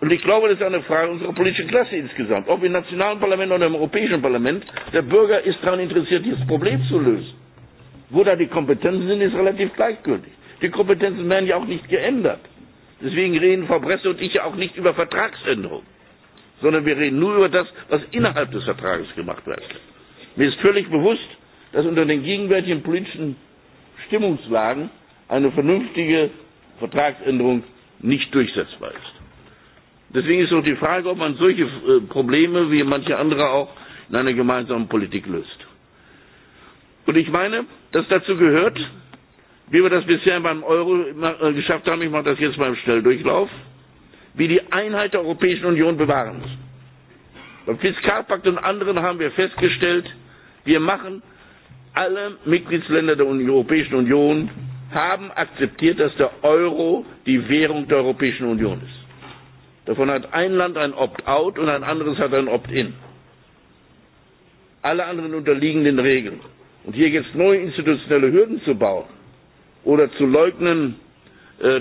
Und ich glaube, das ist eine Frage unserer politischen Klasse insgesamt. Ob im nationalen Parlament oder im europäischen Parlament, der Bürger ist daran interessiert, dieses Problem zu lösen. Wo da die Kompetenzen sind, ist relativ gleichgültig. Die Kompetenzen werden ja auch nicht geändert. Deswegen reden Frau Bresse und ich ja auch nicht über Vertragsänderungen, sondern wir reden nur über das, was innerhalb des Vertrages gemacht wird. Mir ist völlig bewusst, dass unter den gegenwärtigen politischen Stimmungslagen eine vernünftige Vertragsänderung nicht durchsetzbar ist. Deswegen ist auch die Frage, ob man solche Probleme wie manche andere auch in einer gemeinsamen Politik löst. Und ich meine, dass dazu gehört, wie wir das bisher beim Euro geschafft haben, ich mache das jetzt beim Schnelldurchlauf, wie die Einheit der Europäischen Union bewahren muss. Beim Fiskalpakt und anderen haben wir festgestellt, wir machen alle Mitgliedsländer der Europäischen Union haben akzeptiert, dass der Euro die Währung der Europäischen Union ist. Davon hat ein Land ein Opt-out und ein anderes hat ein Opt-in. Alle anderen unterliegen den Regeln. Und hier jetzt neue institutionelle Hürden zu bauen oder zu leugnen,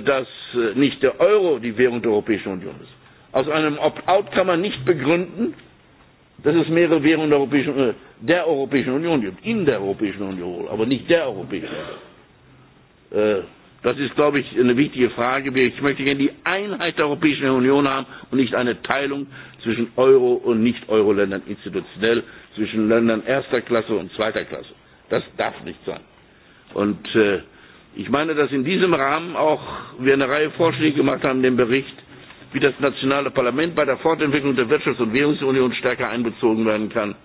dass nicht der Euro die Währung der Europäischen Union ist. Aus einem Opt-out kann man nicht begründen, dass es mehrere Währungen der Europäischen, der Europäischen Union gibt. In der Europäischen Union, aber nicht der Europäischen Union. Das ist, glaube ich, eine wichtige Frage. Ich möchte gerne die Einheit der Europäischen Union haben und nicht eine Teilung zwischen Euro- und Nicht-Euro-Ländern institutionell, zwischen Ländern erster Klasse und zweiter Klasse. Das darf nicht sein. Und äh, ich meine, dass in diesem Rahmen auch wir eine Reihe Vorschläge gemacht haben, den Bericht, wie das nationale Parlament bei der Fortentwicklung der Wirtschafts- und Währungsunion stärker einbezogen werden kann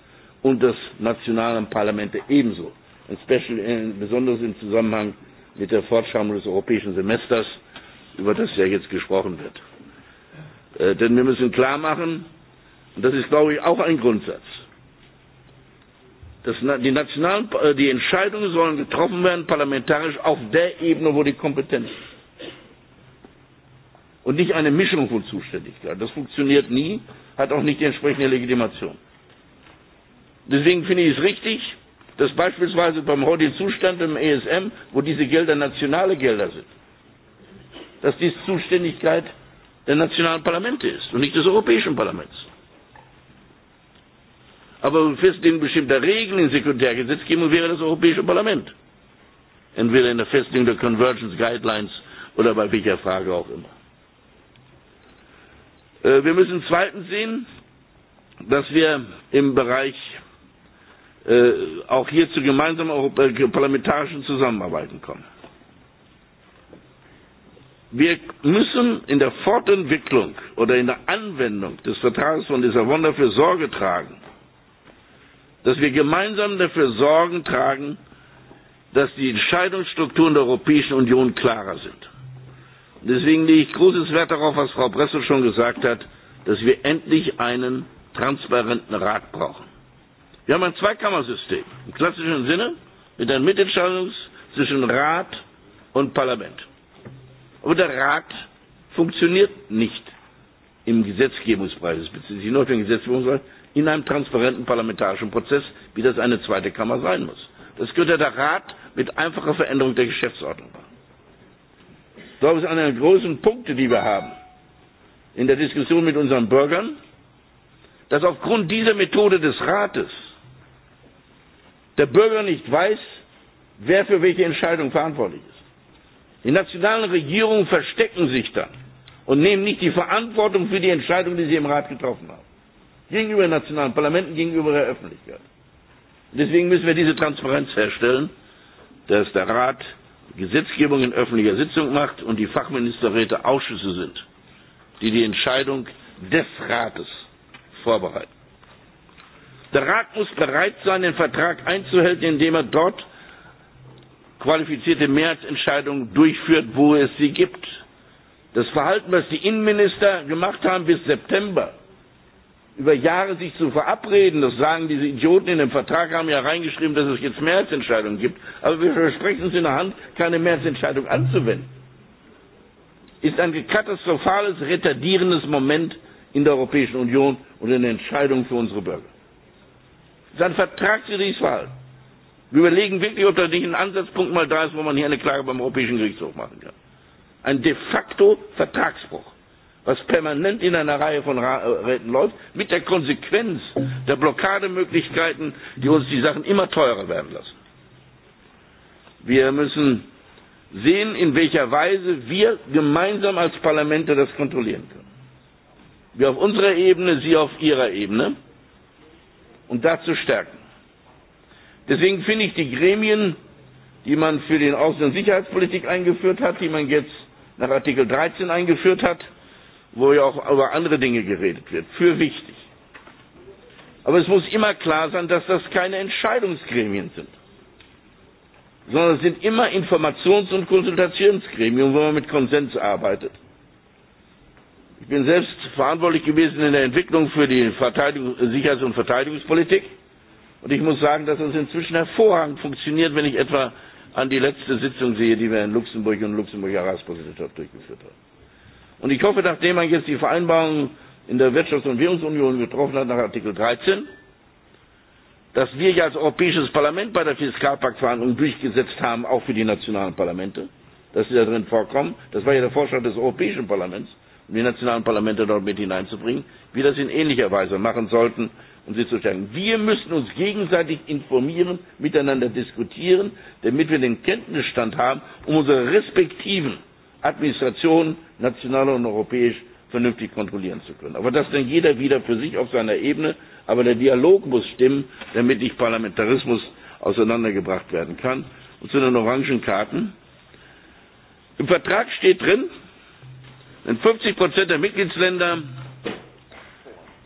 und das nationalen Parlamente ebenso. Und special, besonders im Zusammenhang mit der Fortschreibung des europäischen Semesters, über das ja jetzt gesprochen wird. Äh, denn wir müssen klar machen, und das ist, glaube ich, auch ein Grundsatz, dass die, nationalen, die Entscheidungen sollen getroffen werden, parlamentarisch auf der Ebene, wo die Kompetenz ist. Und nicht eine Mischung von Zuständigkeiten. Das funktioniert nie, hat auch nicht die entsprechende Legitimation. Deswegen finde ich es richtig, dass beispielsweise beim heutigen Zustand im ESM, wo diese Gelder nationale Gelder sind, dass dies Zuständigkeit der nationalen Parlamente ist und nicht des Europäischen Parlaments. Aber Festlegung bestimmter Regeln in Sekundärgesetzgebung wäre das Europäische Parlament. Entweder in der Festlegung der Convergence Guidelines oder bei welcher Frage auch immer. Wir müssen zweitens sehen, dass wir im Bereich auch hier zu gemeinsamen parlamentarischen Zusammenarbeiten kommen. Wir müssen in der Fortentwicklung oder in der Anwendung des Vertrages von Lissabon dafür Sorge tragen, dass wir gemeinsam dafür Sorgen tragen, dass die Entscheidungsstrukturen der Europäischen Union klarer sind. Deswegen lege ich großes Wert darauf, was Frau Bressel schon gesagt hat, dass wir endlich einen transparenten Rat brauchen. Wir haben ein Zweikammersystem im klassischen Sinne mit einem Mitentscheidungs zwischen Rat und Parlament. Aber der Rat funktioniert nicht im Gesetzgebungspreis, beziehungsweise nur für den Gesetzgebungspreis, in einem transparenten parlamentarischen Prozess, wie das eine zweite Kammer sein muss. Das könnte der Rat mit einfacher Veränderung der Geschäftsordnung machen. Ich glaube, es ist einer der großen Punkte, die wir haben in der Diskussion mit unseren Bürgern, dass aufgrund dieser Methode des Rates der Bürger nicht weiß, wer für welche Entscheidung verantwortlich ist. Die nationalen Regierungen verstecken sich dann und nehmen nicht die Verantwortung für die Entscheidung, die sie im Rat getroffen haben. Gegenüber den nationalen Parlamenten, gegenüber der Öffentlichkeit. Deswegen müssen wir diese Transparenz herstellen, dass der Rat Gesetzgebung in öffentlicher Sitzung macht und die Fachministerräte Ausschüsse sind, die die Entscheidung des Rates vorbereiten. Der Rat muss bereit sein, den Vertrag einzuhalten, indem er dort qualifizierte Mehrheitsentscheidungen durchführt, wo es sie gibt. Das Verhalten, was die Innenminister gemacht haben bis September, über Jahre sich zu verabreden, das sagen diese Idioten in dem Vertrag, haben ja reingeschrieben, dass es jetzt Mehrheitsentscheidungen gibt. Aber wir versprechen es in der Hand, keine Mehrheitsentscheidung anzuwenden. Ist ein katastrophales, retardierendes Moment in der Europäischen Union und in der Entscheidung für unsere Bürger dann vertragt sie dies verhalten. Wir überlegen wirklich, ob da nicht ein Ansatzpunkt mal da ist, wo man hier eine Klage beim Europäischen Gerichtshof machen kann. Ein de facto Vertragsbruch, was permanent in einer Reihe von Räten läuft, mit der Konsequenz der Blockademöglichkeiten, die uns die Sachen immer teurer werden lassen. Wir müssen sehen, in welcher Weise wir gemeinsam als Parlamente das kontrollieren können. Wir auf unserer Ebene, Sie auf Ihrer Ebene und da zu stärken. Deswegen finde ich die Gremien, die man für die Außen- und Sicherheitspolitik eingeführt hat, die man jetzt nach Artikel 13 eingeführt hat, wo ja auch über andere Dinge geredet wird, für wichtig. Aber es muss immer klar sein, dass das keine Entscheidungsgremien sind, sondern es sind immer Informations- und Konsultationsgremien, wo man mit Konsens arbeitet. Ich bin selbst verantwortlich gewesen in der Entwicklung für die Verteidigung, Sicherheits- und Verteidigungspolitik. Und ich muss sagen, dass das inzwischen hervorragend funktioniert, wenn ich etwa an die letzte Sitzung sehe, die wir in Luxemburg und Luxemburger Ratspräsidentschaft durchgeführt haben. Und ich hoffe, nachdem man jetzt die Vereinbarung in der Wirtschafts- und Währungsunion getroffen hat, nach Artikel 13, dass wir ja als Europäisches Parlament bei der Fiskalpaktverhandlung durchgesetzt haben, auch für die nationalen Parlamente, dass sie da drin vorkommen. Das war ja der Vorschlag des Europäischen Parlaments die nationalen Parlamente dort mit hineinzubringen, wie das in ähnlicher Weise machen sollten, um sie zu stärken. Wir müssen uns gegenseitig informieren, miteinander diskutieren, damit wir den Kenntnisstand haben, um unsere respektiven Administrationen, national und europäisch, vernünftig kontrollieren zu können. Aber das dann jeder wieder für sich auf seiner Ebene. Aber der Dialog muss stimmen, damit nicht Parlamentarismus auseinandergebracht werden kann. Und zu den orangen Karten. Im Vertrag steht drin, Denn 50 Prozent der Mitgliedsländer,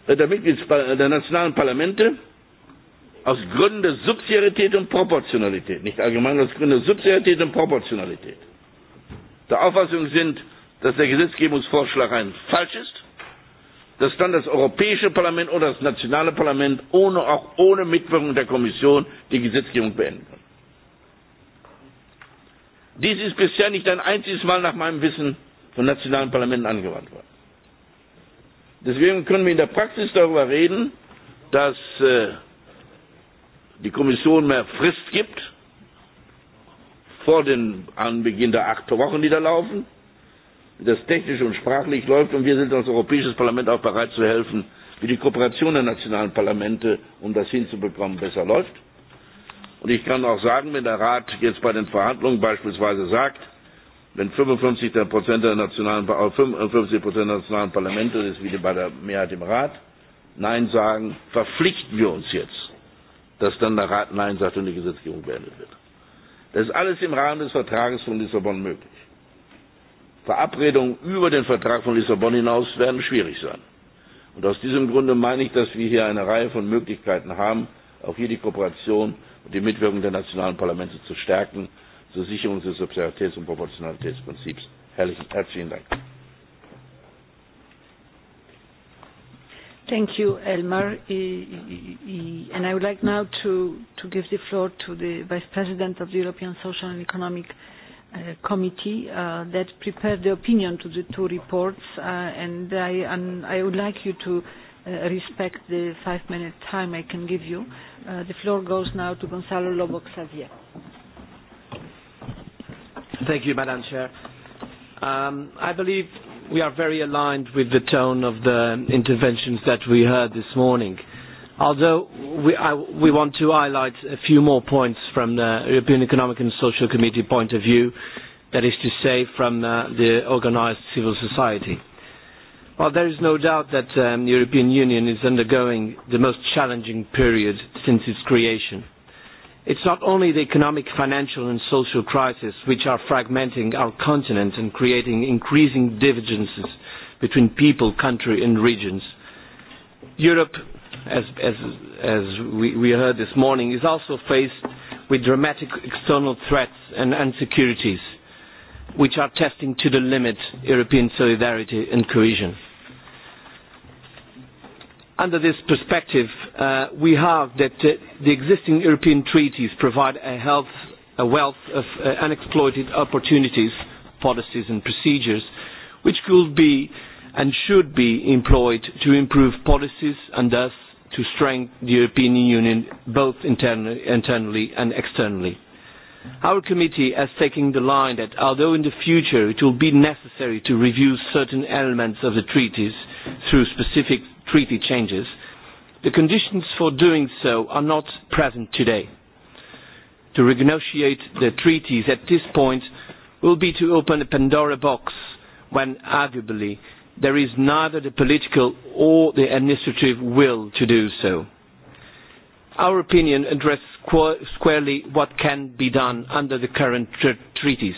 der, Mitglieds der nationalen Parlamente aus Gründen der Subsidiarität und Proportionalität, nicht allgemein, aus Gründen der Subsidiarität und Proportionalität, der Auffassung sind, dass der Gesetzgebungsvorschlag ein falsch ist, dass dann das Europäische Parlament oder das nationale Parlament ohne, auch ohne Mitwirkung der Kommission die Gesetzgebung beenden kann. Dies ist bisher nicht ein einziges Mal nach meinem Wissen von nationalen Parlamenten angewandt worden. Deswegen können wir in der Praxis darüber reden, dass die Kommission mehr Frist gibt vor dem Anbeginn der acht Wochen, die da laufen, wie das technisch und sprachlich läuft, und wir sind als Europäisches Parlament auch bereit zu helfen, wie die Kooperation der nationalen Parlamente, um das hinzubekommen, besser läuft. Und ich kann auch sagen, wenn der Rat jetzt bei den Verhandlungen beispielsweise sagt, wenn 55 Prozent der nationalen, 55 Prozent der nationalen Parlamente, das ist wieder bei der Mehrheit im Rat, Nein sagen, verpflichten wir uns jetzt, dass dann der Rat Nein sagt und die Gesetzgebung beendet wird. Das ist alles im Rahmen des Vertrages von Lissabon möglich. Verabredungen über den Vertrag von Lissabon hinaus werden schwierig sein. Und aus diesem Grunde meine ich, dass wir hier eine Reihe von Möglichkeiten haben, auch hier die Kooperation und die Mitwirkung der nationalen Parlamente zu stärken zur Sicherung des Subsidiaritäts- und Proportionalitätsprinzips. Herzlichen Dank. Thank you, Elmar. And I would like now to to give the floor to the Vice President of the European Social and Economic Committee uh that prepared the opinion to the two reports. uh and I and I would like you to uh respect the five-minute time I can give you. Uh The floor goes now to Gonzalo Lobo Xavier. Thank you, Madam Chair. Um, I believe we are very aligned with the tone of the interventions that we heard this morning. Although we, I, we want to highlight a few more points from the European Economic and Social Committee point of view, that is to say from uh, the organized civil society. Well, there is no doubt that um, the European Union is undergoing the most challenging period since its creation It's not only the economic, financial and social crisis which are fragmenting our continent and creating increasing divergences between people, country and regions. Europe, as, as, as we, we heard this morning, is also faced with dramatic external threats and insecurities which are testing to the limit European solidarity and cohesion Under this perspective, uh, we have that uh, the existing European treaties provide a, health, a wealth of uh, unexploited opportunities, policies and procedures, which could be and should be employed to improve policies and thus to strengthen the European Union both internally, internally and externally. Our committee has taken the line that although in the future it will be necessary to review certain elements of the treaties through specific treaty changes, the conditions for doing so are not present today. To renegotiate the treaties at this point will be to open a Pandora box when arguably there is neither the political or the administrative will to do so. Our opinion addresses squarely what can be done under the current tr treaties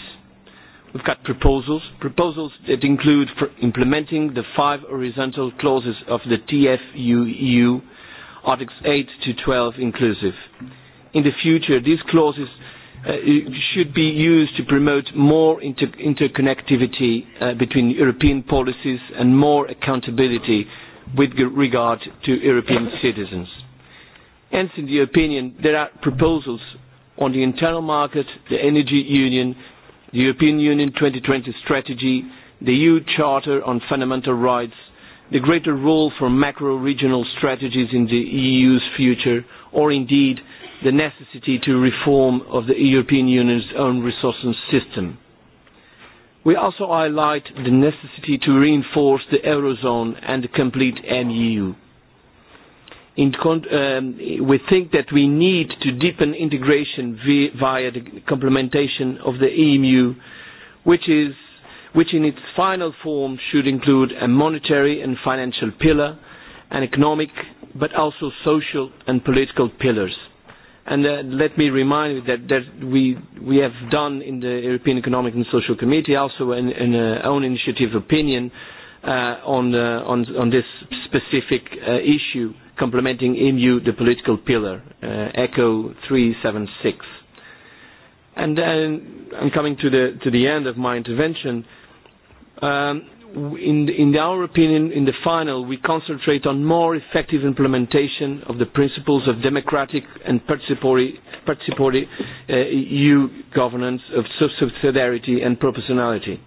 We've got proposals. Proposals that include for implementing the five horizontal clauses of the TFUU, Articles 8 to 12 inclusive. In the future, these clauses uh, should be used to promote more inter interconnectivity uh, between European policies and more accountability with regard to European citizens. Hence, in the opinion, there are proposals on the internal market, the energy union, the European Union 2020 strategy, the EU Charter on Fundamental Rights, the greater role for macro-regional strategies in the EU's future, or indeed the necessity to reform of the European Union's own resources system. We also highlight the necessity to reinforce the Eurozone and the complete MEU in um, we think that we need to deepen integration via, via the complementation of the EMU, which is which in its final form should include a monetary and financial pillar, an economic, but also social and political pillars. And uh, let me remind you that, that we, we have done in the European Economic and Social Committee also an, an uh, own initiative opinion uh, on, uh, on, on this specific uh, issue complementing EMU, the political pillar, uh, ECHO 376. And then I'm coming to the, to the end of my intervention. Um, in, in our opinion, in the final, we concentrate on more effective implementation of the principles of democratic and participatory, participatory uh, EU governance of subsidiarity and proportionality.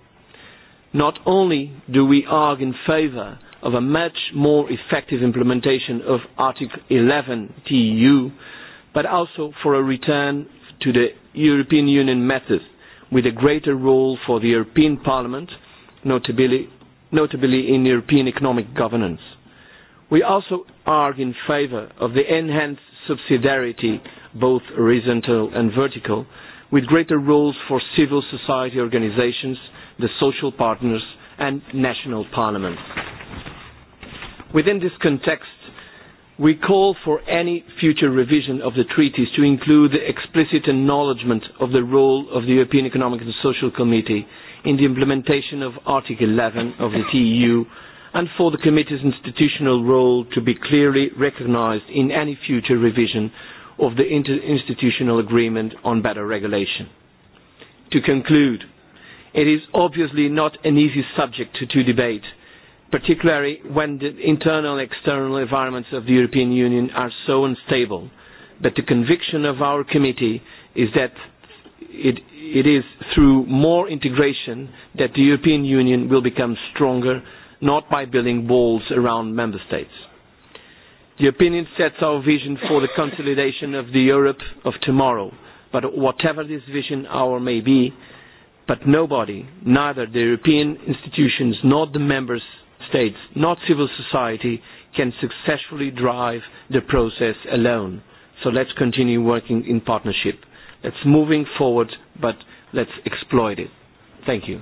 Not only do we argue in favour of a much more effective implementation of Article 11 TEU, but also for a return to the European Union method with a greater role for the European Parliament, notably, notably in European economic governance. We also argue in favour of the enhanced subsidiarity, both horizontal and vertical, with greater roles for civil society organisations the social partners and national parliaments. Within this context, we call for any future revision of the treaties to include the explicit acknowledgement of the role of the European Economic and Social Committee in the implementation of Article 11 of the TEU and for the Committee's institutional role to be clearly recognised in any future revision of the Interinstitutional Agreement on Better Regulation. To conclude, It is obviously not an easy subject to, to debate, particularly when the internal and external environments of the European Union are so unstable. But the conviction of our committee is that it, it is through more integration that the European Union will become stronger, not by building walls around member states. The opinion sets our vision for the consolidation of the Europe of tomorrow, but whatever this vision our may be, But nobody, neither the European institutions, nor the member states, not civil society, can successfully drive the process alone. So let's continue working in partnership. Let's moving forward, but let's exploit it. Thank you.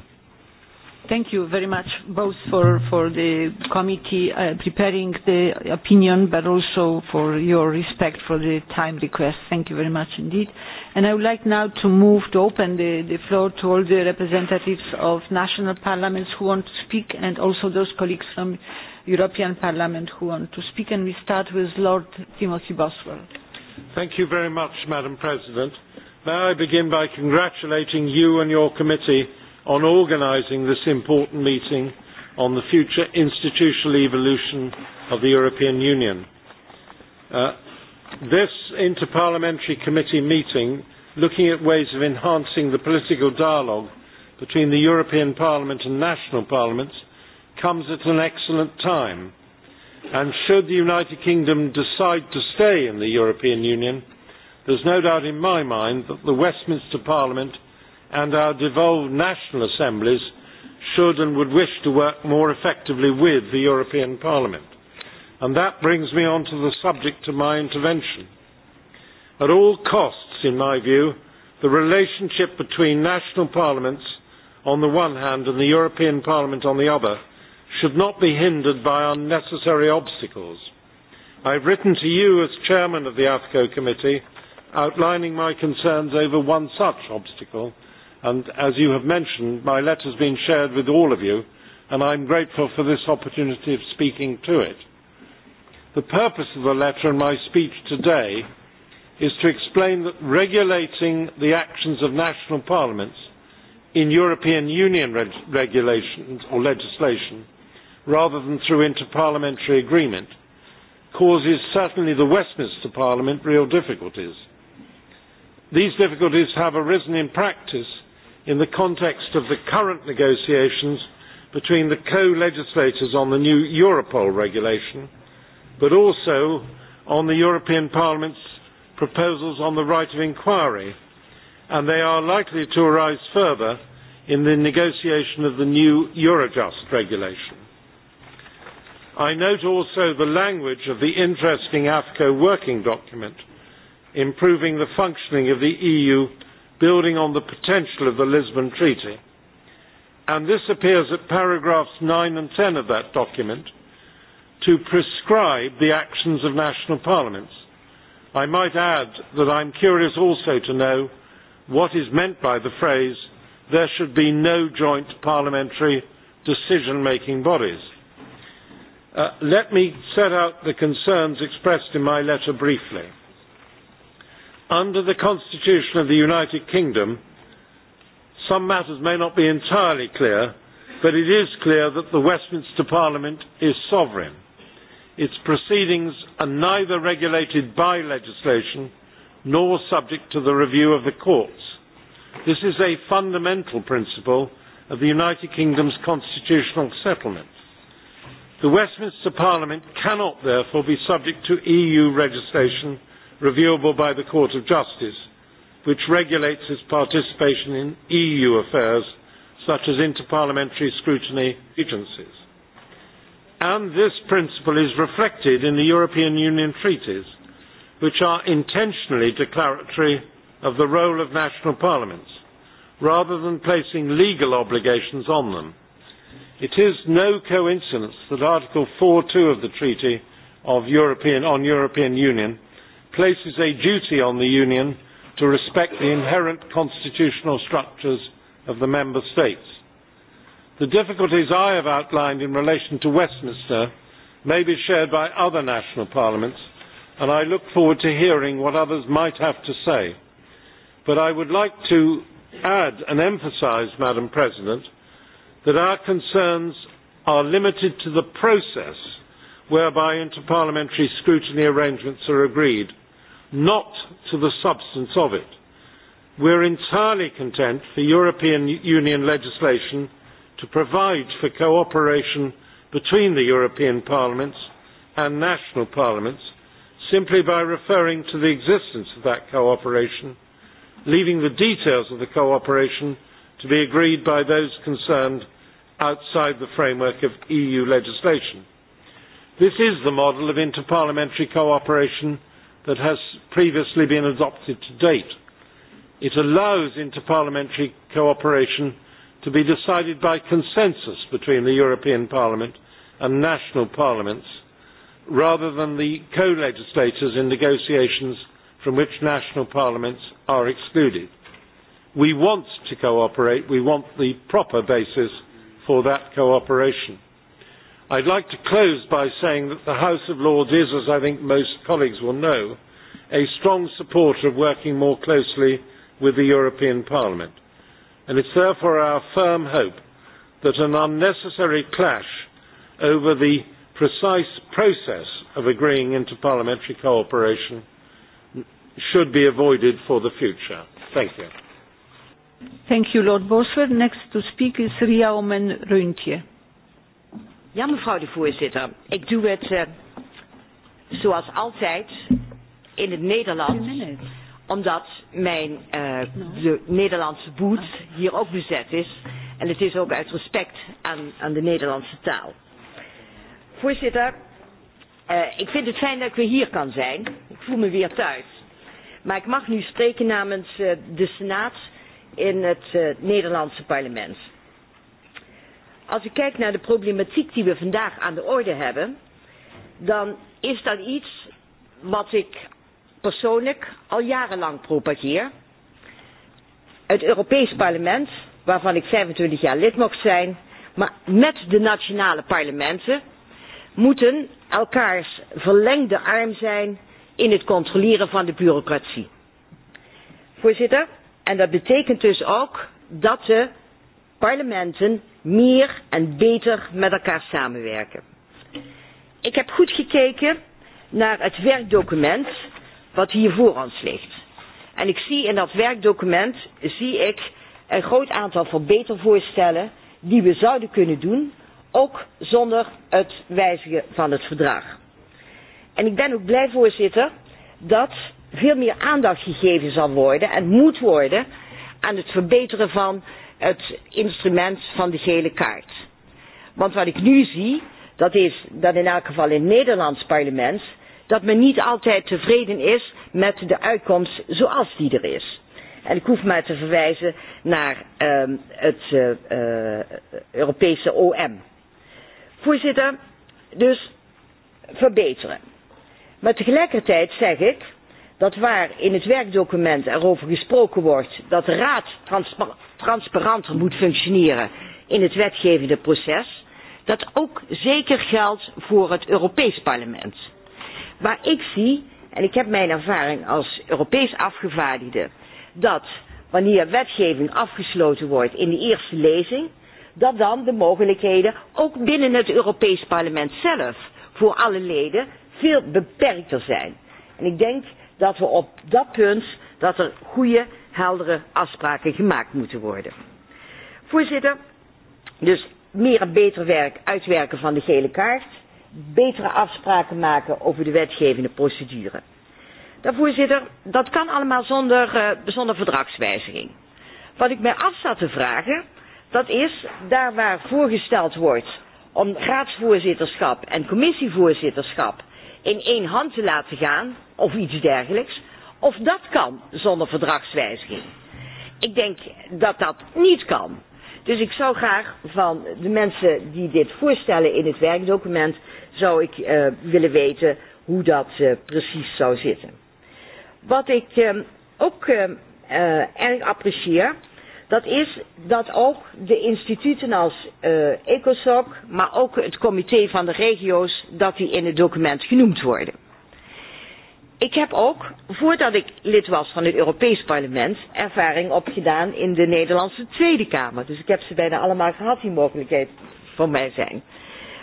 Thank you very much both for, for the committee uh, preparing the opinion but also for your respect for the time request. Thank you very much indeed. And I would like now to move to open the, the floor to all the representatives of national parliaments who want to speak and also those colleagues from European Parliament who want to speak. And we start with Lord Timothy Boswell. Thank you very much, Madam President. May I begin by congratulating you and your committee on organising this important meeting on the future institutional evolution of the European Union. Uh, this interparliamentary committee meeting, looking at ways of enhancing the political dialogue between the European Parliament and national parliaments, comes at an excellent time. And should the United Kingdom decide to stay in the European Union, there's no doubt in my mind that the Westminster Parliament – and our devolved national assemblies should and would wish to work more effectively with the European Parliament. And that brings me on to the subject of my intervention. At all costs, in my view, the relationship between national parliaments on the one hand and the European Parliament on the other should not be hindered by unnecessary obstacles. I have written to you as chairman of the AFCO committee outlining my concerns over one such obstacle, And as you have mentioned, my letter has been shared with all of you, and I am grateful for this opportunity of speaking to it. The purpose of the letter and my speech today is to explain that regulating the actions of national parliaments in European Union reg- regulations or legislation rather than through interparliamentary agreement causes certainly the Westminster Parliament real difficulties. These difficulties have arisen in practice in the context of the current negotiations between the co-legislators on the new Europol regulation, but also on the European Parliament's proposals on the right of inquiry, and they are likely to arise further in the negotiation of the new Eurojust regulation. I note also the language of the interesting AFCO working document, improving the functioning of the EU building on the potential of the Lisbon Treaty, and this appears at paragraphs 9 and 10 of that document, to prescribe the actions of national parliaments. I might add that I'm curious also to know what is meant by the phrase, there should be no joint parliamentary decision-making bodies. Uh, let me set out the concerns expressed in my letter briefly. Under the Constitution of the United Kingdom, some matters may not be entirely clear, but it is clear that the Westminster Parliament is sovereign. Its proceedings are neither regulated by legislation nor subject to the review of the courts. This is a fundamental principle of the United Kingdom's constitutional settlement. The Westminster Parliament cannot therefore be subject to EU legislation reviewable by the Court of Justice, which regulates its participation in EU affairs such as interparliamentary scrutiny agencies. And this principle is reflected in the European Union treaties, which are intentionally declaratory of the role of national parliaments, rather than placing legal obligations on them. It is no coincidence that Article 4.2 of the Treaty of European, on European Union places a duty on the Union to respect the inherent constitutional structures of the Member States. The difficulties I have outlined in relation to Westminster may be shared by other national parliaments, and I look forward to hearing what others might have to say. But I would like to add and emphasise, Madam President, that our concerns are limited to the process whereby interparliamentary scrutiny arrangements are agreed – not to the substance of it. We are entirely content for European Union legislation to provide for cooperation between the European Parliaments and national parliaments simply by referring to the existence of that cooperation, leaving the details of the cooperation to be agreed by those concerned outside the framework of EU legislation. This is the model of interparliamentary cooperation that has previously been adopted to date. It allows interparliamentary cooperation to be decided by consensus between the European Parliament and national parliaments rather than the co-legislators in negotiations from which national parliaments are excluded. We want to cooperate, we want the proper basis for that cooperation. I would like to close by saying that the House of Lords is, as I think most colleagues will know, a strong supporter of working more closely with the European Parliament. And is therefore our firm hope that an unnecessary clash over the precise process of agreeing into parliamentary cooperation should be avoided for the future. Thank you. Thank you, Lord Bosworth. Next to speak is Ria Omen Röntje. Ja, mevrouw de voorzitter. Ik doe het uh, zoals altijd in het Nederlands, omdat mijn uh, de Nederlandse boet hier ook bezet is. En het is ook uit respect aan, aan de Nederlandse taal. Voorzitter, uh, ik vind het fijn dat ik weer hier kan zijn. Ik voel me weer thuis. Maar ik mag nu spreken namens uh, de Senaat in het uh, Nederlandse parlement als ik kijk naar de problematiek die we vandaag aan de orde hebben, dan is dat iets wat ik persoonlijk al jarenlang propageer. Het Europees Parlement, waarvan ik 25 jaar lid mocht zijn, maar met de nationale parlementen, moeten elkaars verlengde arm zijn in het controleren van de bureaucratie. Voorzitter, en dat betekent dus ook dat de parlementen meer en beter met elkaar samenwerken. Ik heb goed gekeken naar het werkdocument wat hier voor ons ligt. En ik zie in dat werkdocument zie ik een groot aantal verbetervoorstellen die we zouden kunnen doen, ook zonder het wijzigen van het verdrag. En ik ben ook blij, voorzitter, dat veel meer aandacht gegeven zal worden en moet worden aan het verbeteren van het instrument van de gele kaart. Want wat ik nu zie, dat is dat in elk geval in het Nederlands parlement, dat men niet altijd tevreden is met de uitkomst zoals die er is. En ik hoef maar te verwijzen naar uh, het uh, uh, Europese OM. Voorzitter, dus verbeteren. Maar tegelijkertijd zeg ik dat waar in het werkdocument erover gesproken wordt dat de Raad transparant transparanter moet functioneren in het wetgevende proces, dat ook zeker geldt voor het Europees Parlement. Waar ik zie, en ik heb mijn ervaring als Europees afgevaardigde, dat wanneer wetgeving afgesloten wordt in de eerste lezing, dat dan de mogelijkheden ook binnen het Europees Parlement zelf voor alle leden veel beperkter zijn. En ik denk dat we op dat punt dat er goede heldere afspraken gemaakt moeten worden. Voorzitter, dus meer en beter werk uitwerken van de gele kaart, betere afspraken maken over de wetgevende procedure. Dan voorzitter, dat kan allemaal zonder, uh, zonder verdragswijziging. Wat ik mij af zat te vragen, dat is daar waar voorgesteld wordt om raadsvoorzitterschap en commissievoorzitterschap in één hand te laten gaan, of iets dergelijks, of dat kan zonder verdragswijziging. Ik denk dat dat niet kan. Dus ik zou graag van de mensen die dit voorstellen in het werkdocument, zou ik uh, willen weten hoe dat uh, precies zou zitten. Wat ik uh, ook uh, uh, erg apprecieer, dat is dat ook de instituten als uh, ECOSOC, maar ook het comité van de regio's, dat die in het document genoemd worden. Ik heb ook, voordat ik lid was van het Europees Parlement, ervaring opgedaan in de Nederlandse Tweede Kamer. Dus ik heb ze bijna allemaal gehad, die mogelijkheid voor mij zijn.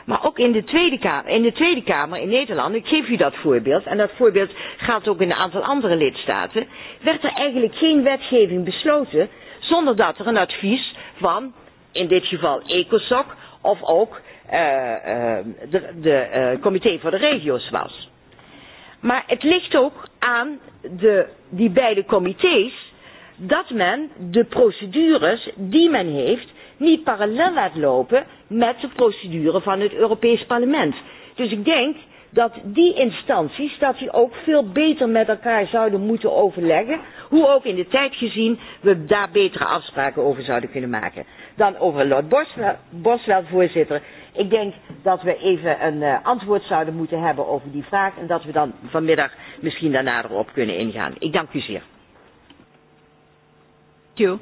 Maar ook in de Tweede Kamer, in, de Tweede Kamer in Nederland, ik geef u dat voorbeeld, en dat voorbeeld gaat ook in een aantal andere lidstaten, werd er eigenlijk geen wetgeving besloten zonder dat er een advies van, in dit geval ECOSOC, of ook uh, uh, de, de uh, Comité voor de Regio's was. Maar het ligt ook aan de, die beide comité's dat men de procedures die men heeft niet parallel laat lopen met de procedure van het Europees Parlement. Dus ik denk dat die instanties dat die ook veel beter met elkaar zouden moeten overleggen, hoe ook in de tijd gezien we daar betere afspraken over zouden kunnen maken. Dan over Lord Boswell, Boswell voorzitter. Ik denk dat we even een uh, antwoord zouden moeten hebben over die vraag en dat we dan vanmiddag misschien daar nader op kunnen ingaan. Ik dank u zeer. Thank you.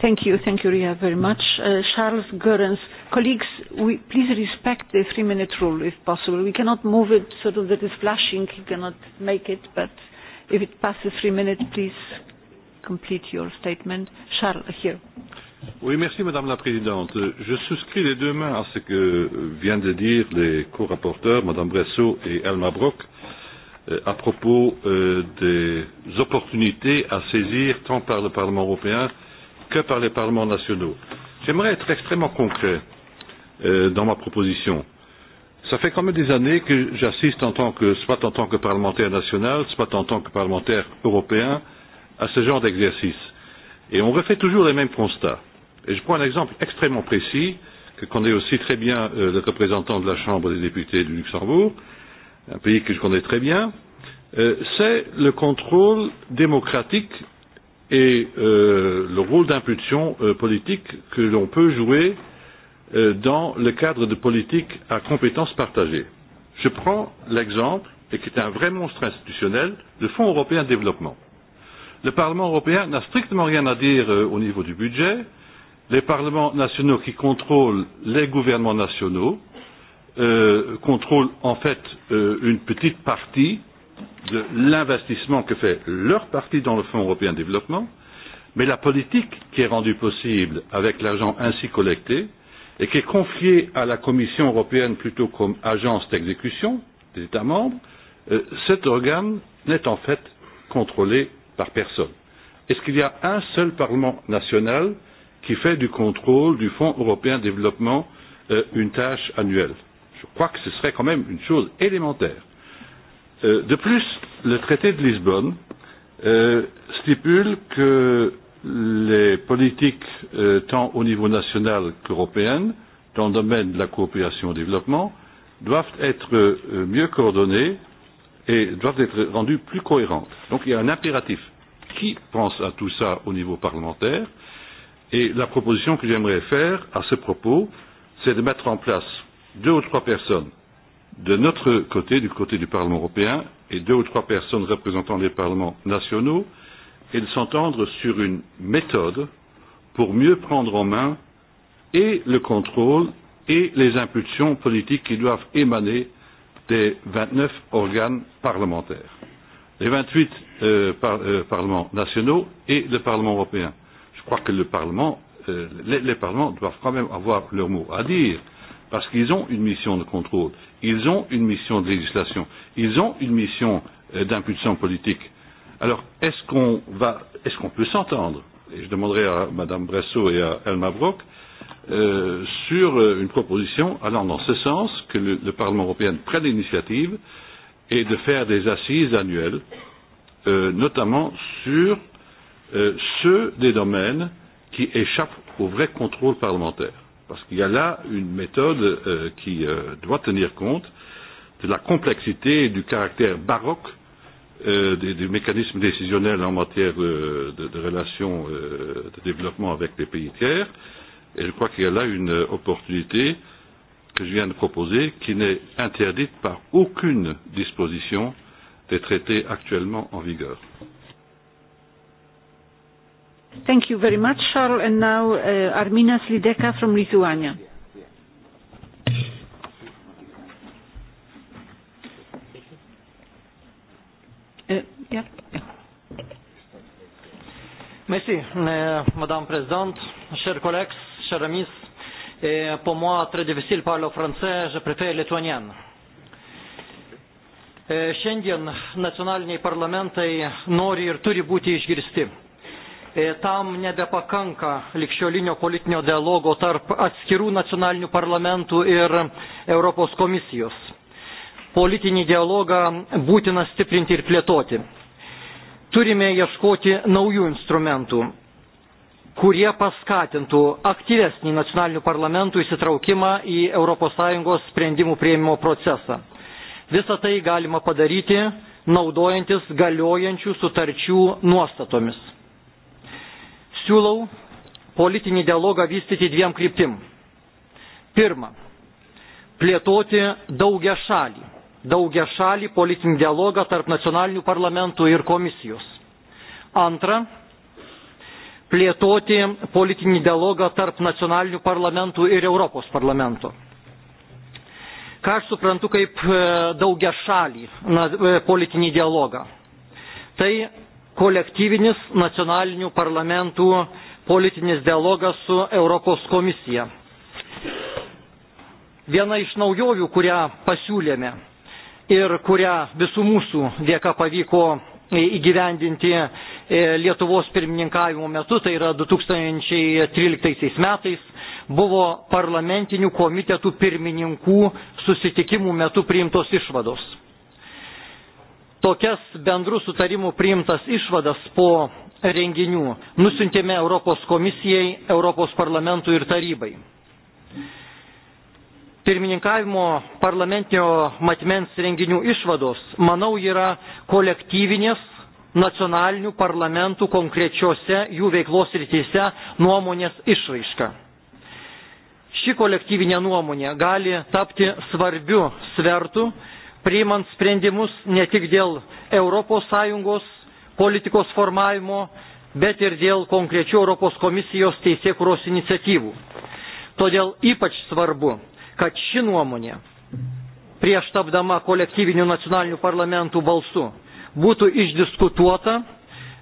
Thank you, thank you, Ria, very much. Uh, Charles Goerens, colleagues, we please respect the three-minute rule if possible. We cannot move it, sort of that is flashing, you cannot make it, but if it passes three minutes, please complete your statement. Charles, here. Oui, merci Madame la Présidente. Je souscris les deux mains à ce que viennent de dire les co-rapporteurs, Madame Bressot et Elma Brock, à propos des opportunités à saisir tant par le Parlement européen que par les parlements nationaux. J'aimerais être extrêmement concret dans ma proposition. Ça fait quand même des années que j'assiste en tant que, soit en tant que parlementaire national, soit en tant que parlementaire européen, à ce genre d'exercice. Et on refait toujours les mêmes constats Et je prends un exemple extrêmement précis que connaît aussi très bien euh, le représentant de la Chambre des députés du Luxembourg, un pays que je connais très bien, euh, c'est le contrôle démocratique et euh, le rôle d'impulsion euh, politique que l'on peut jouer euh, dans le cadre de politiques à compétences partagées. Je prends l'exemple, et qui est un vrai monstre institutionnel, le Fonds européen de développement. Le Parlement européen n'a strictement rien à dire euh, au niveau du budget, euh, les parlements nationaux qui contrôlent les gouvernements nationaux euh, contrôlent en fait euh, une petite partie de l'investissement que fait leur parti dans le Fonds européen de développement, mais la politique qui est rendue possible avec l'argent ainsi collecté et qui est confiée à la Commission européenne plutôt comme agence d'exécution des États membres, euh, cet organe n'est en fait contrôlé par personne. Est-ce qu'il y a un seul Parlement national euh, qui fait du contrôle du Fonds européen de développement euh, une tâche annuelle. Je crois que ce serait quand même une chose élémentaire. Euh, de plus, le traité de Lisbonne euh, stipule que les politiques, euh, tant au niveau national qu'européen, dans le domaine de la coopération au développement, doivent être euh, mieux coordonnées et doivent être rendues plus cohérentes. Donc il y a un impératif. Qui pense à tout ça au niveau parlementaire Et la proposition que j'aimerais faire à ce propos, c'est de mettre en place deux ou trois personnes de notre côté, du côté du Parlement européen, et deux ou trois personnes représentant les parlements nationaux, et de s'entendre sur une méthode pour mieux prendre en main et le contrôle et les impulsions politiques qui doivent émaner des vingt neuf organes parlementaires, les vingt huit euh, parlements nationaux et le Parlement européen. Je crois que le Parlement, euh, les, les parlements doivent quand même avoir leur mot à dire, parce qu'ils ont une mission de contrôle, ils ont une mission de législation, ils ont une mission euh, d'impulsion politique. Alors, est-ce qu'on va, est-ce qu'on peut s'entendre Et je demanderai à Mme Bressot et à Elma Brock euh, sur une proposition allant dans ce sens que le, le Parlement européen prenne l'initiative et de faire des assises annuelles, euh, notamment sur euh, ceux des domaines qui échappent au vrai contrôle parlementaire. Parce qu'il y a là une méthode euh, qui euh, doit tenir compte de la complexité et du caractère baroque euh, des, des mécanismes décisionnels en matière euh, de, de relations euh, de développement avec les pays tiers. Et je crois qu'il y a là une opportunité que je viens de proposer qui n'est interdite par aucune disposition des traités actuellement en vigueur. Thank you very much, Charles. And now uh, Armina Slideka from Lithuania. Merci, Madame Présidente, chers collègues, chers amis. Et pour moi, très difficile parler français, je préfère lituanien. Šiandien les parlamentai nori et turi būti išgirsti tam nebepakanka likščiolinio politinio dialogo tarp atskirų nacionalinių parlamentų ir Europos komisijos. Politinį dialogą būtina stiprinti ir plėtoti. Turime ieškoti naujų instrumentų, kurie paskatintų aktyvesnį nacionalinių parlamentų įsitraukimą į ES sprendimų prieimimo procesą. Visą tai galima padaryti naudojantis galiojančių sutarčių nuostatomis siūlau politinį dialogą vystyti dviem kryptim. Pirma, plėtoti daugia šalį, daugia šalį politinį dialogą tarp nacionalinių parlamentų ir komisijos. Antra, plėtoti politinį dialogą tarp nacionalinių parlamentų ir Europos parlamento. Ką aš suprantu kaip daugia šalį na, politinį dialogą? Tai kolektyvinis nacionalinių parlamentų politinis dialogas su Europos komisija. Viena iš naujovių, kurią pasiūlėme ir kurią visų mūsų dėka pavyko įgyvendinti Lietuvos pirmininkavimo metu, tai yra 2013 metais, buvo parlamentinių komitetų pirmininkų susitikimų metu priimtos išvados Tokias bendrų sutarimų priimtas išvadas po renginių nusintėme Europos komisijai, Europos parlamentui ir tarybai. Pirmininkavimo parlamentinio matmens renginių išvados, manau, yra kolektyvinės nacionalinių parlamentų konkrečiose jų veiklos rytise nuomonės išraiška. Ši kolektyvinė nuomonė gali tapti svarbiu svertu priimant sprendimus ne tik dėl ES politikos formavimo, bet ir dėl konkrečių Europos komisijos teisėkuros iniciatyvų. Todėl ypač svarbu, kad ši nuomonė prieš tapdama kolektyvinių nacionalinių parlamentų balsu būtų išdiskutuota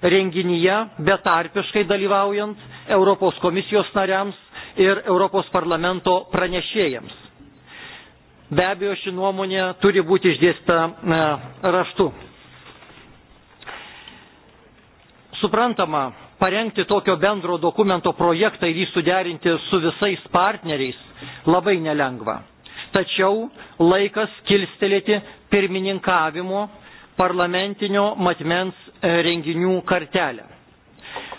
renginyje betarpiškai dalyvaujant Europos komisijos nariams ir Europos parlamento pranešėjams Be abejo, ši nuomonė turi būti išdėsta raštu. Suprantama, parengti tokio bendro dokumento projektą ir jį suderinti su visais partneriais labai nelengva. Tačiau laikas kilstelėti pirmininkavimo parlamentinio matmens renginių kartelę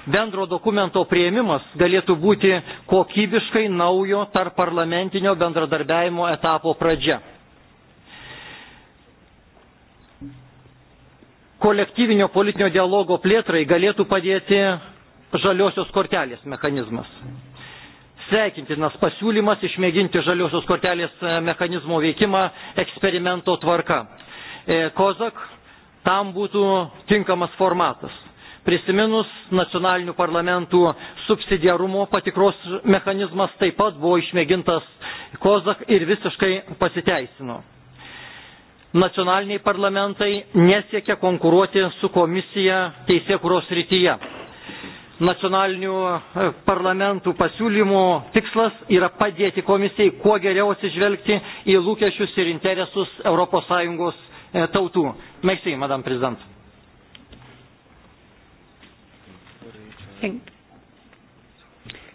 bendro dokumento prieimimas galėtų būti kokybiškai naujo tarp parlamentinio bendradarbiavimo etapo pradžia. Kolektyvinio politinio dialogo plėtrai galėtų padėti žaliosios kortelės mechanizmas. Sveikintinas pasiūlymas išmėginti žaliosios kortelės mechanizmo veikimą eksperimento tvarka. Kozak tam būtų tinkamas formatas. Prisiminus nacionalinių parlamentų subsidiarumo patikros mechanizmas taip pat buvo išmėgintas Kozak ir visiškai pasiteisino. Nacionaliniai parlamentai nesiekia konkuruoti su komisija teisėkuros rytyje nacionalinių parlamentų pasiūlymų tikslas yra padėti komisijai kuo geriau atsižvelgti į lūkesčius ir interesus ES tautų. Merci, Madame Présidente.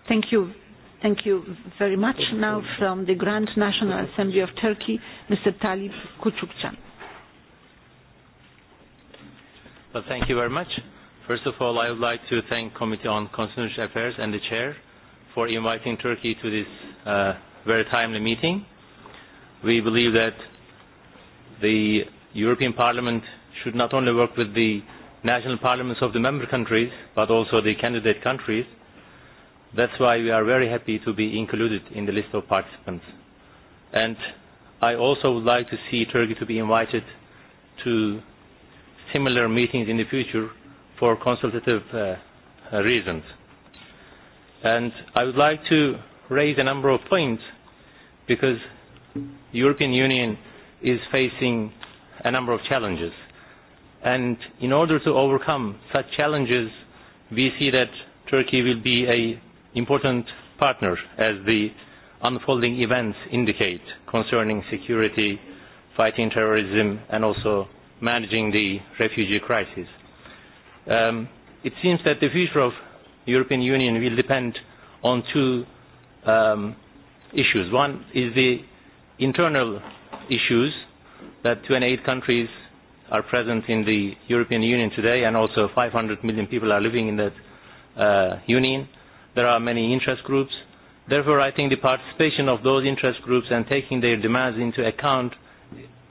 Thank, you. Thank you very much. Now from the Grand National Assembly of Turkey, Mr. Talip Kuchukcan. Well, thank you very much. First of all, I would like to thank Committee on Constitutional Affairs and the Chair for inviting Turkey to this uh, very timely meeting. We believe that the European Parliament should not only work with the national parliaments of the member countries, but also the candidate countries. That's why we are very happy to be included in the list of participants. And I also would like to see Turkey to be invited to similar meetings in the future for consultative uh, reasons. And I would like to raise a number of points because the European Union is facing a number of challenges And in order to overcome such challenges, we see that Turkey will be an important partner, as the unfolding events indicate concerning security, fighting terrorism, and also managing the refugee crisis. Um, it seems that the future of the European Union will depend on two um, issues. One is the internal issues that 28 countries are present in the European Union today and also 500 million people are living in that uh, union. There are many interest groups. Therefore, I think the participation of those interest groups and taking their demands into account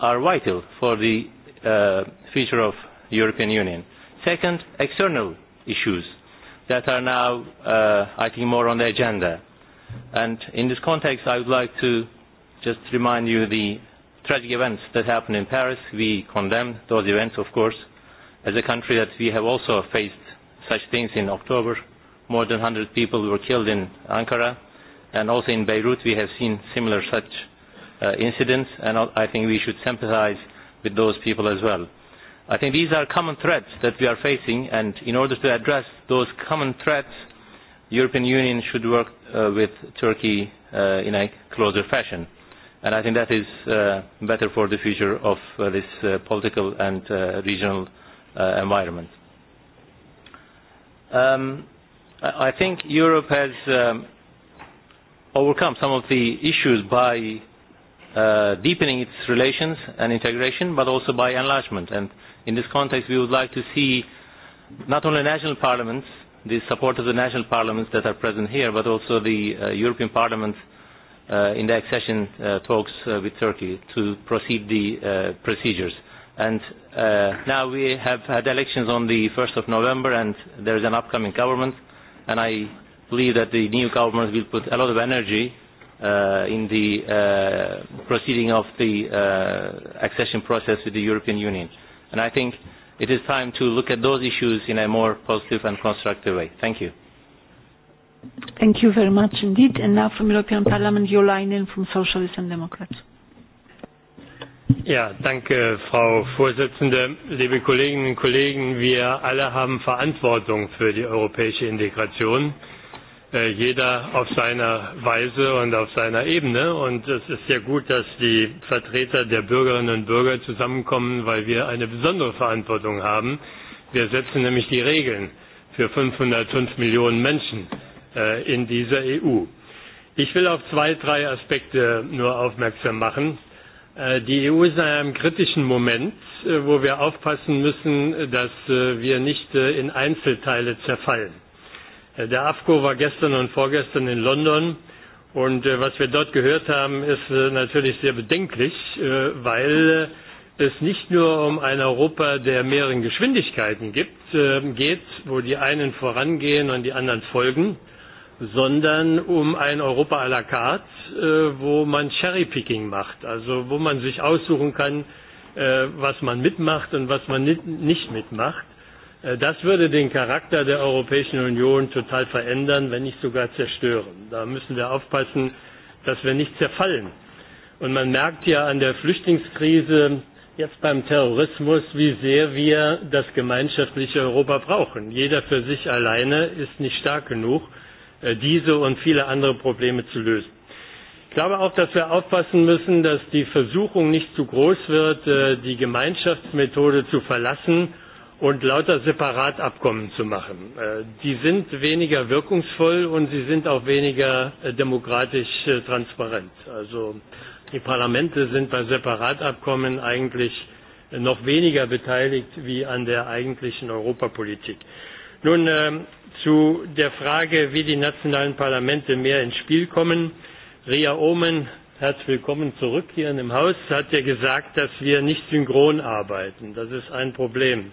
are vital for the uh, future of the European Union. Second, external issues that are now, uh, I think, more on the agenda. And in this context, I would like to just remind you the tragic events that happened in Paris. We condemn those events, of course, as a country that we have also faced such things in October. More than 100 people were killed in Ankara, and also in Beirut we have seen similar such uh, incidents, and I think we should sympathize with those people as well. I think these are common threats that we are facing, and in order to address those common threats, the European Union should work uh, with Turkey uh, in a closer fashion and I think that is uh, better for the future of uh, this uh, political and uh, regional uh, environment. Um, I think Europe has um, overcome some of the issues by uh, deepening its relations and integration, but also by enlargement. And in this context, we would like to see not only national parliaments, the support of the national parliaments that are present here, but also the uh, European Parliament uh, uh, in the accession uh, talks uh, with Turkey to proceed the uh, procedures. And uh, now we have had elections on the 1st of November and there is an upcoming government and I believe that the new government will put a lot of energy uh, in the uh, proceeding of the uh, accession process with the European Union. And I think it is time to look at those issues in a more positive and constructive way. Thank you. Thank you very much indeed. And now from European Parliament, Jolainen from Socialists and Democrats. Ja, danke, Frau Vorsitzende. Liebe Kolleginnen und Kollegen, wir alle haben Verantwortung für die europäische Integration. Jeder auf seiner Weise und auf seiner Ebene. Und es ist sehr gut, dass die Vertreter der Bürgerinnen und Bürger zusammenkommen, weil wir eine besondere Verantwortung haben. Wir setzen nämlich die Regeln für 505 Millionen Menschen in dieser EU. Ich will auf zwei, drei Aspekte nur aufmerksam machen. Die EU ist in einem kritischen Moment, wo wir aufpassen müssen, dass wir nicht in Einzelteile zerfallen. Der AFCO war gestern und vorgestern in London und was wir dort gehört haben, ist natürlich sehr bedenklich, weil es nicht nur um ein Europa der mehreren Geschwindigkeiten geht, wo die einen vorangehen und die anderen folgen, sondern um ein Europa à la carte, wo man Cherrypicking macht, also wo man sich aussuchen kann, was man mitmacht und was man nicht mitmacht. Das würde den Charakter der Europäischen Union total verändern, wenn nicht sogar zerstören. Da müssen wir aufpassen, dass wir nicht zerfallen. Und man merkt ja an der Flüchtlingskrise, jetzt beim Terrorismus, wie sehr wir das gemeinschaftliche Europa brauchen. Jeder für sich alleine ist nicht stark genug diese und viele andere Probleme zu lösen. Ich glaube auch, dass wir aufpassen müssen, dass die Versuchung nicht zu groß wird, die Gemeinschaftsmethode zu verlassen und lauter Separatabkommen zu machen. Die sind weniger wirkungsvoll und sie sind auch weniger demokratisch transparent. Also die Parlamente sind bei Separatabkommen eigentlich noch weniger beteiligt als an der eigentlichen Europapolitik. Nun zu der Frage, wie die nationalen Parlamente mehr ins Spiel kommen. Ria Omen, herzlich willkommen zurück hier im Haus, hat ja gesagt, dass wir nicht synchron arbeiten. Das ist ein Problem.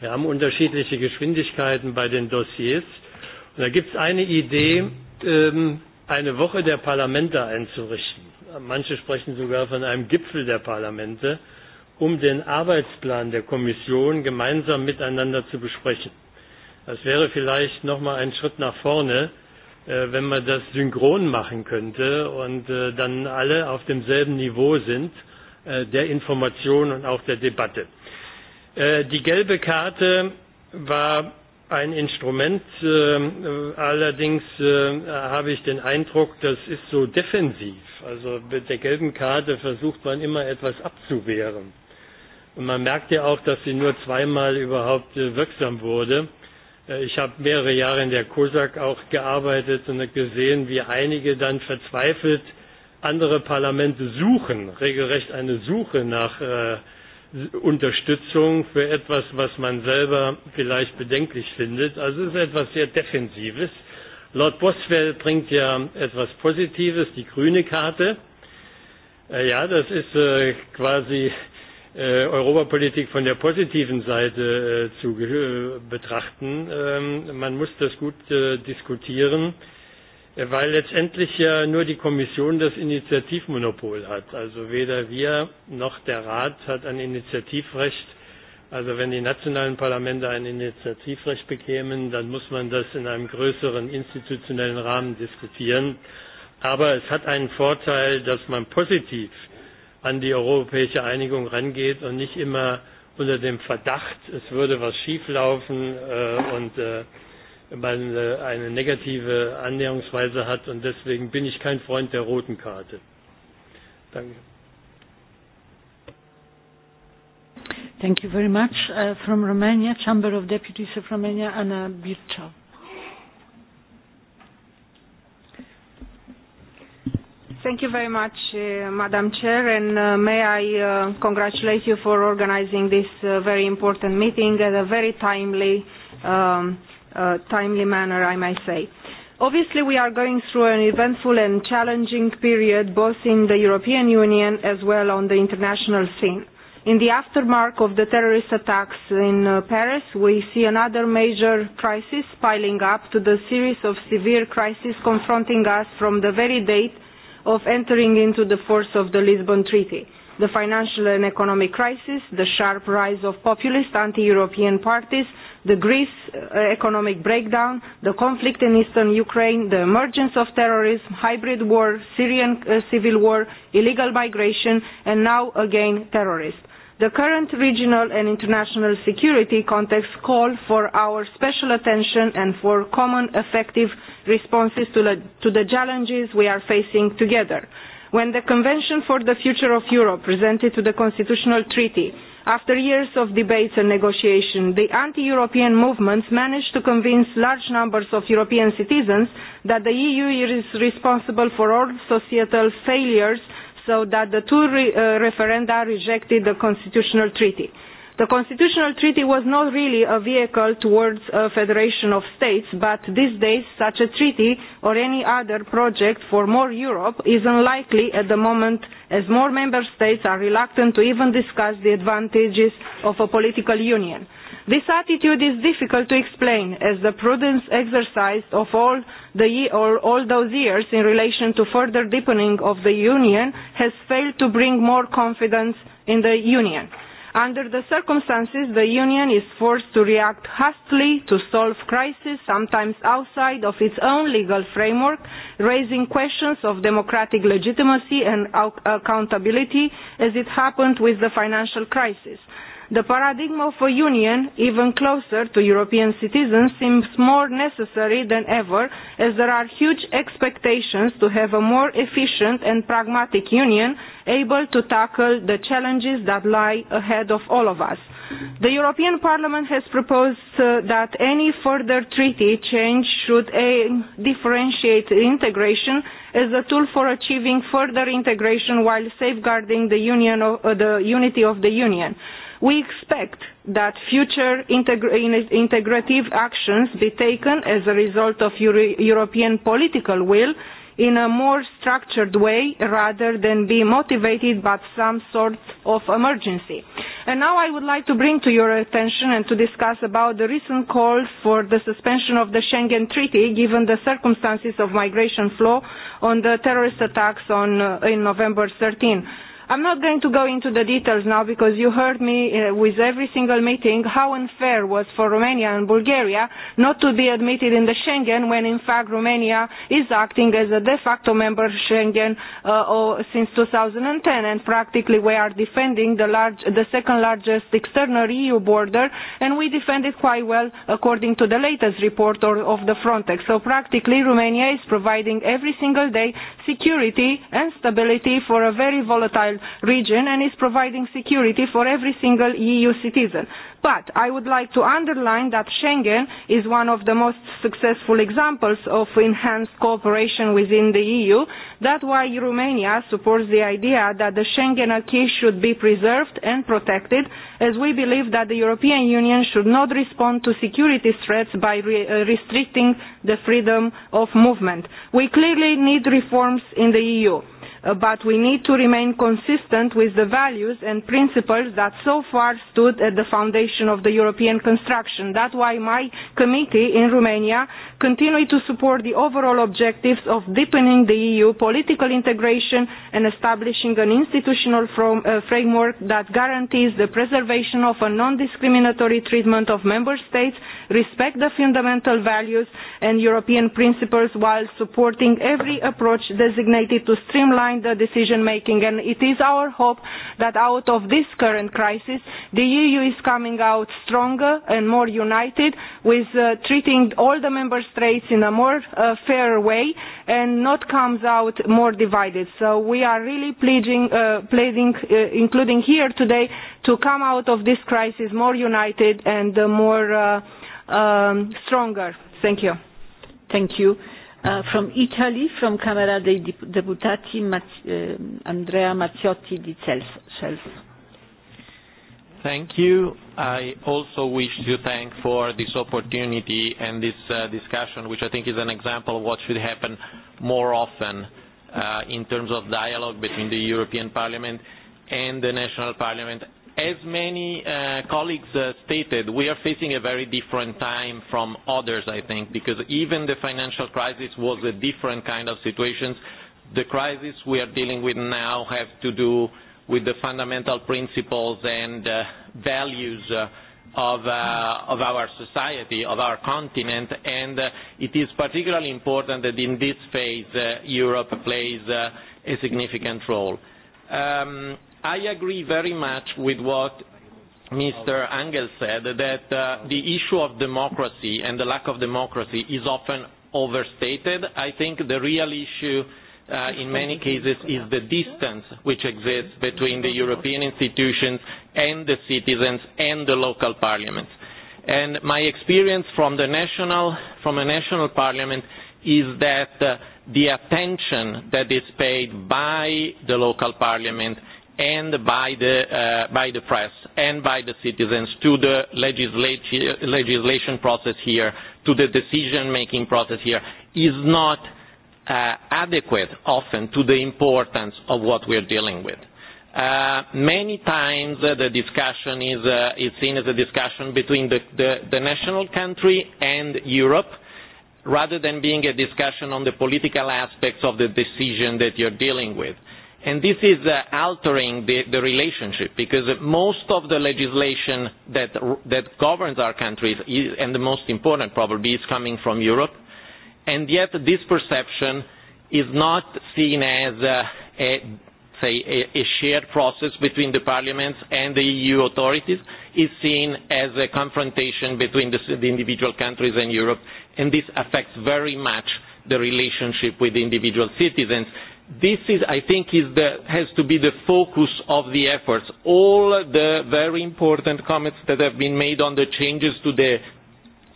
Wir haben unterschiedliche Geschwindigkeiten bei den Dossiers. Und da gibt es eine Idee, eine Woche der Parlamente einzurichten. Manche sprechen sogar von einem Gipfel der Parlamente, um den Arbeitsplan der Kommission gemeinsam miteinander zu besprechen. Das wäre vielleicht noch mal ein Schritt nach vorne, wenn man das synchron machen könnte und dann alle auf demselben Niveau sind der Information und auch der Debatte. Die gelbe Karte war ein Instrument, allerdings habe ich den Eindruck, das ist so defensiv. Also mit der gelben Karte versucht man immer etwas abzuwehren. Und man merkt ja auch, dass sie nur zweimal überhaupt wirksam wurde Ich habe mehrere Jahre in der COSAC auch gearbeitet und gesehen, wie einige dann verzweifelt andere Parlamente suchen, regelrecht eine Suche nach äh, Unterstützung für etwas, was man selber vielleicht bedenklich findet. Also es ist etwas sehr Defensives. Lord Boswell bringt ja etwas Positives, die grüne Karte. Äh, ja, das ist äh, quasi Europapolitik von der positiven Seite zu betrachten. Man muss das gut diskutieren, weil letztendlich ja nur die Kommission das Initiativmonopol hat. Also weder wir noch der Rat hat ein Initiativrecht. Also wenn die nationalen Parlamente ein Initiativrecht bekämen, dann muss man das in einem größeren institutionellen Rahmen diskutieren. Aber es hat einen Vorteil, dass man positiv an die europäische Einigung rangeht und nicht immer unter dem Verdacht, es würde was schieflaufen äh, und äh, man äh, eine negative Annäherungsweise hat. Und deswegen bin ich kein Freund der roten Karte. Danke. Thank you very much. Uh, from Romania, Chamber of Deputies of Romania, Anna Birchow. Thank you very much, uh, Madam Chair, and uh, may I uh, congratulate you for organizing this uh, very important meeting in a very timely, um, uh, timely manner, I may say. Obviously, we are going through an eventful and challenging period, both in the European Union as well on the international scene. In the aftermath of the terrorist attacks in Paris, we see another major crisis piling up to the series of severe crises confronting us from the very date of entering into the force of the Lisbon Treaty, the financial and economic crisis, the sharp rise of populist anti-European parties, the Greece economic breakdown, the conflict in eastern Ukraine, the emergence of terrorism, hybrid war, Syrian uh, civil war, illegal migration, and now again terrorists The current regional and international security context call for our special attention and for common effective responses to, to the challenges we are facing together. When the Convention for the Future of Europe presented to the Constitutional Treaty, after years of debates and negotiation, the anti-European movements managed to convince large numbers of European citizens that the EU is responsible for all societal failures so that the two re, uh, referenda rejected the constitutional treaty. The constitutional treaty was not really a vehicle towards a federation of states, but these days such a treaty or any other project for more Europe is unlikely at the moment as more member states are reluctant to even discuss the advantages of a political union. This attitude is difficult to explain as the prudence exercised of all, the, or all those years in relation to further deepening of the Union has failed to bring more confidence in the Union. Under the circumstances, the Union is forced to react hastily to solve crises, sometimes outside of its own legal framework, raising questions of democratic legitimacy and accountability, as it happened with the financial crisis. The paradigm of a union, even closer to European citizens, seems more necessary than ever as there are huge expectations to have a more efficient and pragmatic union able to tackle the challenges that lie ahead of all of us. The European Parliament has proposed uh, that any further treaty change should aim differentiate integration as a tool for achieving further integration while safeguarding the, union of, uh, the unity of the Union. We expect that future integrative actions be taken as a result of European political will in a more structured way rather than be motivated by some sort of emergency. And now I would like to bring to your attention and to discuss about the recent call for the suspension of the Schengen Treaty given the circumstances of migration flow on the terrorist attacks on, uh, in November 13. I'm not going to go into the details now because you heard me uh, with every single meeting how unfair was for Romania and Bulgaria not to be admitted in the Schengen when in fact Romania is acting as a de facto member of Schengen uh, or, since 2010 and practically we are defending the, large, the second largest external EU border and we defend it quite well according to the latest report or, of the Frontex. So practically Romania is providing every single day security and stability for a very volatile Sahel region and is providing security for every single EU citizen. But I would like to underline that Schengen is one of the most successful examples of enhanced cooperation within the EU. That's why Romania supports the idea that the Schengen acquis should be preserved and protected, as we believe that the European Union should not respond to security threats by re- restricting the freedom of movement. We clearly need reforms in the EU but we need to remain consistent with the values and principles that so far stood at the foundation of the European construction. That's why my committee in Romania continues to support the overall objectives of deepening the EU political integration and establishing an institutional from, uh, framework that guarantees the preservation of a non-discriminatory treatment of member states, respect the fundamental values and European principles while supporting every approach designated to streamline behind the decision making and it is our hope that out of this current crisis the EU is coming out stronger and more united with uh, treating all the member states in a more uh, fair way and not comes out more divided. So we are really pleading, uh, pleading uh, including here today to come out of this crisis more united and uh, more uh, um, stronger. Thank you. Thank you. From Italy, from Camera dei Deputati, Andrea Mazziotti di Celso. Thank you. I also wish to thank for this opportunity and this uh, discussion, which I think is an example of what should happen more often uh, in terms of dialogue between the European Parliament and the national parliament As many uh, colleagues uh, stated, we are facing a very different time from others, I think, because even the financial crisis was a different kind of situation. The crisis we are dealing with now have to do with the fundamental principles and uh, values uh, of, uh, of our society, of our continent, and uh, it is particularly important that in this phase uh, Europe plays uh, a significant role. Um, I agree very much with what Mr. Angel said, that uh, the issue of democracy and the lack of democracy is often overstated. I think the real issue uh, in many cases is the distance which exists between the European institutions and the citizens and the local parliaments. And my experience from the national, from a national parliament is that uh, the attention that is paid by the local parliament and by the, uh, by the press and by the citizens to the legislation process here, to the decision-making process here, is not uh, adequate often to the importance of what we're dealing with. Uh, many times uh, the discussion is, uh, is seen as a discussion between the, the, the national country and Europe, rather than being a discussion on the political aspects of the decision that you're dealing with And this is uh, altering the, the relationship because most of the legislation that, that governs our countries, is, and the most important probably, is coming from Europe. And yet this perception is not seen as uh, a, say, a, a shared process between the parliaments and the EU authorities, is seen as a confrontation between the, the individual countries and Europe. And this affects very much the relationship with individual citizens this is, I think, is the, has to be the focus of the efforts. All the very important comments that have been made on the changes to the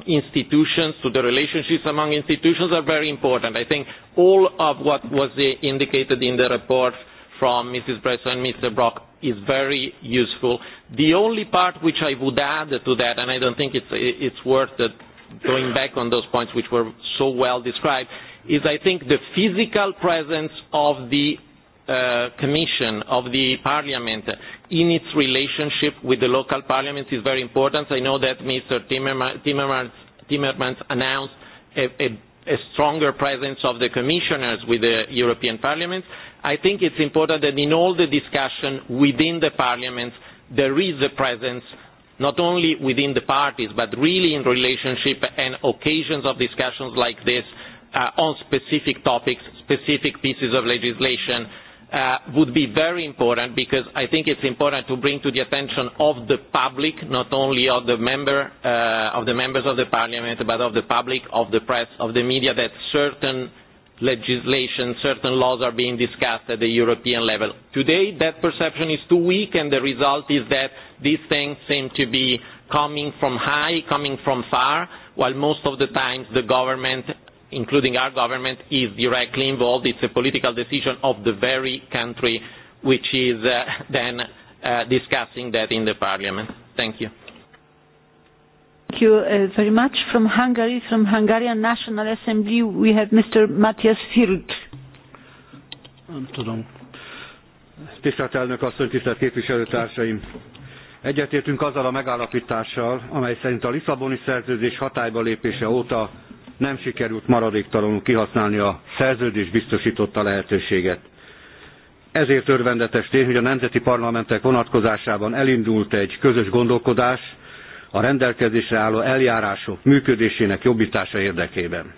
institutions, to the relationships among institutions are very important. I think all of what was indicated in the report from Mrs. Bresso and Mr. Brock is very useful. The only part which I would add to that, and I don't think it's, it's worth it going back on those points which were so well described, is I think the physical presence of the uh, Commission, of the Parliament, in its relationship with the local parliaments is very important. I know that Mr. Timmermans, Timmermans, Timmermans announced a, a, a stronger presence of the commissioners with the European Parliament. I think it's important that in all the discussion within the parliaments there is a presence not only within the parties but really in relationship and occasions of discussions like this uh, on specific topics, specific pieces of legislation uh, would be very important because I think it's important to bring to the attention of the public, not only of the, member, uh, of the members of the parliament, but of the public, of the press, of the media, that certain legislation, certain laws are being discussed at the European level. Today, that perception is too weak, and the result is that these things seem to be coming from high, coming from far, while most of the times the government including our government, is directly involved. It's a political decision of the very country which is uh, then uh, discussing that in the parliament. Thank you. Thank you uh, very much. From Hungary, from Hungarian National Assembly, we have Mr. Matthias Firut. Tudom. Tisztelt elnök asszony, tisztelt képviselőtársaim! Egyetértünk azzal a megállapítással, amely szerint a Lisszaboni szerződés hatályba lépése óta nem sikerült maradéktalanul kihasználni a szerződés biztosította lehetőséget. Ezért örvendetes tény, hogy a nemzeti parlamentek vonatkozásában elindult egy közös gondolkodás a rendelkezésre álló eljárások működésének jobbítása érdekében.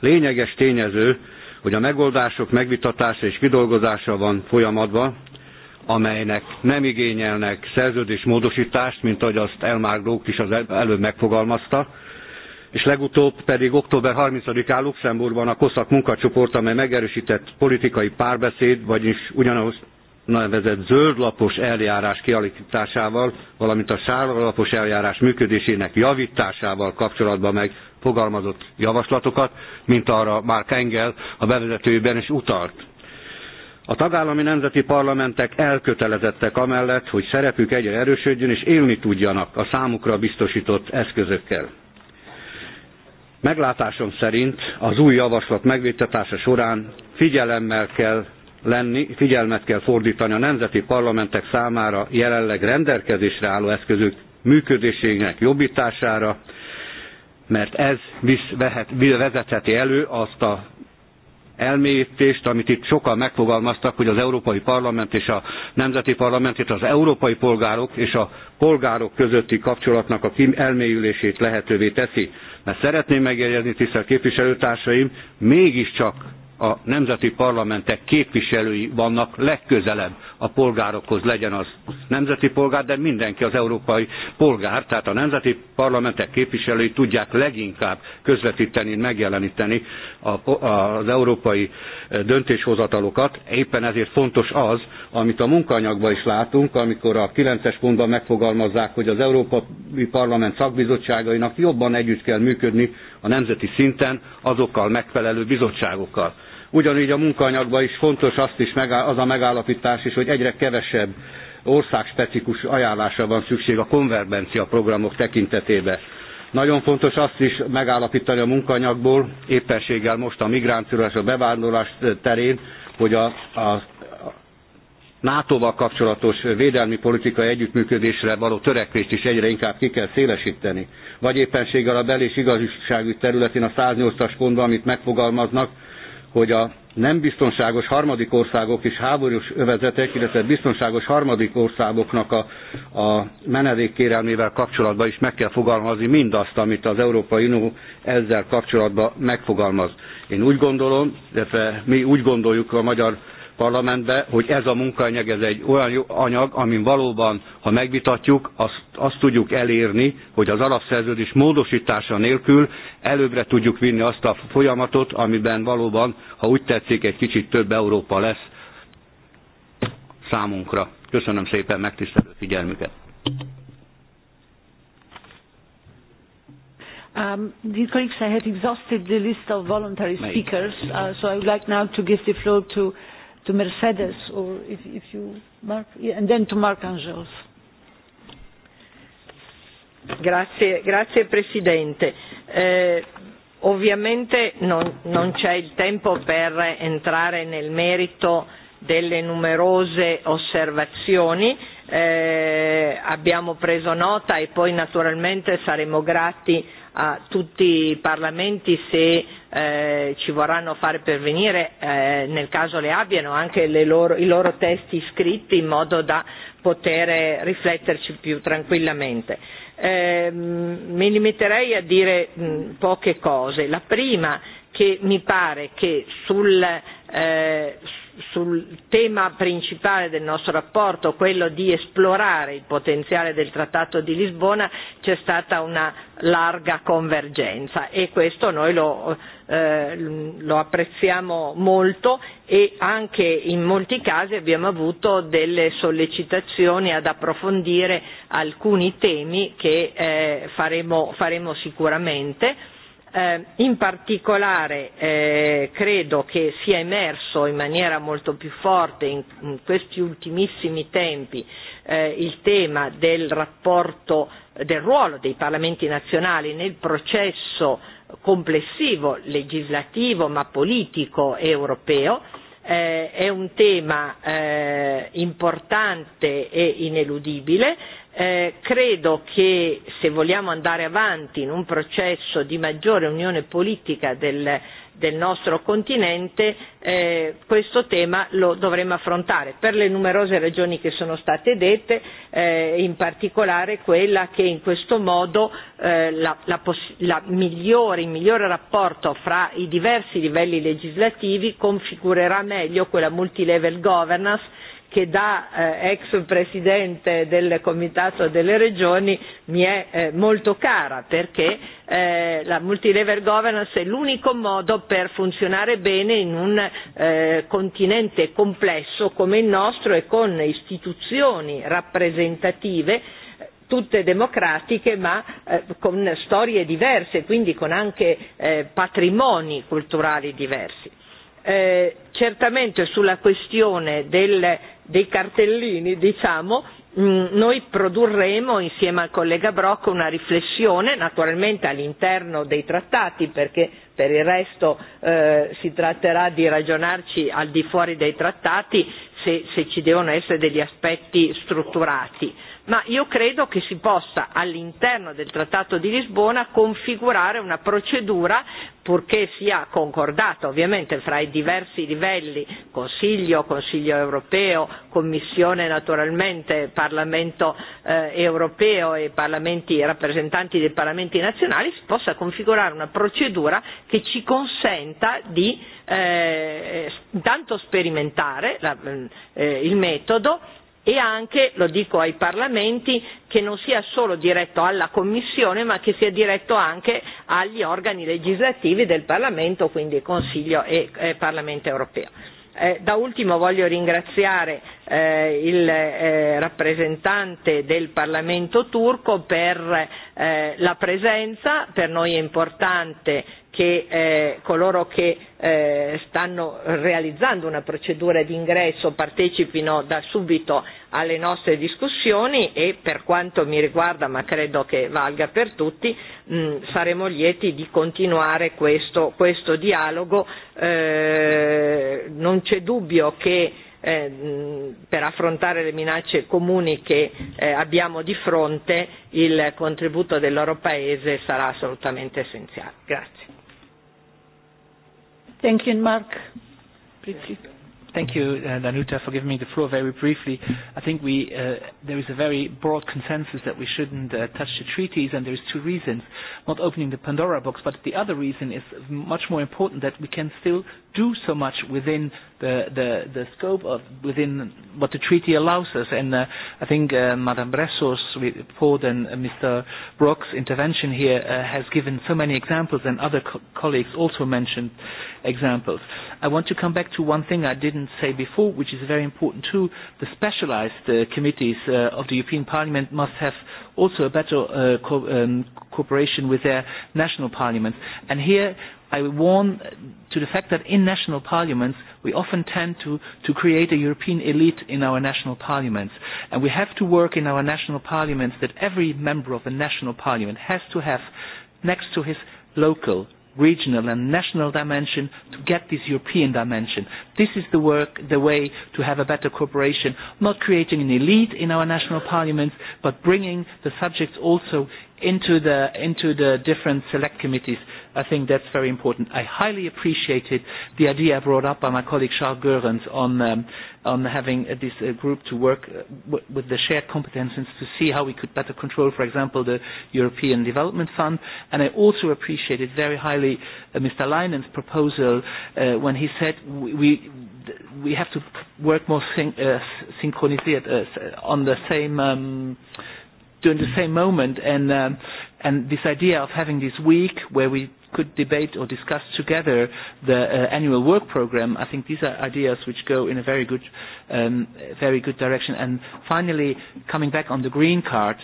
Lényeges tényező, hogy a megoldások megvitatása és kidolgozása van folyamatban, amelynek nem igényelnek szerződésmódosítást, mint ahogy azt Elmár Lók is az előbb megfogalmazta, és legutóbb pedig október 30-án Luxemburgban a COSZAK munkacsoport, amely megerősített politikai párbeszéd, vagyis ugyanaz nevezett zöldlapos eljárás kialakításával, valamint a sárgalapos eljárás működésének javításával kapcsolatban megfogalmazott javaslatokat, mint arra már Engel a bevezetőjében is utalt. A tagállami nemzeti parlamentek elkötelezettek amellett, hogy szerepük egyre erősödjön és élni tudjanak a számukra biztosított eszközökkel. Meglátásom szerint az új javaslat megvitatása során figyelemmel kell lenni, figyelmet kell fordítani a nemzeti parlamentek számára jelenleg rendelkezésre álló eszközök működésének jobbítására, mert ez visz, vehet, vezetheti elő azt a elmélyítést, amit itt sokan megfogalmaztak, hogy az Európai Parlament és a Nemzeti Parlament, itt az európai polgárok és a polgárok közötti kapcsolatnak a elmélyülését lehetővé teszi. Mert szeretném megjegyezni, tisztelt képviselőtársaim, mégiscsak a nemzeti parlamentek képviselői vannak legközelebb a polgárokhoz, legyen az nemzeti polgár, de mindenki az európai polgár, tehát a nemzeti parlamentek képviselői tudják leginkább közvetíteni, megjeleníteni az európai döntéshozatalokat. Éppen ezért fontos az, amit a munkaanyagban is látunk, amikor a 9-es pontban megfogalmazzák, hogy az Európai Parlament szakbizottságainak jobban együtt kell működni a nemzeti szinten azokkal megfelelő bizottságokkal. Ugyanígy a munkaanyagban is fontos azt is az a megállapítás is, hogy egyre kevesebb országspecifikus ajánlásra van szükség a konvergencia programok tekintetében. Nagyon fontos azt is megállapítani a munkanyagból, éppenséggel most a migráció és a bevándorlás terén, hogy a, a, NATO-val kapcsolatos védelmi politikai együttműködésre való törekvést is egyre inkább ki kell szélesíteni. Vagy éppenséggel a bel- és igazságügy területén a 108-as pontban, amit megfogalmaznak, hogy a nem biztonságos harmadik országok és háborús övezetek, illetve biztonságos harmadik országoknak a, a menedékkérelmével kapcsolatban is meg kell fogalmazni mindazt, amit az Európai Unió ezzel kapcsolatban megfogalmaz. Én úgy gondolom, illetve mi úgy gondoljuk a magyar parlamentbe, hogy ez a munkaanyag ez egy olyan anyag, amin valóban, ha megvitatjuk, azt, azt tudjuk elérni, hogy az alapszerződés módosítása nélkül előbbre tudjuk vinni azt a folyamatot, amiben valóban, ha úgy tetszik, egy kicsit több Európa lesz számunkra. Köszönöm szépen megtisztelő figyelmüket. Um, dear colleagues, I had exhausted the list of voluntary speakers, uh, so I would like now to give the floor to to Mercedes or if, if you Mark, yeah, and then to Mark Angels. Grazie, grazie Presidente. Eh, ovviamente non, non c'è il tempo per entrare nel merito delle numerose osservazioni eh, abbiamo preso nota e poi naturalmente saremo grati a tutti i parlamenti se eh, ci vorranno fare pervenire, eh, nel caso le abbiano, anche le loro, i loro testi scritti in modo da poter rifletterci più tranquillamente. Eh, mi limiterei a dire mh, poche cose. La prima che mi pare che sul, eh, sul tema principale del nostro rapporto, quello di esplorare il potenziale del Trattato di Lisbona, c'è stata una larga convergenza e questo noi lo, eh, lo apprezziamo molto e anche in molti casi abbiamo avuto delle sollecitazioni ad approfondire alcuni temi che eh, faremo, faremo sicuramente in particolare credo che sia emerso in maniera molto più forte in questi ultimissimi tempi il tema del rapporto del ruolo dei parlamenti nazionali nel processo complessivo legislativo ma politico europeo eh, è un tema eh, importante e ineludibile Eh, credo che se vogliamo andare avanti in un processo di maggiore unione politica del, del nostro continente, eh, questo tema lo dovremmo affrontare per le numerose ragioni che sono state dette, eh, in particolare quella che in questo modo eh, la, la, la migliore, il migliore rapporto fra i diversi livelli legislativi configurerà meglio quella multilevel governance che da eh, ex presidente del Comitato delle Regioni mi è eh, molto cara perché eh, la multilevel governance è l'unico modo per funzionare bene in un eh, continente complesso come il nostro e con istituzioni rappresentative tutte democratiche ma eh, con storie diverse, quindi con anche eh, patrimoni culturali diversi. Eh, certamente sulla questione del dei cartellini diciamo noi produrremo insieme al collega Brocco una riflessione naturalmente all'interno dei trattati perché per il resto eh, si tratterà di ragionarci al di fuori dei trattati se, se ci devono essere degli aspetti strutturati ma io credo che si possa all'interno del Trattato di Lisbona configurare una procedura, purché sia concordata ovviamente fra i diversi livelli Consiglio, Consiglio europeo, Commissione naturalmente, Parlamento eh, europeo e parlamenti, rappresentanti dei parlamenti nazionali, si possa configurare una procedura che ci consenta di eh, tanto sperimentare la, eh, il metodo e anche, lo dico ai parlamenti, che non sia solo diretto alla Commissione ma che sia diretto anche agli organi legislativi del Parlamento, quindi Consiglio e eh, Parlamento europeo. Eh, da ultimo voglio ringraziare eh, il eh, rappresentante del Parlamento turco per eh, la presenza, per noi è importante che eh, coloro che eh, stanno realizzando una procedura di ingresso partecipino da subito alle nostre discussioni e per quanto mi riguarda, ma credo che valga per tutti, mh, saremo lieti di continuare questo, questo dialogo. Eh, non c'è dubbio che per affrontare le minacce comuni che abbiamo di fronte il contributo del loro Paese sarà assolutamente essenziale. Grazie. Thank you, Mark. Briefly. Thank you, Danuta, for giving me the floor very briefly. I think we, uh, there is a very broad consensus that we shouldn't uh, touch the treaties, and there's two reasons. Not opening the Pandora box, but the other reason is much more important that we can still do so much within the, the, the scope of within what the treaty allows us. And uh, I think uh, Madame Bresso's report and uh, Mr. Brock's intervention here uh, has given so many examples, and other co- colleagues also mentioned examples. I want to come back to one thing I didn't say before, which is very important too. The specialized uh, committees uh, of the European Parliament must have also a better uh, co- um, cooperation with their national parliaments. And here I warn to the fact that in national parliaments we often tend to, to create a European elite in our national parliaments. And we have to work in our national parliaments that every member of a national parliament has to have next to his local regional and national dimension to get this European dimension. This is the, work, the way to have a better cooperation, not creating an elite in our national parliaments, but bringing the subjects also into the, into the different select committees I think that's very important. I highly appreciated the idea brought up by my colleague Charles Goerens on, um, on having uh, this uh, group to work uh, w- with the shared competences to see how we could better control, for example, the European Development Fund. And I also appreciated very highly uh, Mr. Leinen's proposal uh, when he said we, we, we have to work more syn- uh, synchronized uh, on the same. Um, during the same moment and um, and this idea of having this week where we could debate or discuss together the uh, annual work program. I think these are ideas which go in a very good, um, very good direction. And finally, coming back on the green card,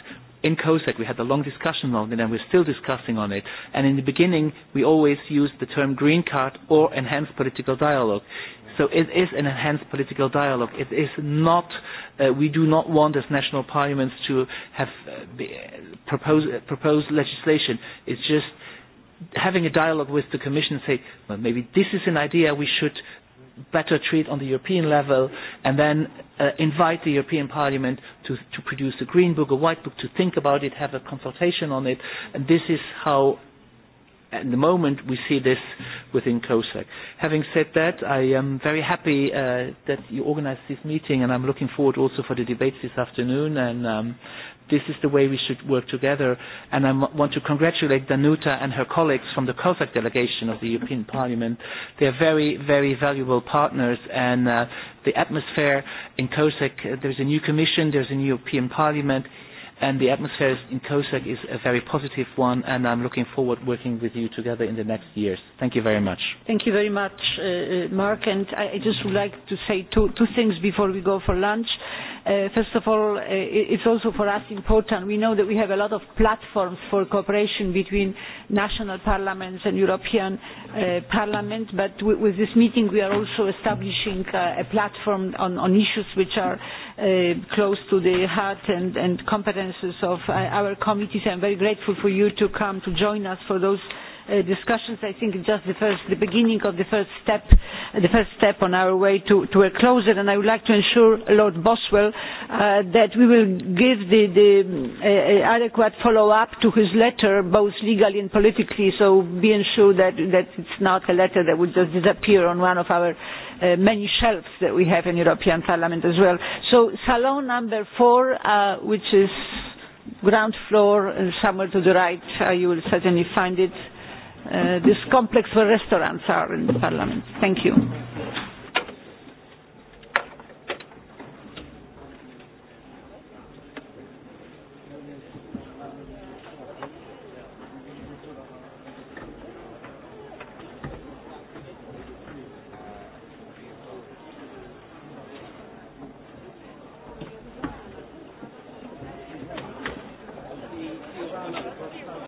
in COSEC we had a long discussion on it and we're still discussing on it. And in the beginning we always used the term green card or enhanced political dialogue. So it is an enhanced political dialogue. It is not, uh, we do not want as national parliaments to have uh, be, propose, uh, propose legislation. It's just having a dialogue with the Commission and say, well, maybe this is an idea we should better treat on the European level, and then uh, invite the European Parliament to, to produce a green book, a white book, to think about it, have a consultation on it. And this is how, at the moment, we see this within COSAC. Having said that, I am very happy uh, that you organized this meeting, and I'm looking forward also for the debates this afternoon. And um, This is the way we should work together. And I want to congratulate Danuta and her colleagues from the COSAC delegation of the European Parliament. They are very, very valuable partners, and uh, the atmosphere in COSAC, uh, there's a new commission, there's a new European Parliament and the atmosphere in COSAC is a very positive one, and I'm looking forward to working with you together in the next years. Thank you very much. Thank you very much, uh, Mark, and I I just would like to say two, two things before we go for lunch. Uh, first of all, uh, it's also for us important. We know that we have a lot of platforms for cooperation between national parliaments and European uh, Parliament, but with this meeting we are also establishing uh, a platform on, on issues which are uh, close to the heart and, and competences of our committees. I'm very grateful for you to come to join us for those discussions. I think it's just the first, the beginning of the first step, the first step on our way to, to a closure. And I would like to ensure Lord Boswell that we will give the, the adequate follow-up to his letter, both legally and politically. So be assured that, that it's not a letter that would just disappear on one of our many shelves that we have in the European Parliament as well. So salon number four, which is ground floor, somewhere to the right, you will certainly find it this complex where restaurants are in the parliament. Thank you.